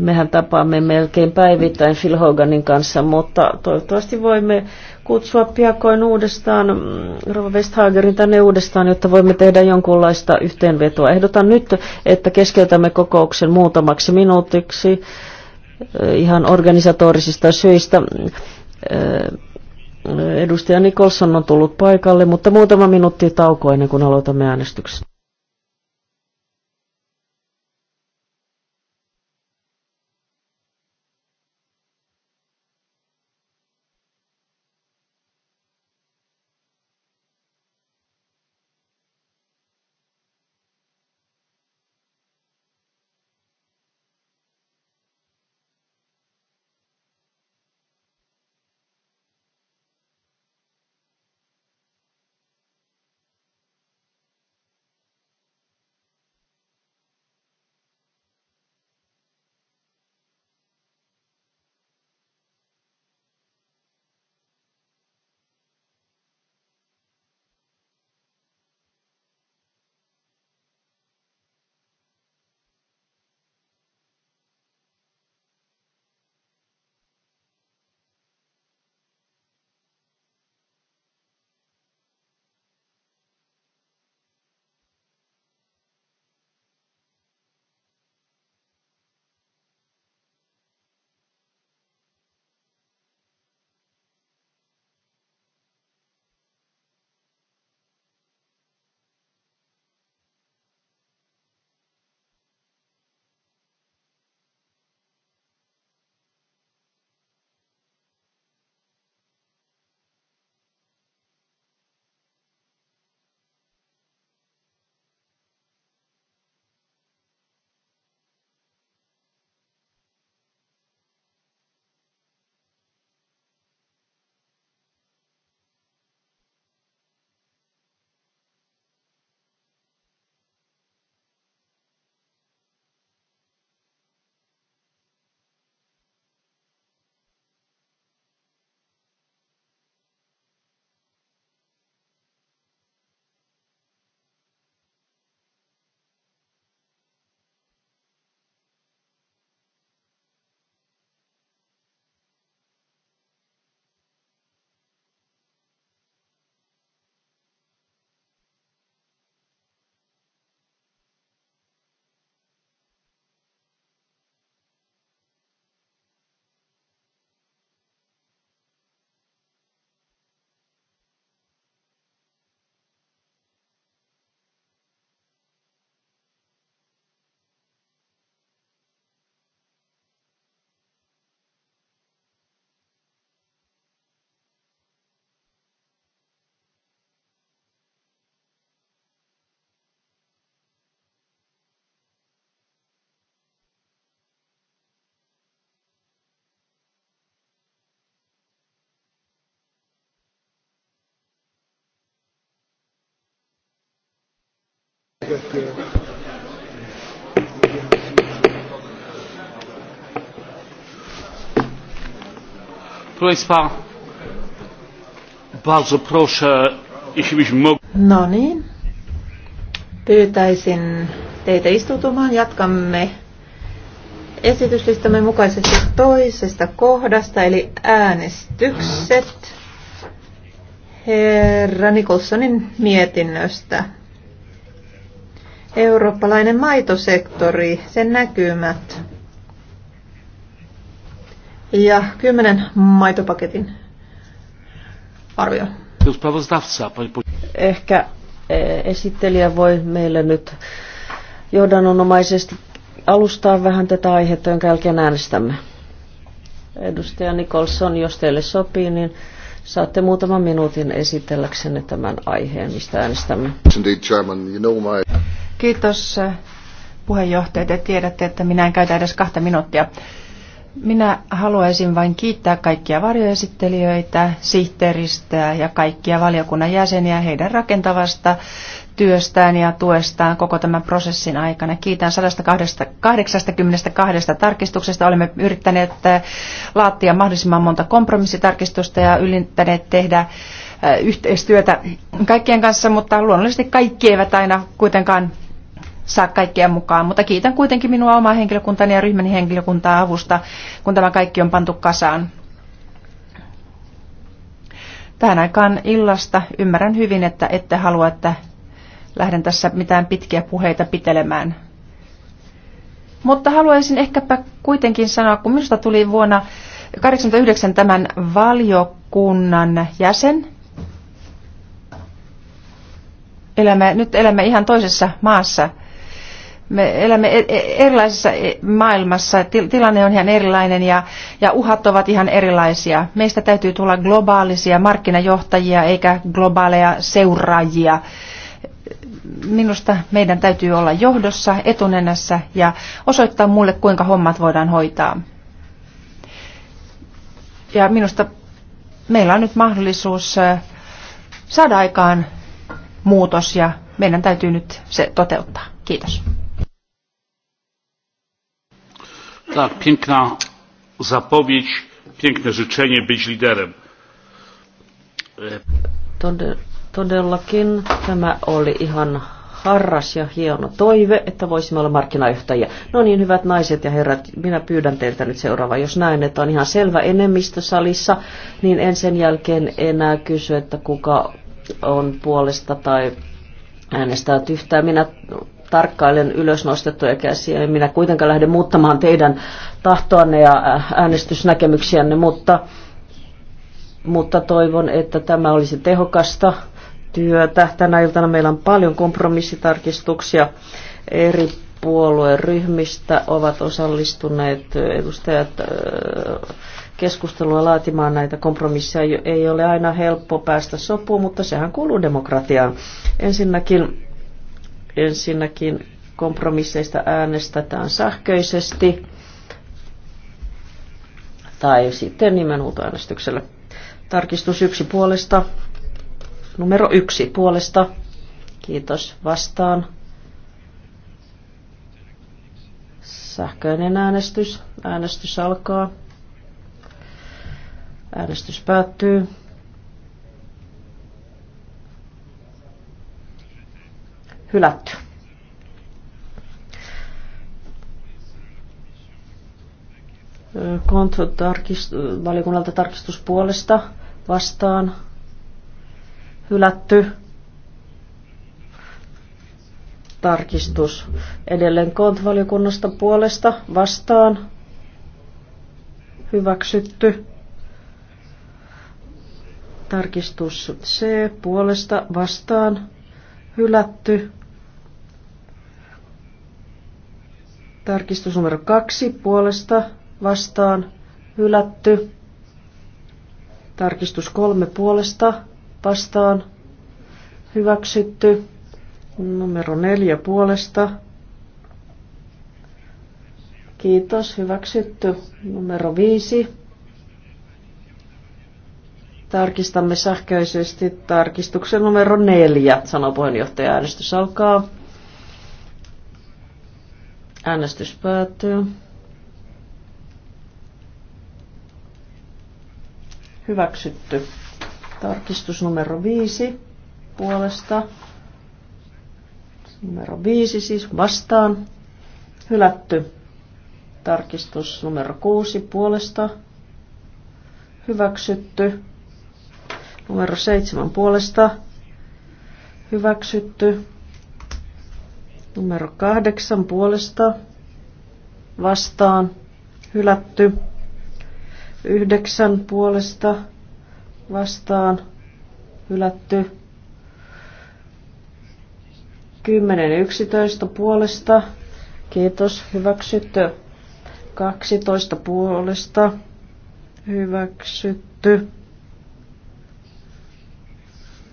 Mehän tapaamme melkein päivittäin Phil Hoganin kanssa, mutta toivottavasti voimme kutsua piakoin uudestaan mm, Rova Westhagerin tänne uudestaan, jotta voimme tehdä jonkunlaista yhteenvetoa. Ehdotan nyt, että keskeytämme kokouksen muutamaksi minuutiksi eh, ihan organisatorisista syistä. Eh, eh, edustaja Nikolson on tullut paikalle, mutta muutama minuutti tauko ennen kuin aloitamme äänestyksen. No niin. Pyytäisin teitä istutumaan. Jatkamme esityslistamme mukaisesti toisesta kohdasta, eli äänestykset herra Nikolsonin mietinnöstä eurooppalainen maitosektori, sen näkymät ja kymmenen maitopaketin arvio. Ehkä e, esittelijä voi meille nyt johdannonomaisesti alustaa vähän tätä aihetta, jonka jälkeen äänestämme. Edustaja Nicholson, jos teille sopii, niin saatte muutaman minuutin esitelläksenne tämän aiheen, mistä äänestämme. Kiitos puheenjohtaja. Te tiedätte, että minä en käytä edes kahta minuuttia. Minä haluaisin vain kiittää kaikkia varjoesittelijöitä, sihteeristöä ja kaikkia valiokunnan jäseniä heidän rakentavasta työstään ja tuestaan koko tämän prosessin aikana. Kiitän 182 tarkistuksesta. Olemme yrittäneet äh, laatia mahdollisimman monta kompromissitarkistusta ja yrittäneet tehdä äh, yhteistyötä kaikkien kanssa, mutta luonnollisesti kaikki eivät aina kuitenkaan saa kaikkia mukaan, mutta kiitän kuitenkin minua omaa henkilökuntani ja ryhmäni henkilökuntaa avusta, kun tämä kaikki on pantu kasaan. Tähän aikaan illasta ymmärrän hyvin, että ette halua, että lähden tässä mitään pitkiä puheita pitelemään. Mutta haluaisin ehkäpä kuitenkin sanoa, kun minusta tuli vuonna 1989 tämän valiokunnan jäsen, elämme, nyt elämme ihan toisessa maassa – me elämme e- e- erilaisessa e- maailmassa, tilanne on ihan erilainen ja, ja uhat ovat ihan erilaisia. Meistä täytyy tulla globaalisia markkinajohtajia eikä globaaleja seuraajia. Minusta meidän täytyy olla johdossa, etunenässä ja osoittaa mulle, kuinka hommat voidaan hoitaa. Ja minusta meillä on nyt mahdollisuus saada aikaan muutos ja meidän täytyy nyt se toteuttaa. Kiitos. tak piękna zapowiedź piękne życzenie być liderem. Todellakin tämä oli ihan harras ja hieno toive, että voisimme olla markkinajohtajia. No niin, hyvät naiset ja herrat, minä pyydän teiltä nyt seuraava, Jos näen, että on ihan selvä enemmistö salissa, niin en sen jälkeen enää kysy, että kuka on puolesta tai äänestää yhtään. Minä tarkkailen ylös nostettuja käsiä. En minä kuitenkaan lähde muuttamaan teidän tahtoanne ja äh, äänestysnäkemyksiänne, mutta, mutta toivon, että tämä olisi tehokasta työtä. Tänä iltana meillä on paljon kompromissitarkistuksia eri puolueryhmistä ovat osallistuneet edustajat äh, keskustelua laatimaan näitä kompromisseja. Ei ole aina helppo päästä sopuun, mutta sehän kuuluu demokratiaan. Ensinnäkin Ensinnäkin kompromisseista äänestetään sähköisesti tai sitten nimenhuutoäänestyksellä. Tarkistus yksi puolesta. Numero yksi puolesta. Kiitos vastaan. Sähköinen äänestys. Äänestys alkaa. Äänestys päättyy. hylätty. Kontotarkist- tarkistuspuolesta vastaan hylätty tarkistus. Edelleen kontvaliokunnasta puolesta vastaan hyväksytty. Tarkistus C puolesta vastaan hylätty. Tarkistus numero kaksi puolesta vastaan hylätty. Tarkistus kolme puolesta vastaan hyväksytty. Numero neljä puolesta. Kiitos, hyväksytty. Numero viisi Tarkistamme sähköisesti tarkistuksen numero neljä, sanoo puheenjohtaja. Äänestys alkaa. Äänestys päättyy. Hyväksytty. Tarkistus numero viisi puolesta. Numero viisi siis vastaan. Hylätty. Tarkistus numero kuusi puolesta. Hyväksytty. Numero 7 puolesta hyväksytty. Numero 8 puolesta vastaan hylätty. 9 puolesta vastaan hylätty. 10 11 puolesta. Kiitos, hyväksytty. 12 puolesta. Hyväksytty.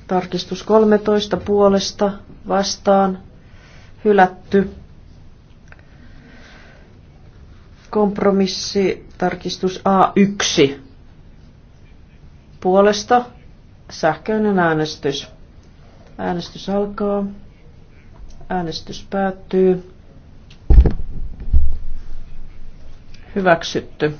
Tarkistus 13 puolesta vastaan hylätty. Kompromissi tarkistus A1 puolesta sähköinen äänestys. Äänestys alkaa. Äänestys päättyy. Hyväksytty.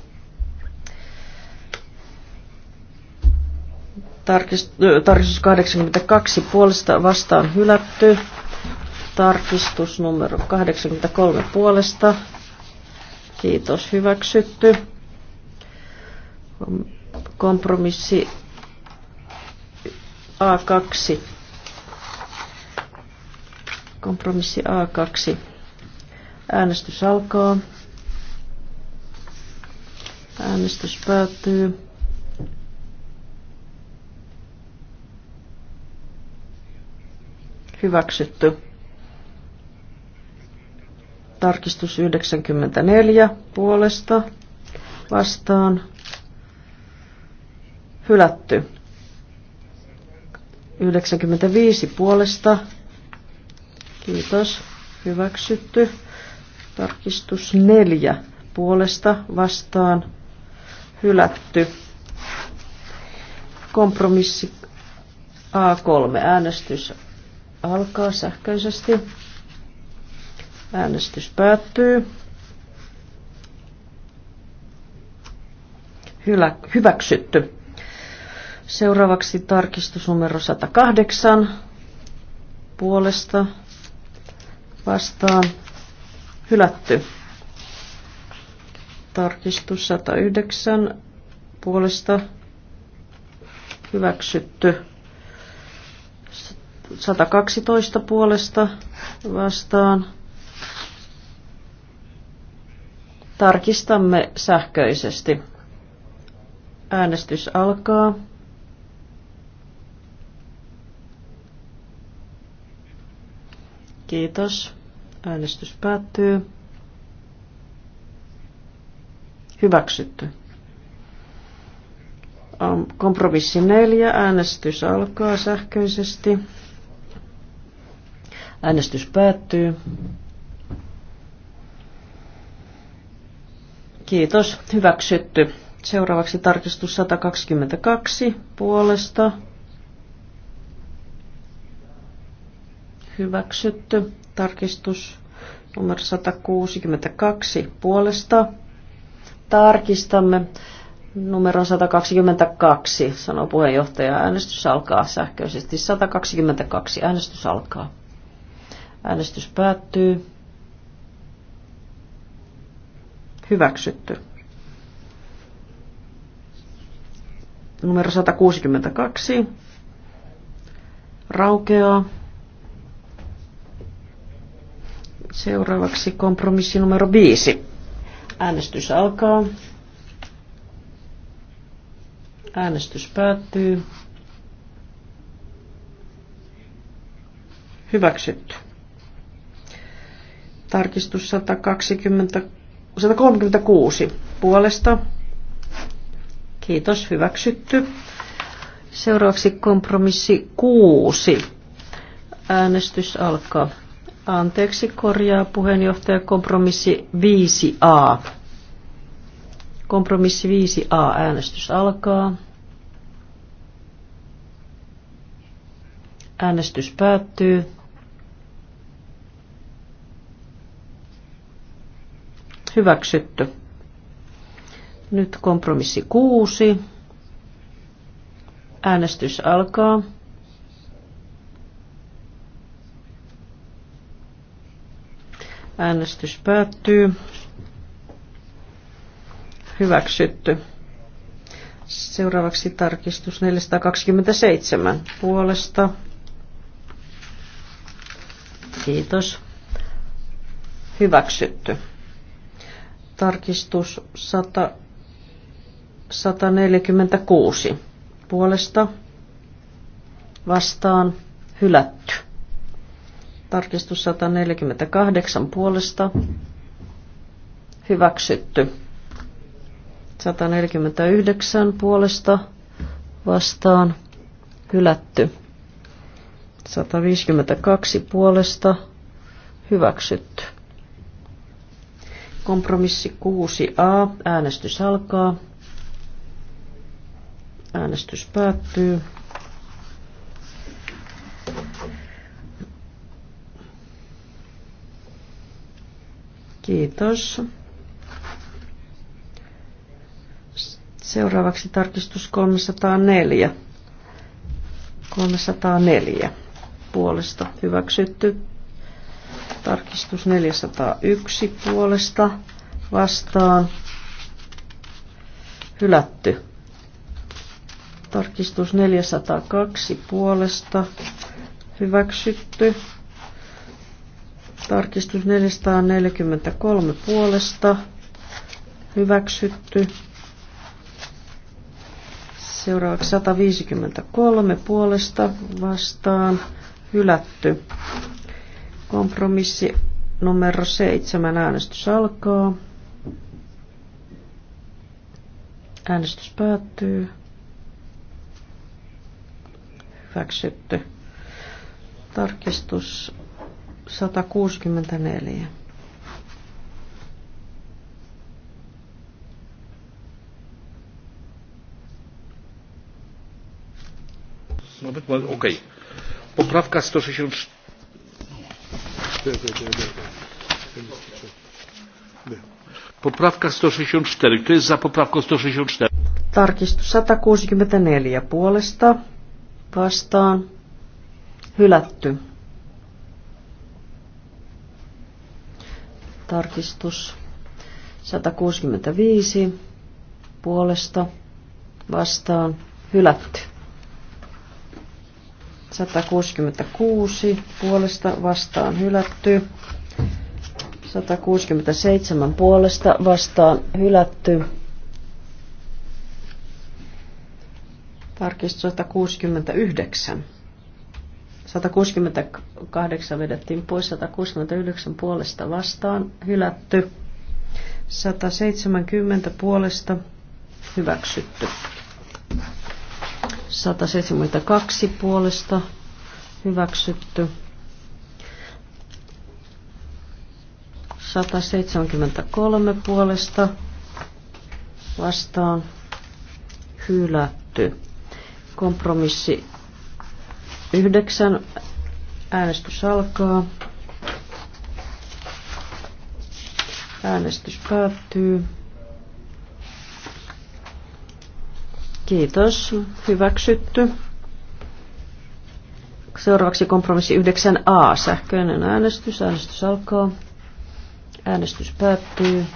Tarkistus 82 puolesta vastaan hylätty. Tarkistus numero 83 puolesta. Kiitos, hyväksytty. Kompromissi A2. Kompromissi A2. Äänestys alkaa. Äänestys päättyy. Hyväksytty. Tarkistus 94 puolesta vastaan. Hylätty. 95 puolesta. Kiitos. Hyväksytty. Tarkistus 4 puolesta vastaan. Hylätty. Kompromissi A3 äänestys alkaa sähköisesti. Äänestys päättyy. Hylä, hyväksytty. Seuraavaksi tarkistus numero 108 puolesta vastaan hylätty. Tarkistus 109 puolesta hyväksytty. 112 puolesta vastaan. Tarkistamme sähköisesti. Äänestys alkaa. Kiitos. Äänestys päättyy. Hyväksytty. Kompromissi neljä. Äänestys alkaa sähköisesti. Äänestys päättyy. Kiitos. Hyväksytty. Seuraavaksi tarkistus 122 puolesta. Hyväksytty. Tarkistus numero 162 puolesta. Tarkistamme numero 122, sanoo puheenjohtaja. Äänestys alkaa sähköisesti. 122 äänestys alkaa. Äänestys päättyy. Hyväksytty. Numero 162. Raukeaa. Seuraavaksi kompromissi numero 5. Äänestys alkaa. Äänestys päättyy. Hyväksytty. Tarkistus 120, 136 puolesta. Kiitos, hyväksytty. Seuraavaksi kompromissi 6. Äänestys alkaa. Anteeksi, korjaa puheenjohtaja kompromissi 5a. Kompromissi 5a äänestys alkaa. Äänestys päättyy. hyväksytty. Nyt kompromissi kuusi. Äänestys alkaa. Äänestys päättyy. Hyväksytty. Seuraavaksi tarkistus 427 puolesta. Kiitos. Hyväksytty. Tarkistus 100, 146 puolesta vastaan hylätty. Tarkistus 148 puolesta hyväksytty. 149 puolesta vastaan hylätty. 152 puolesta hyväksytty. Kompromissi 6a. Äänestys alkaa. Äänestys päättyy. Kiitos. Seuraavaksi tarkistus 304. 304 puolesta hyväksytty Tarkistus 401 puolesta vastaan. Hylätty. Tarkistus 402 puolesta. Hyväksytty. Tarkistus 443 puolesta. Hyväksytty. Seuraavaksi 153 puolesta vastaan. Hylätty. Kompromissi numero seitsemän äänestys alkaa. Äänestys päättyy. Hyväksytty. Tarkistus 164. No, okei. Okay. Poprawka 164对对对对对。Poprawka 164. Kto jest za poprawką 164? Tarkistus 164 puolesta vastaan hylätty. Tarkistus 165 puolesta vastaan hylätty. 166 puolesta vastaan hylätty. 167 puolesta vastaan hylätty. Tarkistus 169. 168 vedettiin pois, 169 puolesta vastaan hylätty. 170 puolesta hyväksytty. 172 puolesta hyväksytty. 173 puolesta vastaan hylätty. Kompromissi 9. Äänestys alkaa. Äänestys päättyy. Kiitos. Hyväksytty. Seuraavaksi kompromissi 9a. Sähköinen äänestys. Äänestys alkaa. Äänestys päättyy.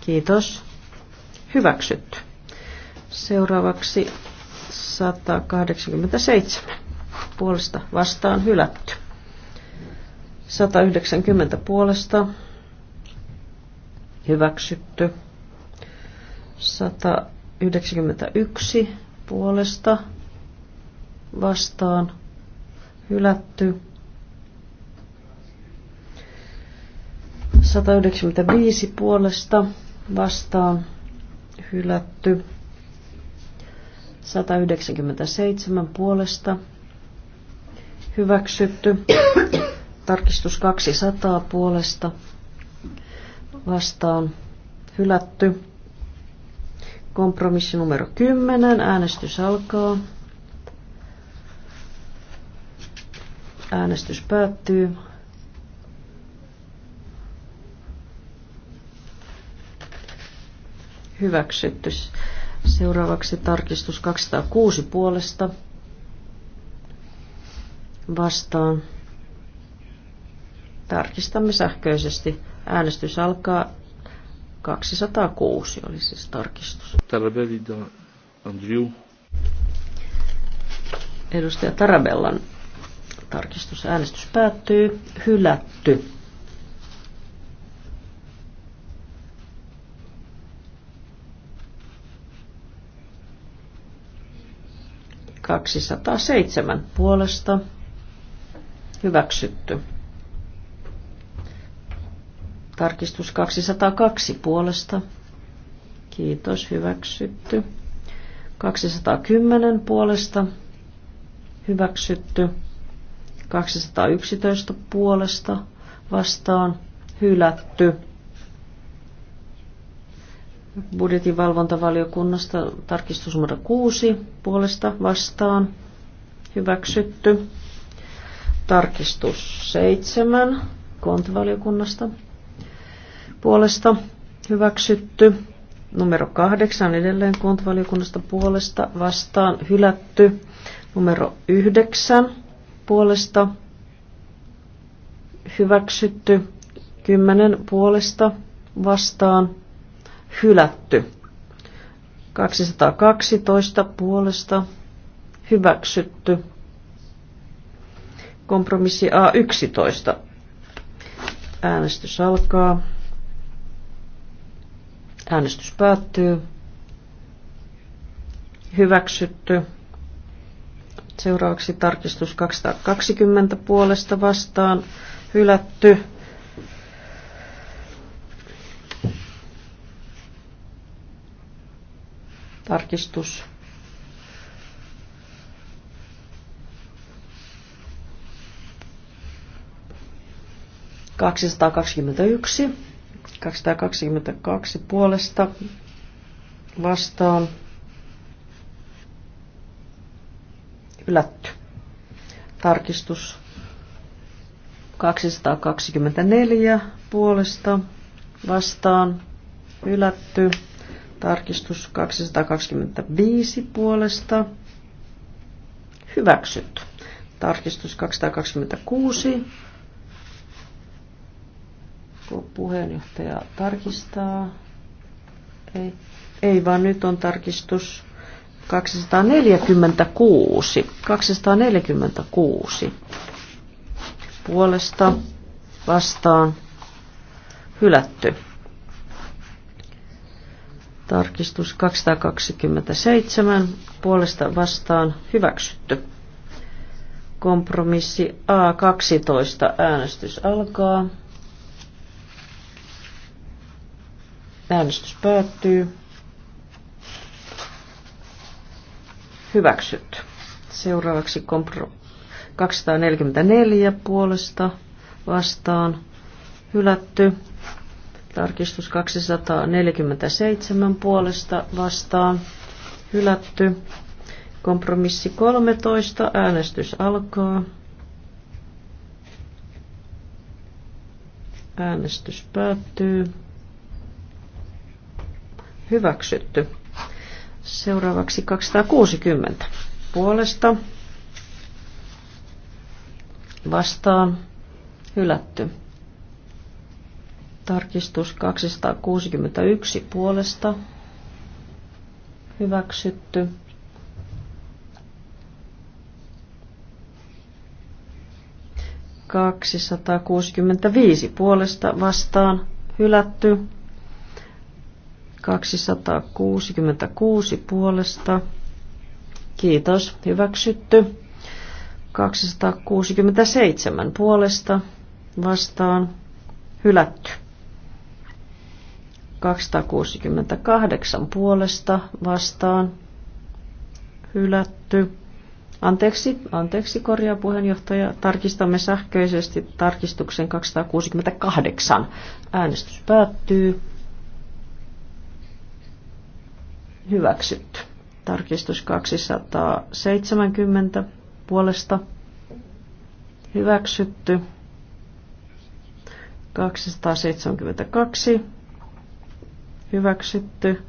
Kiitos. Hyväksytty. Seuraavaksi 187. Puolesta vastaan hylätty. 190 puolesta hyväksytty. 191 puolesta vastaan hylätty. 195 puolesta vastaan hylätty. 197 puolesta hyväksytty. Tarkistus 200 puolesta vastaan hylätty. Kompromissi numero 10. Äänestys alkaa. Äänestys päättyy. Hyväksytty. Seuraavaksi tarkistus 206 puolesta. Vastaan. Tarkistamme sähköisesti. Äänestys alkaa 206 oli siis tarkistus. Tarabelli Andrew. Edustaja Tarabellan tarkistus. Äänestys päättyy. Hylätty. Kaksisataaseitsemän puolesta hyväksytty. Tarkistus 202 puolesta. Kiitos, hyväksytty. 210 puolesta. Hyväksytty. 211 puolesta vastaan hylätty. Budjetin valvontavaliokunnasta tarkistus numero 6 puolesta vastaan hyväksytty. Tarkistus 7 kontavaliokunnasta puolesta hyväksytty. Numero kahdeksan edelleen kontvaliokunnasta puolesta vastaan hylätty. Numero yhdeksän puolesta hyväksytty. Kymmenen puolesta vastaan hylätty. 212 puolesta hyväksytty. Kompromissi A11. Äänestys alkaa. Äänestys päättyy. Hyväksytty. Seuraavaksi tarkistus 220 puolesta vastaan. Hylätty. Tarkistus. Kaksisataakaksikymmentäyksi 222 puolesta vastaan. Ylätty. Tarkistus 224 puolesta vastaan. Ylätty. Tarkistus 225 puolesta. Hyväksytty. Tarkistus 226 Puheenjohtaja tarkistaa. Ei, ei vaan nyt on tarkistus 246. 246. Puolesta vastaan hylätty. Tarkistus 227. Puolesta vastaan hyväksytty. Kompromissi A12. Äänestys alkaa. Äänestys päättyy. hyväksyt Seuraavaksi kompro 244 puolesta vastaan hylätty. Tarkistus 247 puolesta vastaan hylätty. Kompromissi 13. Äänestys alkaa. Äänestys päättyy hyväksytty. Seuraavaksi 260 puolesta vastaan hylätty. Tarkistus 261 puolesta hyväksytty. Kaksisataakuusikymmentäviisi puolesta vastaan hylätty. 266 puolesta. Kiitos. Hyväksytty. 267 puolesta vastaan hylätty. 268 puolesta vastaan hylätty. Anteeksi, anteeksi korjaa puheenjohtaja. Tarkistamme sähköisesti tarkistuksen 268. Äänestys päättyy. hyväksytty. Tarkistus 270 puolesta hyväksytty. 272 hyväksytty.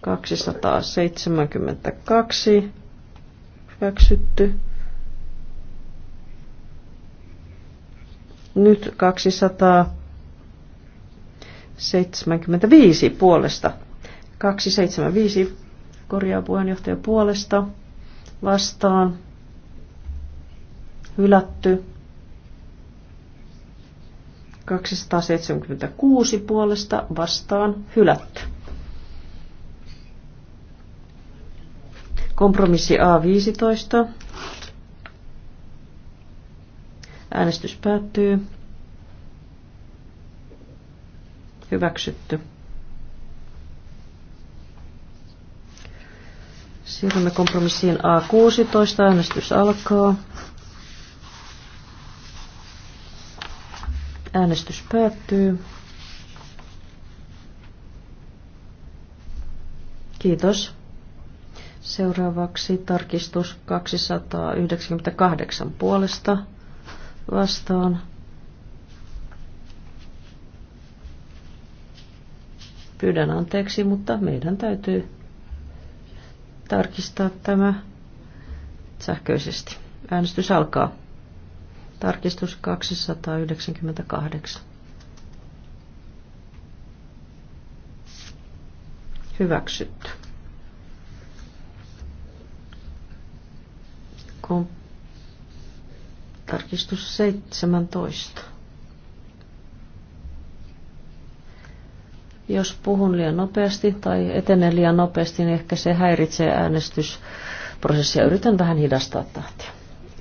272 hyväksytty. Nyt 275 puolesta 275 korjaa puheenjohtaja puolesta vastaan. Hylätty. 276 puolesta vastaan hylätty. Kompromissi A15. Äänestys päättyy. Hyväksytty. Siirrymme kompromissiin A16. Äänestys alkaa. Äänestys päättyy. Kiitos. Seuraavaksi tarkistus 298 puolesta vastaan. Pyydän anteeksi, mutta meidän täytyy tarkistaa tämä sähköisesti. Äänestys alkaa. Tarkistus 298. Hyväksytty. Kom. tarkistus 17. Jos puhun liian nopeasti tai etenen liian nopeasti, niin ehkä se häiritsee äänestysprosessia. Yritän vähän hidastaa tahtia.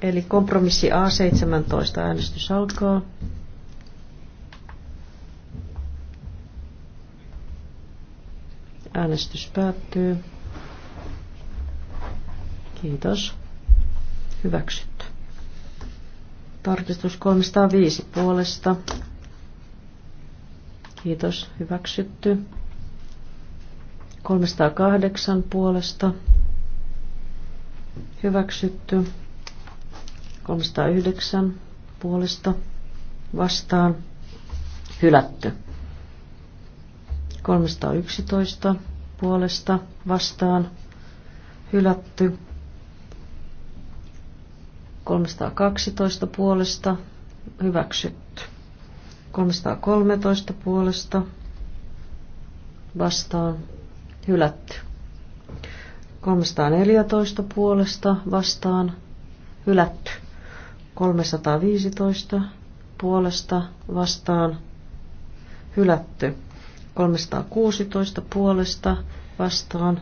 Eli kompromissi A17 äänestys alkaa. Äänestys päättyy. Kiitos. Hyväksytty. Tarkistus 305 puolesta. Kiitos. Hyväksytty. 308 puolesta. Hyväksytty. 309 puolesta vastaan. Hylätty. 311 puolesta vastaan. Hylätty. 312 puolesta hyväksytty. 313 puolesta vastaan hylätty. 314 puolesta vastaan hylätty. 315 puolesta vastaan hylätty. 316 puolesta vastaan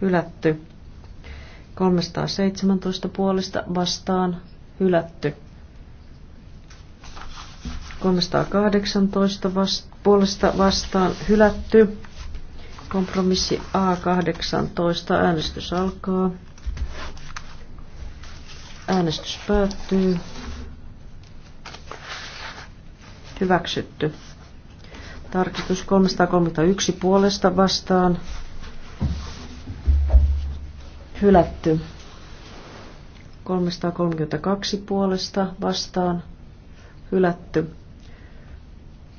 hylätty. 317 puolesta vastaan hylätty. 318 vast, puolesta vastaan hylätty. Kompromissi A18. Äänestys alkaa. Äänestys päättyy. Hyväksytty. Tarkistus 331 puolesta vastaan. Hylätty. 332 puolesta vastaan. Hylätty.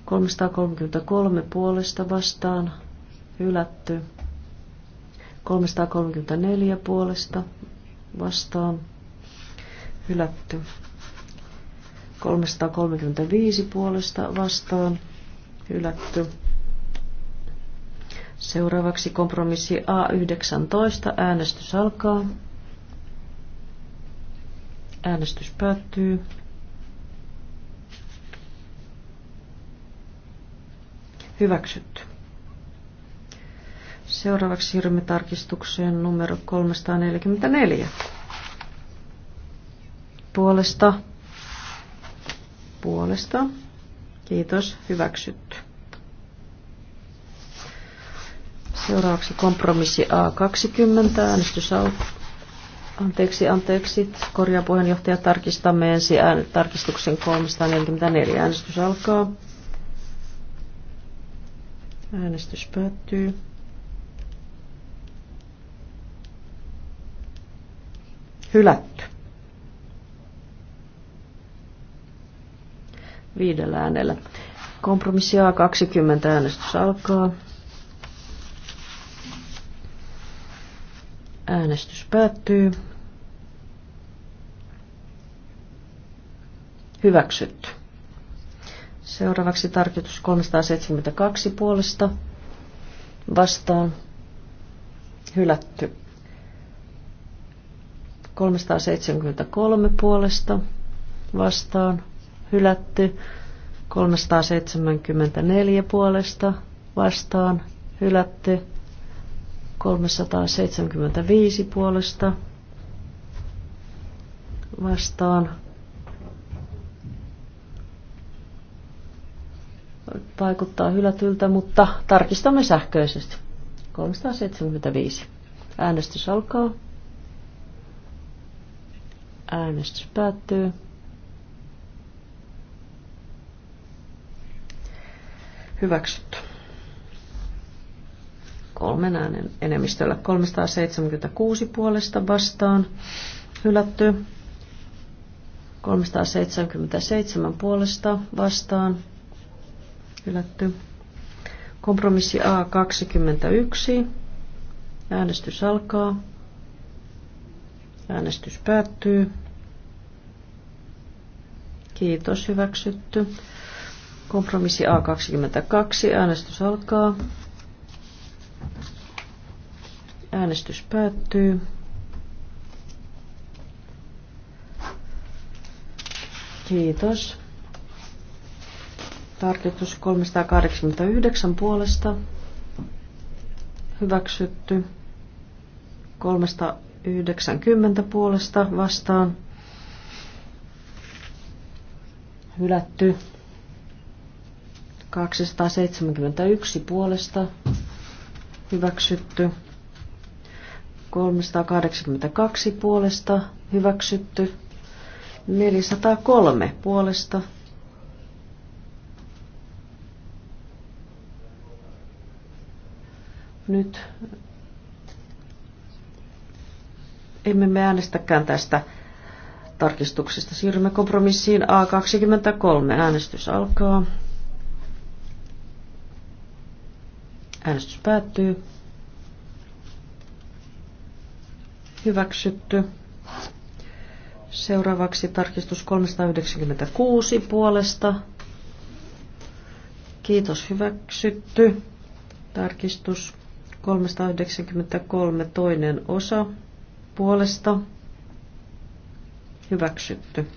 333 puolesta vastaan hylätty. 334 puolesta vastaan hylätty. 335 puolesta vastaan hylätty. Seuraavaksi kompromissi A19. Äänestys alkaa. Äänestys päättyy. Hyväksytty. Seuraavaksi siirrymme tarkistukseen numero 344. Puolesta. Puolesta. Kiitos. Hyväksytty. Seuraavaksi kompromissi A20. Äänestys alkaa. Anteeksi, anteeksi. Korjaa puheenjohtaja. Tarkistamme ensin tarkistuksen 344. Äänestys alkaa. Äänestys päättyy. Hylätty. Viidellä äänellä. Kompromissi A20 äänestys alkaa. Äänestys päättyy. Hyväksytty. Seuraavaksi tarkoitus 372 puolesta vastaan hylätty. 373 puolesta vastaan hylätty. 374 puolesta vastaan hylätty. 375 puolesta vastaan Vaikuttaa hylätyltä, mutta tarkistamme sähköisesti. 375. Äänestys alkaa. Äänestys päättyy. Hyväksytty. Kolmen äänen enemmistöllä 376 puolesta vastaan. Hylätty. 377 puolesta vastaan Hylätty. Kompromissi A21. Äänestys alkaa. Äänestys päättyy. Kiitos, hyväksytty. Kompromissi A22. Äänestys alkaa. Äänestys päättyy. Kiitos. Tarkistus 389 puolesta. Hyväksytty. 390 puolesta vastaan. Hylätty. 271 puolesta. Hyväksytty. 382 puolesta. Hyväksytty. 403 puolesta Nyt emme me äänestäkään tästä tarkistuksesta. Siirrymme kompromissiin A23. Äänestys alkaa. Äänestys päättyy. Hyväksytty. Seuraavaksi tarkistus 396 puolesta. Kiitos, hyväksytty. Tarkistus 393 toinen osa puolesta hyväksytty.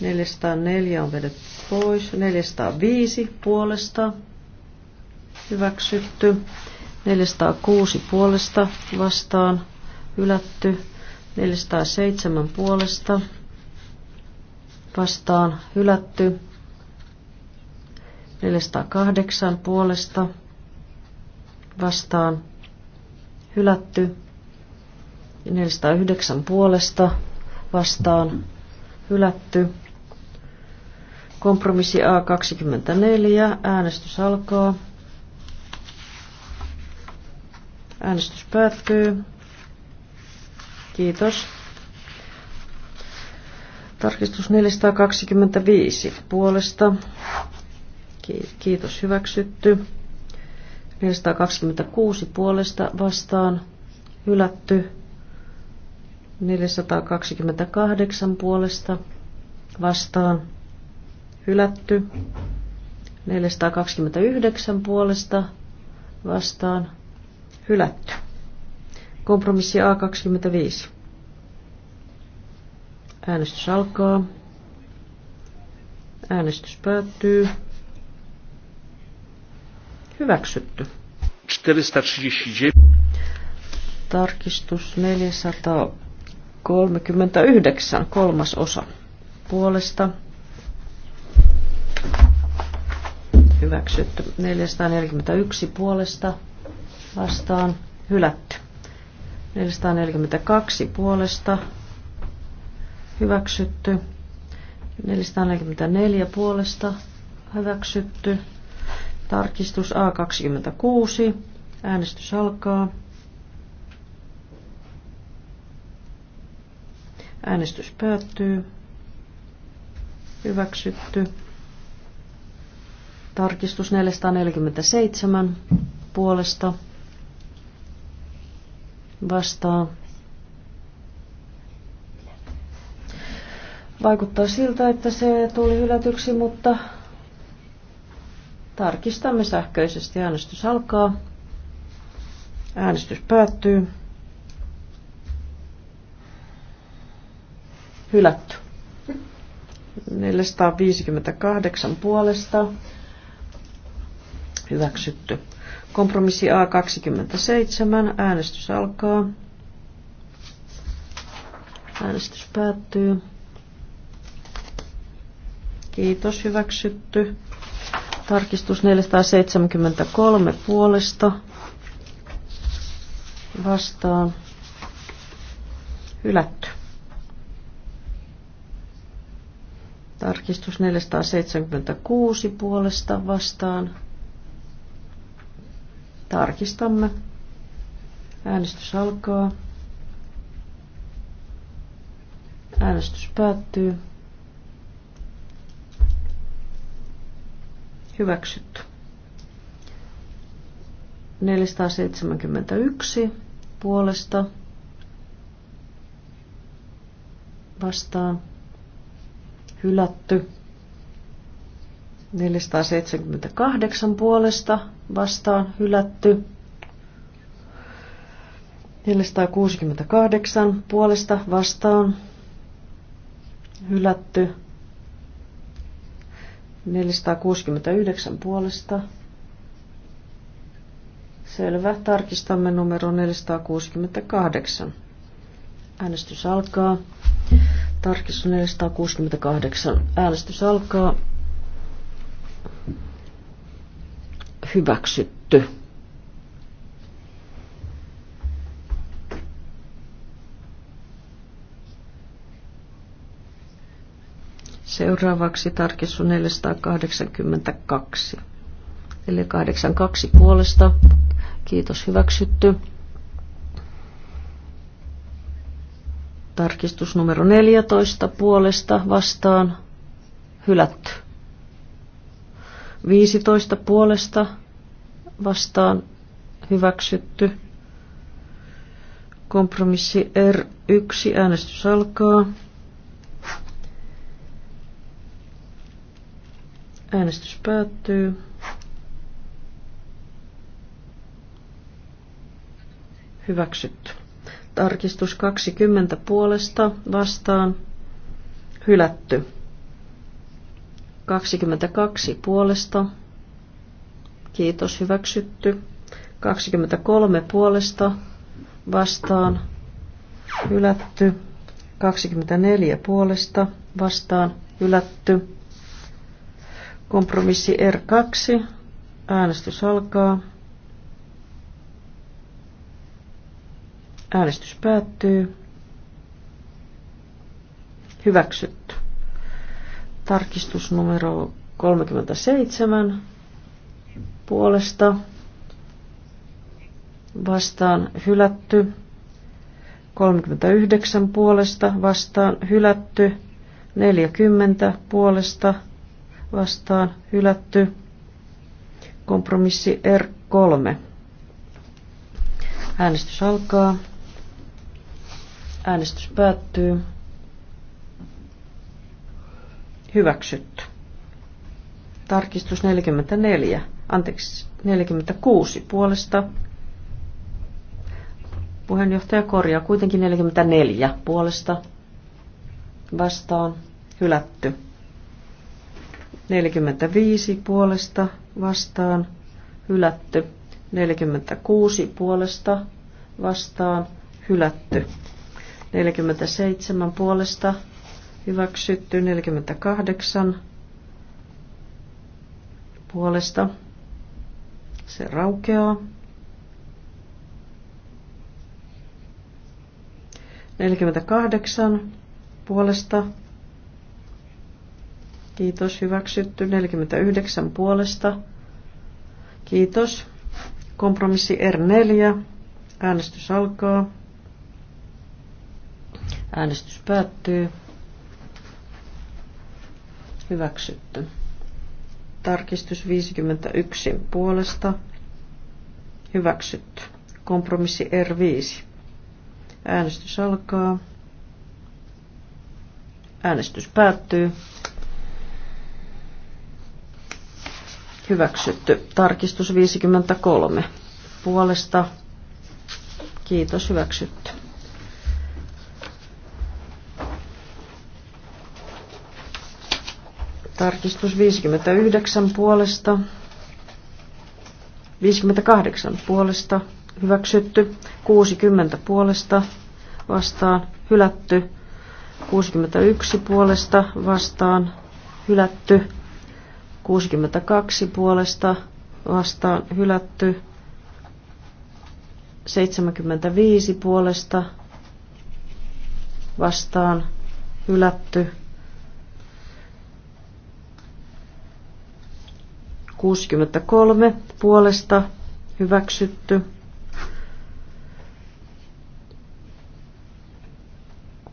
404 on vedetty pois. 405 puolesta hyväksytty. 406 puolesta vastaan hylätty. 407 puolesta vastaan hylätty. 408 puolesta vastaan hylätty. 409 puolesta vastaan hylätty. Kompromissi A24. Äänestys alkaa. Äänestys päättyy. Kiitos. Tarkistus 425 puolesta. Kiitos hyväksytty. 426 puolesta vastaan hylätty. 428 puolesta vastaan hylätty. 429 puolesta vastaan hylätty. Kompromissi A25. Äänestys alkaa. Äänestys päättyy. Hyväksytty. 439. Tarkistus 439, kolmas osa. Puolesta. Hyväksytty. 441 puolesta vastaan. Hylätty. 442 puolesta. Hyväksytty. 444 puolesta. Hyväksytty. Tarkistus A26. Äänestys alkaa. Äänestys päättyy. Hyväksytty. Tarkistus 447 puolesta vastaa. Vaikuttaa siltä, että se tuli hylätyksi, mutta Tarkistamme sähköisesti. Äänestys alkaa. Äänestys päättyy. Hylätty. 458 puolesta. Hyväksytty. Kompromissi A27. Äänestys alkaa. Äänestys päättyy. Kiitos, hyväksytty. Tarkistus 473 puolesta vastaan hylätty. Tarkistus 476 puolesta vastaan. Tarkistamme. Äänestys alkaa. Äänestys päättyy. Hyväksytty. 471 puolesta vastaan hylätty. 478 puolesta vastaan hylätty. 468 puolesta vastaan hylätty. 469 puolesta. Selvä. Tarkistamme numero 468. Äänestys alkaa. Tarkistus 468. Äänestys alkaa. Hyväksytty. Seuraavaksi tarkistus 482. 82 puolesta. Kiitos hyväksytty. Tarkistus numero 14 puolesta vastaan hylätty. 15 puolesta vastaan hyväksytty. Kompromissi R1 äänestys alkaa. Äänestys päättyy. Hyväksytty. Tarkistus 20 puolesta vastaan. Hylätty. 22 puolesta. Kiitos, hyväksytty. 23 puolesta vastaan. Hylätty. 24 puolesta vastaan. Hylätty. Kompromissi R2. Äänestys alkaa. Äänestys päättyy. Hyväksytty. Tarkistus numero 37 puolesta vastaan hylätty. 39 puolesta vastaan hylätty. 40 puolesta vastaan hylätty. Kompromissi R3. Äänestys alkaa. Äänestys päättyy. Hyväksytty. Tarkistus 44, anteeksi 46 puolesta. Puheenjohtaja korjaa kuitenkin 44 puolesta vastaan hylätty. 45 puolesta vastaan hylätty. 46 puolesta vastaan hylätty. 47 puolesta hyväksytty. 48 puolesta se raukeaa. 48 puolesta Kiitos. Hyväksytty. 49 puolesta. Kiitos. Kompromissi R4. Äänestys alkaa. Äänestys päättyy. Hyväksytty. Tarkistus 51 puolesta. Hyväksytty. Kompromissi R5. Äänestys alkaa. Äänestys päättyy. Hyväksytty. Tarkistus 53. Puolesta. Kiitos. Hyväksytty. Tarkistus 59 puolesta. 58 puolesta. Hyväksytty. 60 puolesta. Vastaan. Hylätty. 61 puolesta. Vastaan. Hylätty. 62 puolesta vastaan hylätty. 75 puolesta vastaan hylätty. 63 puolesta hyväksytty.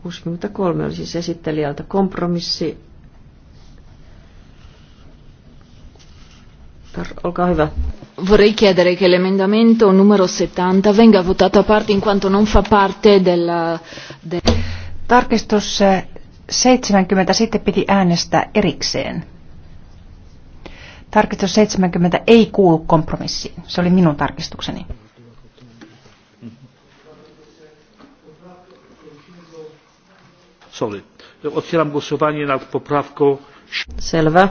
63 oli siis esittelijältä kompromissi Olkaa hyvä. Vorrei chiedere che l'emendamento numero 70 venga votato a parte in quanto non fa parte della... De... Tarkistus 70 eh, sitten piti äänestää erikseen. Tarkistus 70 ei kuulu kompromissiin. Se oli minun tarkistukseni. Sorry. Otwieram głosowanie nad poprawką. Selvä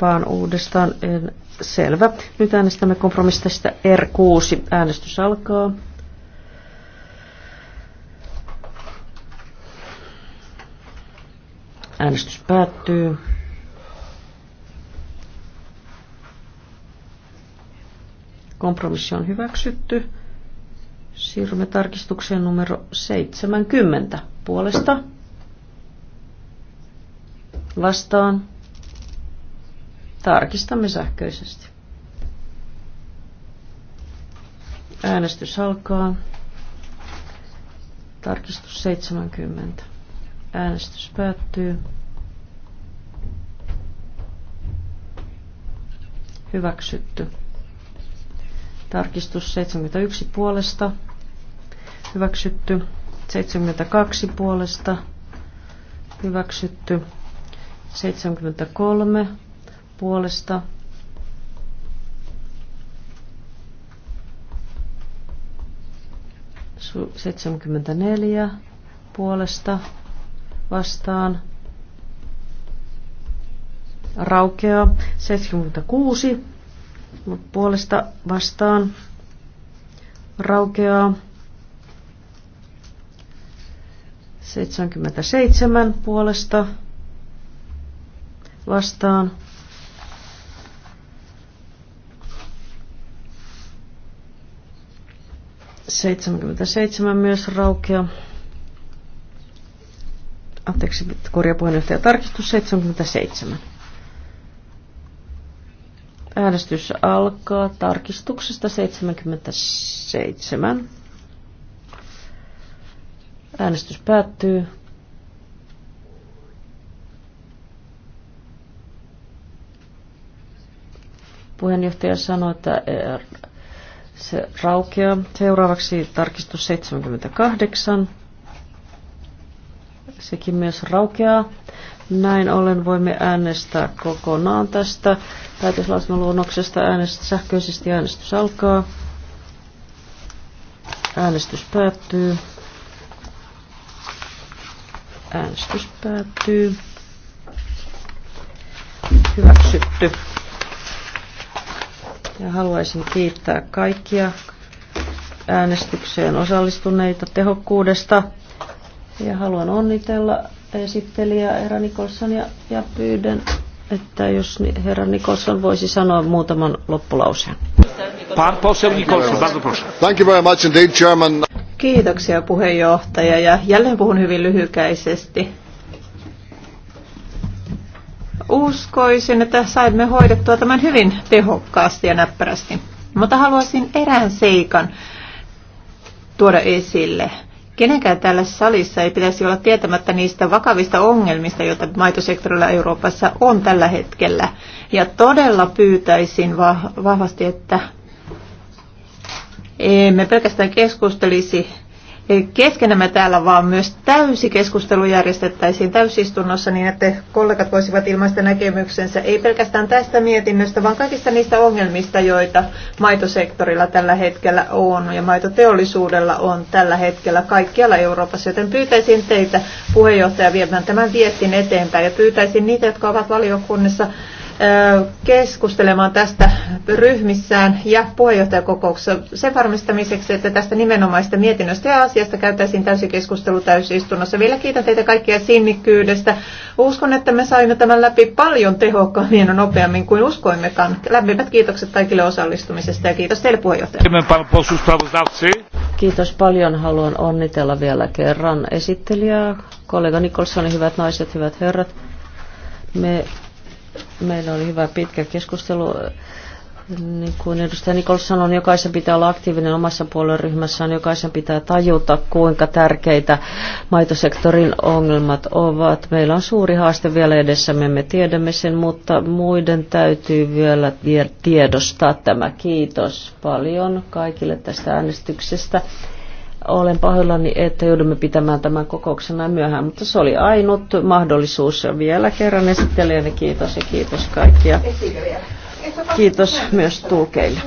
vaan uudestaan. En, selvä. Nyt äänestämme kompromissista R6. Äänestys alkaa. Äänestys päättyy. Kompromissi on hyväksytty. Siirrymme tarkistukseen numero 70 puolesta. Vastaan. Tarkistamme sähköisesti. Äänestys alkaa. Tarkistus 70. Äänestys päättyy. Hyväksytty. Tarkistus 71 puolesta. Hyväksytty. 72 puolesta. Hyväksytty. 73 puolesta Su- 74 puolesta vastaan raukeaa 76 puolesta vastaan raukeaa 77 puolesta vastaan 77 myös raukea. Anteeksi, puheenjohtaja, tarkistus 77. Äänestys alkaa tarkistuksesta 77. Äänestys päättyy. Puheenjohtaja sanoi, että se raukeaa. Seuraavaksi tarkistus 78. Sekin myös raukeaa. Näin ollen voimme äänestää kokonaan tästä päätöslausumaluonnoksesta. Äänestys, sähköisesti äänestys alkaa. Äänestys päättyy. Äänestys päättyy. Hyväksytty. Ja haluaisin kiittää kaikkia äänestykseen osallistuneita tehokkuudesta. Ja haluan onnitella esittelijä Herra Nikolson ja, ja pyydän, että jos Herra Nikolson voisi sanoa muutaman loppulauseen. Thank you very much indeed, Chairman. Kiitoksia puheenjohtaja ja jälleen puhun hyvin lyhykäisesti uskoisin, että saimme hoidettua tämän hyvin tehokkaasti ja näppärästi. Mutta haluaisin erään seikan tuoda esille. Kenenkään täällä salissa ei pitäisi olla tietämättä niistä vakavista ongelmista, joita maitosektorilla Euroopassa on tällä hetkellä. Ja todella pyytäisin vahvasti, että emme pelkästään keskustelisi keskenämme täällä, vaan myös täysi keskustelu järjestettäisiin täysistunnossa niin, että kollegat voisivat ilmaista näkemyksensä ei pelkästään tästä mietinnöstä, vaan kaikista niistä ongelmista, joita maitosektorilla tällä hetkellä on ja maitoteollisuudella on tällä hetkellä kaikkialla Euroopassa. Joten pyytäisin teitä puheenjohtaja viemään tämän viestin eteenpäin ja pyytäisin niitä, jotka ovat valiokunnissa keskustelemaan tästä ryhmissään ja puheenjohtajakokouksessa sen varmistamiseksi, että tästä nimenomaista mietinnöstä ja asiasta käytäisiin täysi keskustelu täysistunnossa. Vielä kiitän teitä kaikkia sinnikkyydestä. Uskon, että me saimme tämän läpi paljon tehokkaammin ja nopeammin kuin uskoimmekaan. Lämpimät kiitokset kaikille osallistumisesta ja kiitos teille puheenjohtaja. Kiitos paljon. Haluan onnitella vielä kerran esittelijää, kollega Nikolsoni, hyvät naiset, hyvät herrat. Me Meillä oli hyvä pitkä keskustelu. Niin kuin edustaja Nikols sanoi, niin jokaisen pitää olla aktiivinen omassa puolueryhmässään, jokaisen pitää tajuta, kuinka tärkeitä maitosektorin ongelmat ovat. Meillä on suuri haaste vielä edessämme, me tiedämme sen, mutta muiden täytyy vielä tiedostaa tämä. Kiitos paljon kaikille tästä äänestyksestä. Olen pahoillani, että joudumme pitämään tämän kokouksen näin myöhään, mutta se oli ainut mahdollisuus. Ja vielä kerran esittelijänne kiitos ja kiitos kaikkia. Kiitos myös tulkeille.